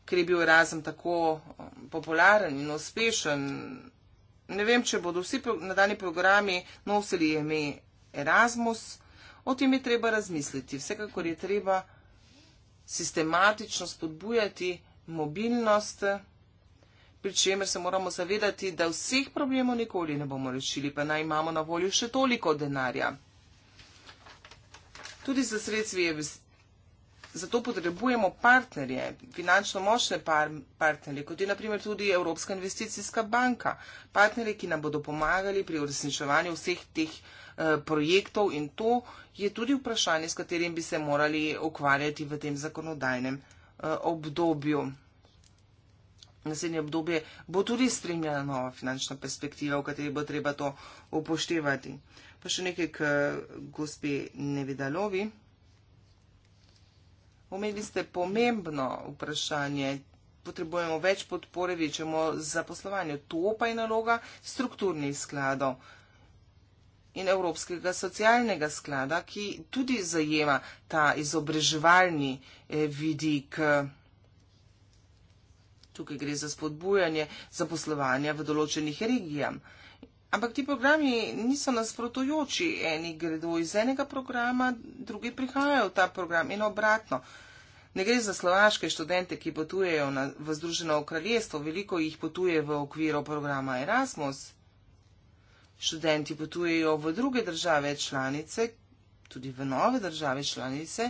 ker je bil Erasmus tako um, popularen in uspešen. Ne vem, če bodo vsi nadaljni programi nosili ime Erasmus, o tem je treba razmisliti. Vsekakor je treba sistematično spodbujati mobilnost, pri čemer se moramo zavedati, da vseh problemov nikoli ne bomo rešili, pa naj imamo na voljo še toliko denarja. Tudi za sredstvi je vse. Zato potrebujemo partnerje, finančno močne par partnerje, kot je naprimer tudi Evropska investicijska banka, partnerje, ki nam bodo pomagali pri uresničevanju vseh teh e, projektov in to je tudi vprašanje, s katerim bi se morali ukvarjati v tem zakonodajnem Eh, obdobju. Naslednje obdobje bo tudi spremljena nova finančna perspektiva, v kateri bo treba to upoštevati. Pa še nekaj k eh, gospe Nevidalovi. Omenili ste pomembno vprašanje. Potrebujemo več podpore večjemu zaposlovanju. To pa je naloga strukturnih skladov in Evropskega socialnega sklada, ki tudi zajema ta izobraževalni eh, vidik. Tukaj gre za spodbujanje zaposlovanja v določenih regijam. Ampak ti programi niso nasprotujoči. Eni gredo iz enega programa, drugi prihajajo v ta program in obratno. Ne gre za slovaške študente, ki potujejo na, v Združeno kraljestvo, veliko jih potuje v okviru programa Erasmus Študenti potujejo v druge države članice, tudi v nove države članice,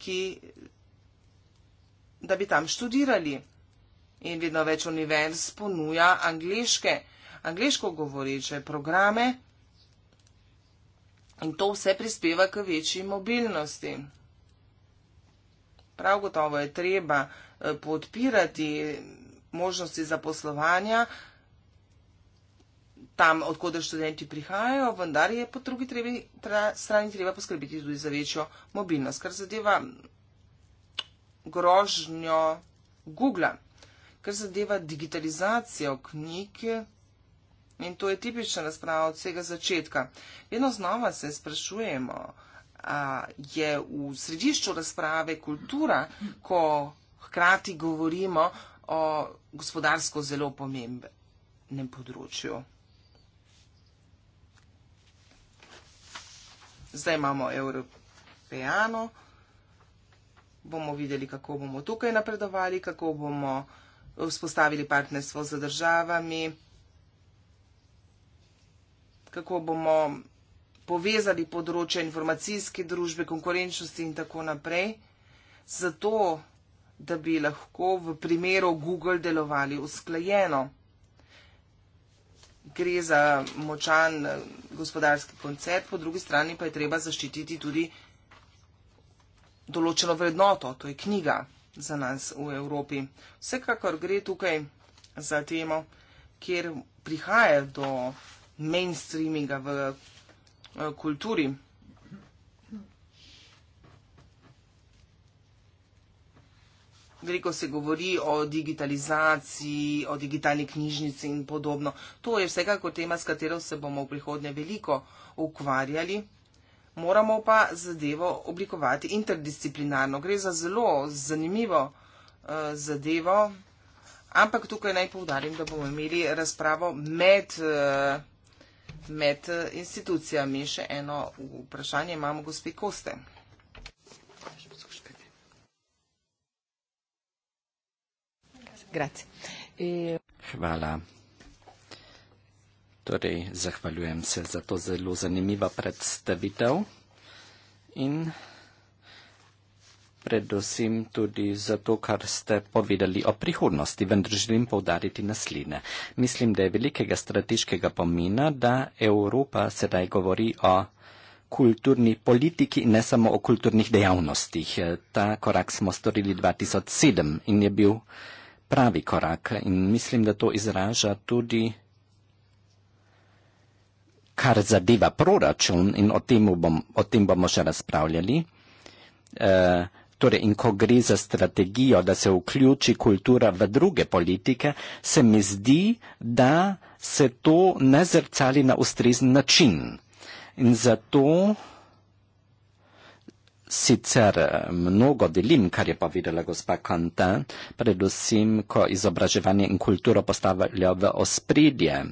ki, da bi tam študirali. In vedno več univerz ponuja angliške, angliško govoreče programe. In to vse prispeva k večji mobilnosti. Prav gotovo je treba eh, podpirati možnosti zaposlovanja, tam, odkud študenti prihajajo, vendar je po drugi trebi, tra, strani treba poskrbeti tudi za večjo mobilnost, kar zadeva grožnjo Google, kar zadeva digitalizacijo knjig. In to je tipična razprava od vsega začetka. Vedno znova se sprašujemo, a je v središču razprave kultura, ko hkrati govorimo o gospodarsko zelo pomembnem področju. zdaj imamo Evropejano, bomo videli, kako bomo tukaj napredovali, kako bomo vzpostavili partnerstvo z državami, kako bomo povezali področje informacijske družbe, konkurenčnosti in tako naprej, zato, da bi lahko v primeru Google delovali usklajeno gre za močan eh, gospodarski koncept, po drugi strani pa je treba zaščititi tudi določeno vrednoto, to je knjiga za nas v Evropi. Vsekakor gre tukaj za temo, kjer prihaja do mainstreaminga v eh, kulturi. veliko se govori o digitalizaciji, o digitalni knjižnici in podobno. To je vsekako tema, s katero se bomo v prihodnje veliko ukvarjali. Moramo pa zadevo oblikovati interdisciplinarno. Gre za zelo zanimivo uh, zadevo, ampak tukaj naj povdarim, da bomo imeli razpravo med, uh, med eh, institucijami. Še eno vprašanje imamo gospe Koste. Grazie. E... Hvala. Torej, zahvaljujem se za to zelo zanimiva predstavitev in predvsem tudi za to, kar ste povedali o prihodnosti, vendar želim povdariti naslednje. Mislim, da je velikega strateškega pomena, da Evropa sedaj govori o kulturni politiki, ne samo o kulturnih dejavnostih. Ta korak smo storili 2007 in je bil pravi korak in mislim, da to izraža tudi, kar zadeva proračun in o tem, bom, o tem bomo še razpravljali. E, torej, in ko gre za strategijo, da se vključi kultura v druge politike, se mi zdi, da se to ne zrcali na ustrezen način. In zato sicer eh, mnogo delim, kar je povedala gospa Kante, predvsem ko izobraževanje in kulturo postavljajo v ospredje.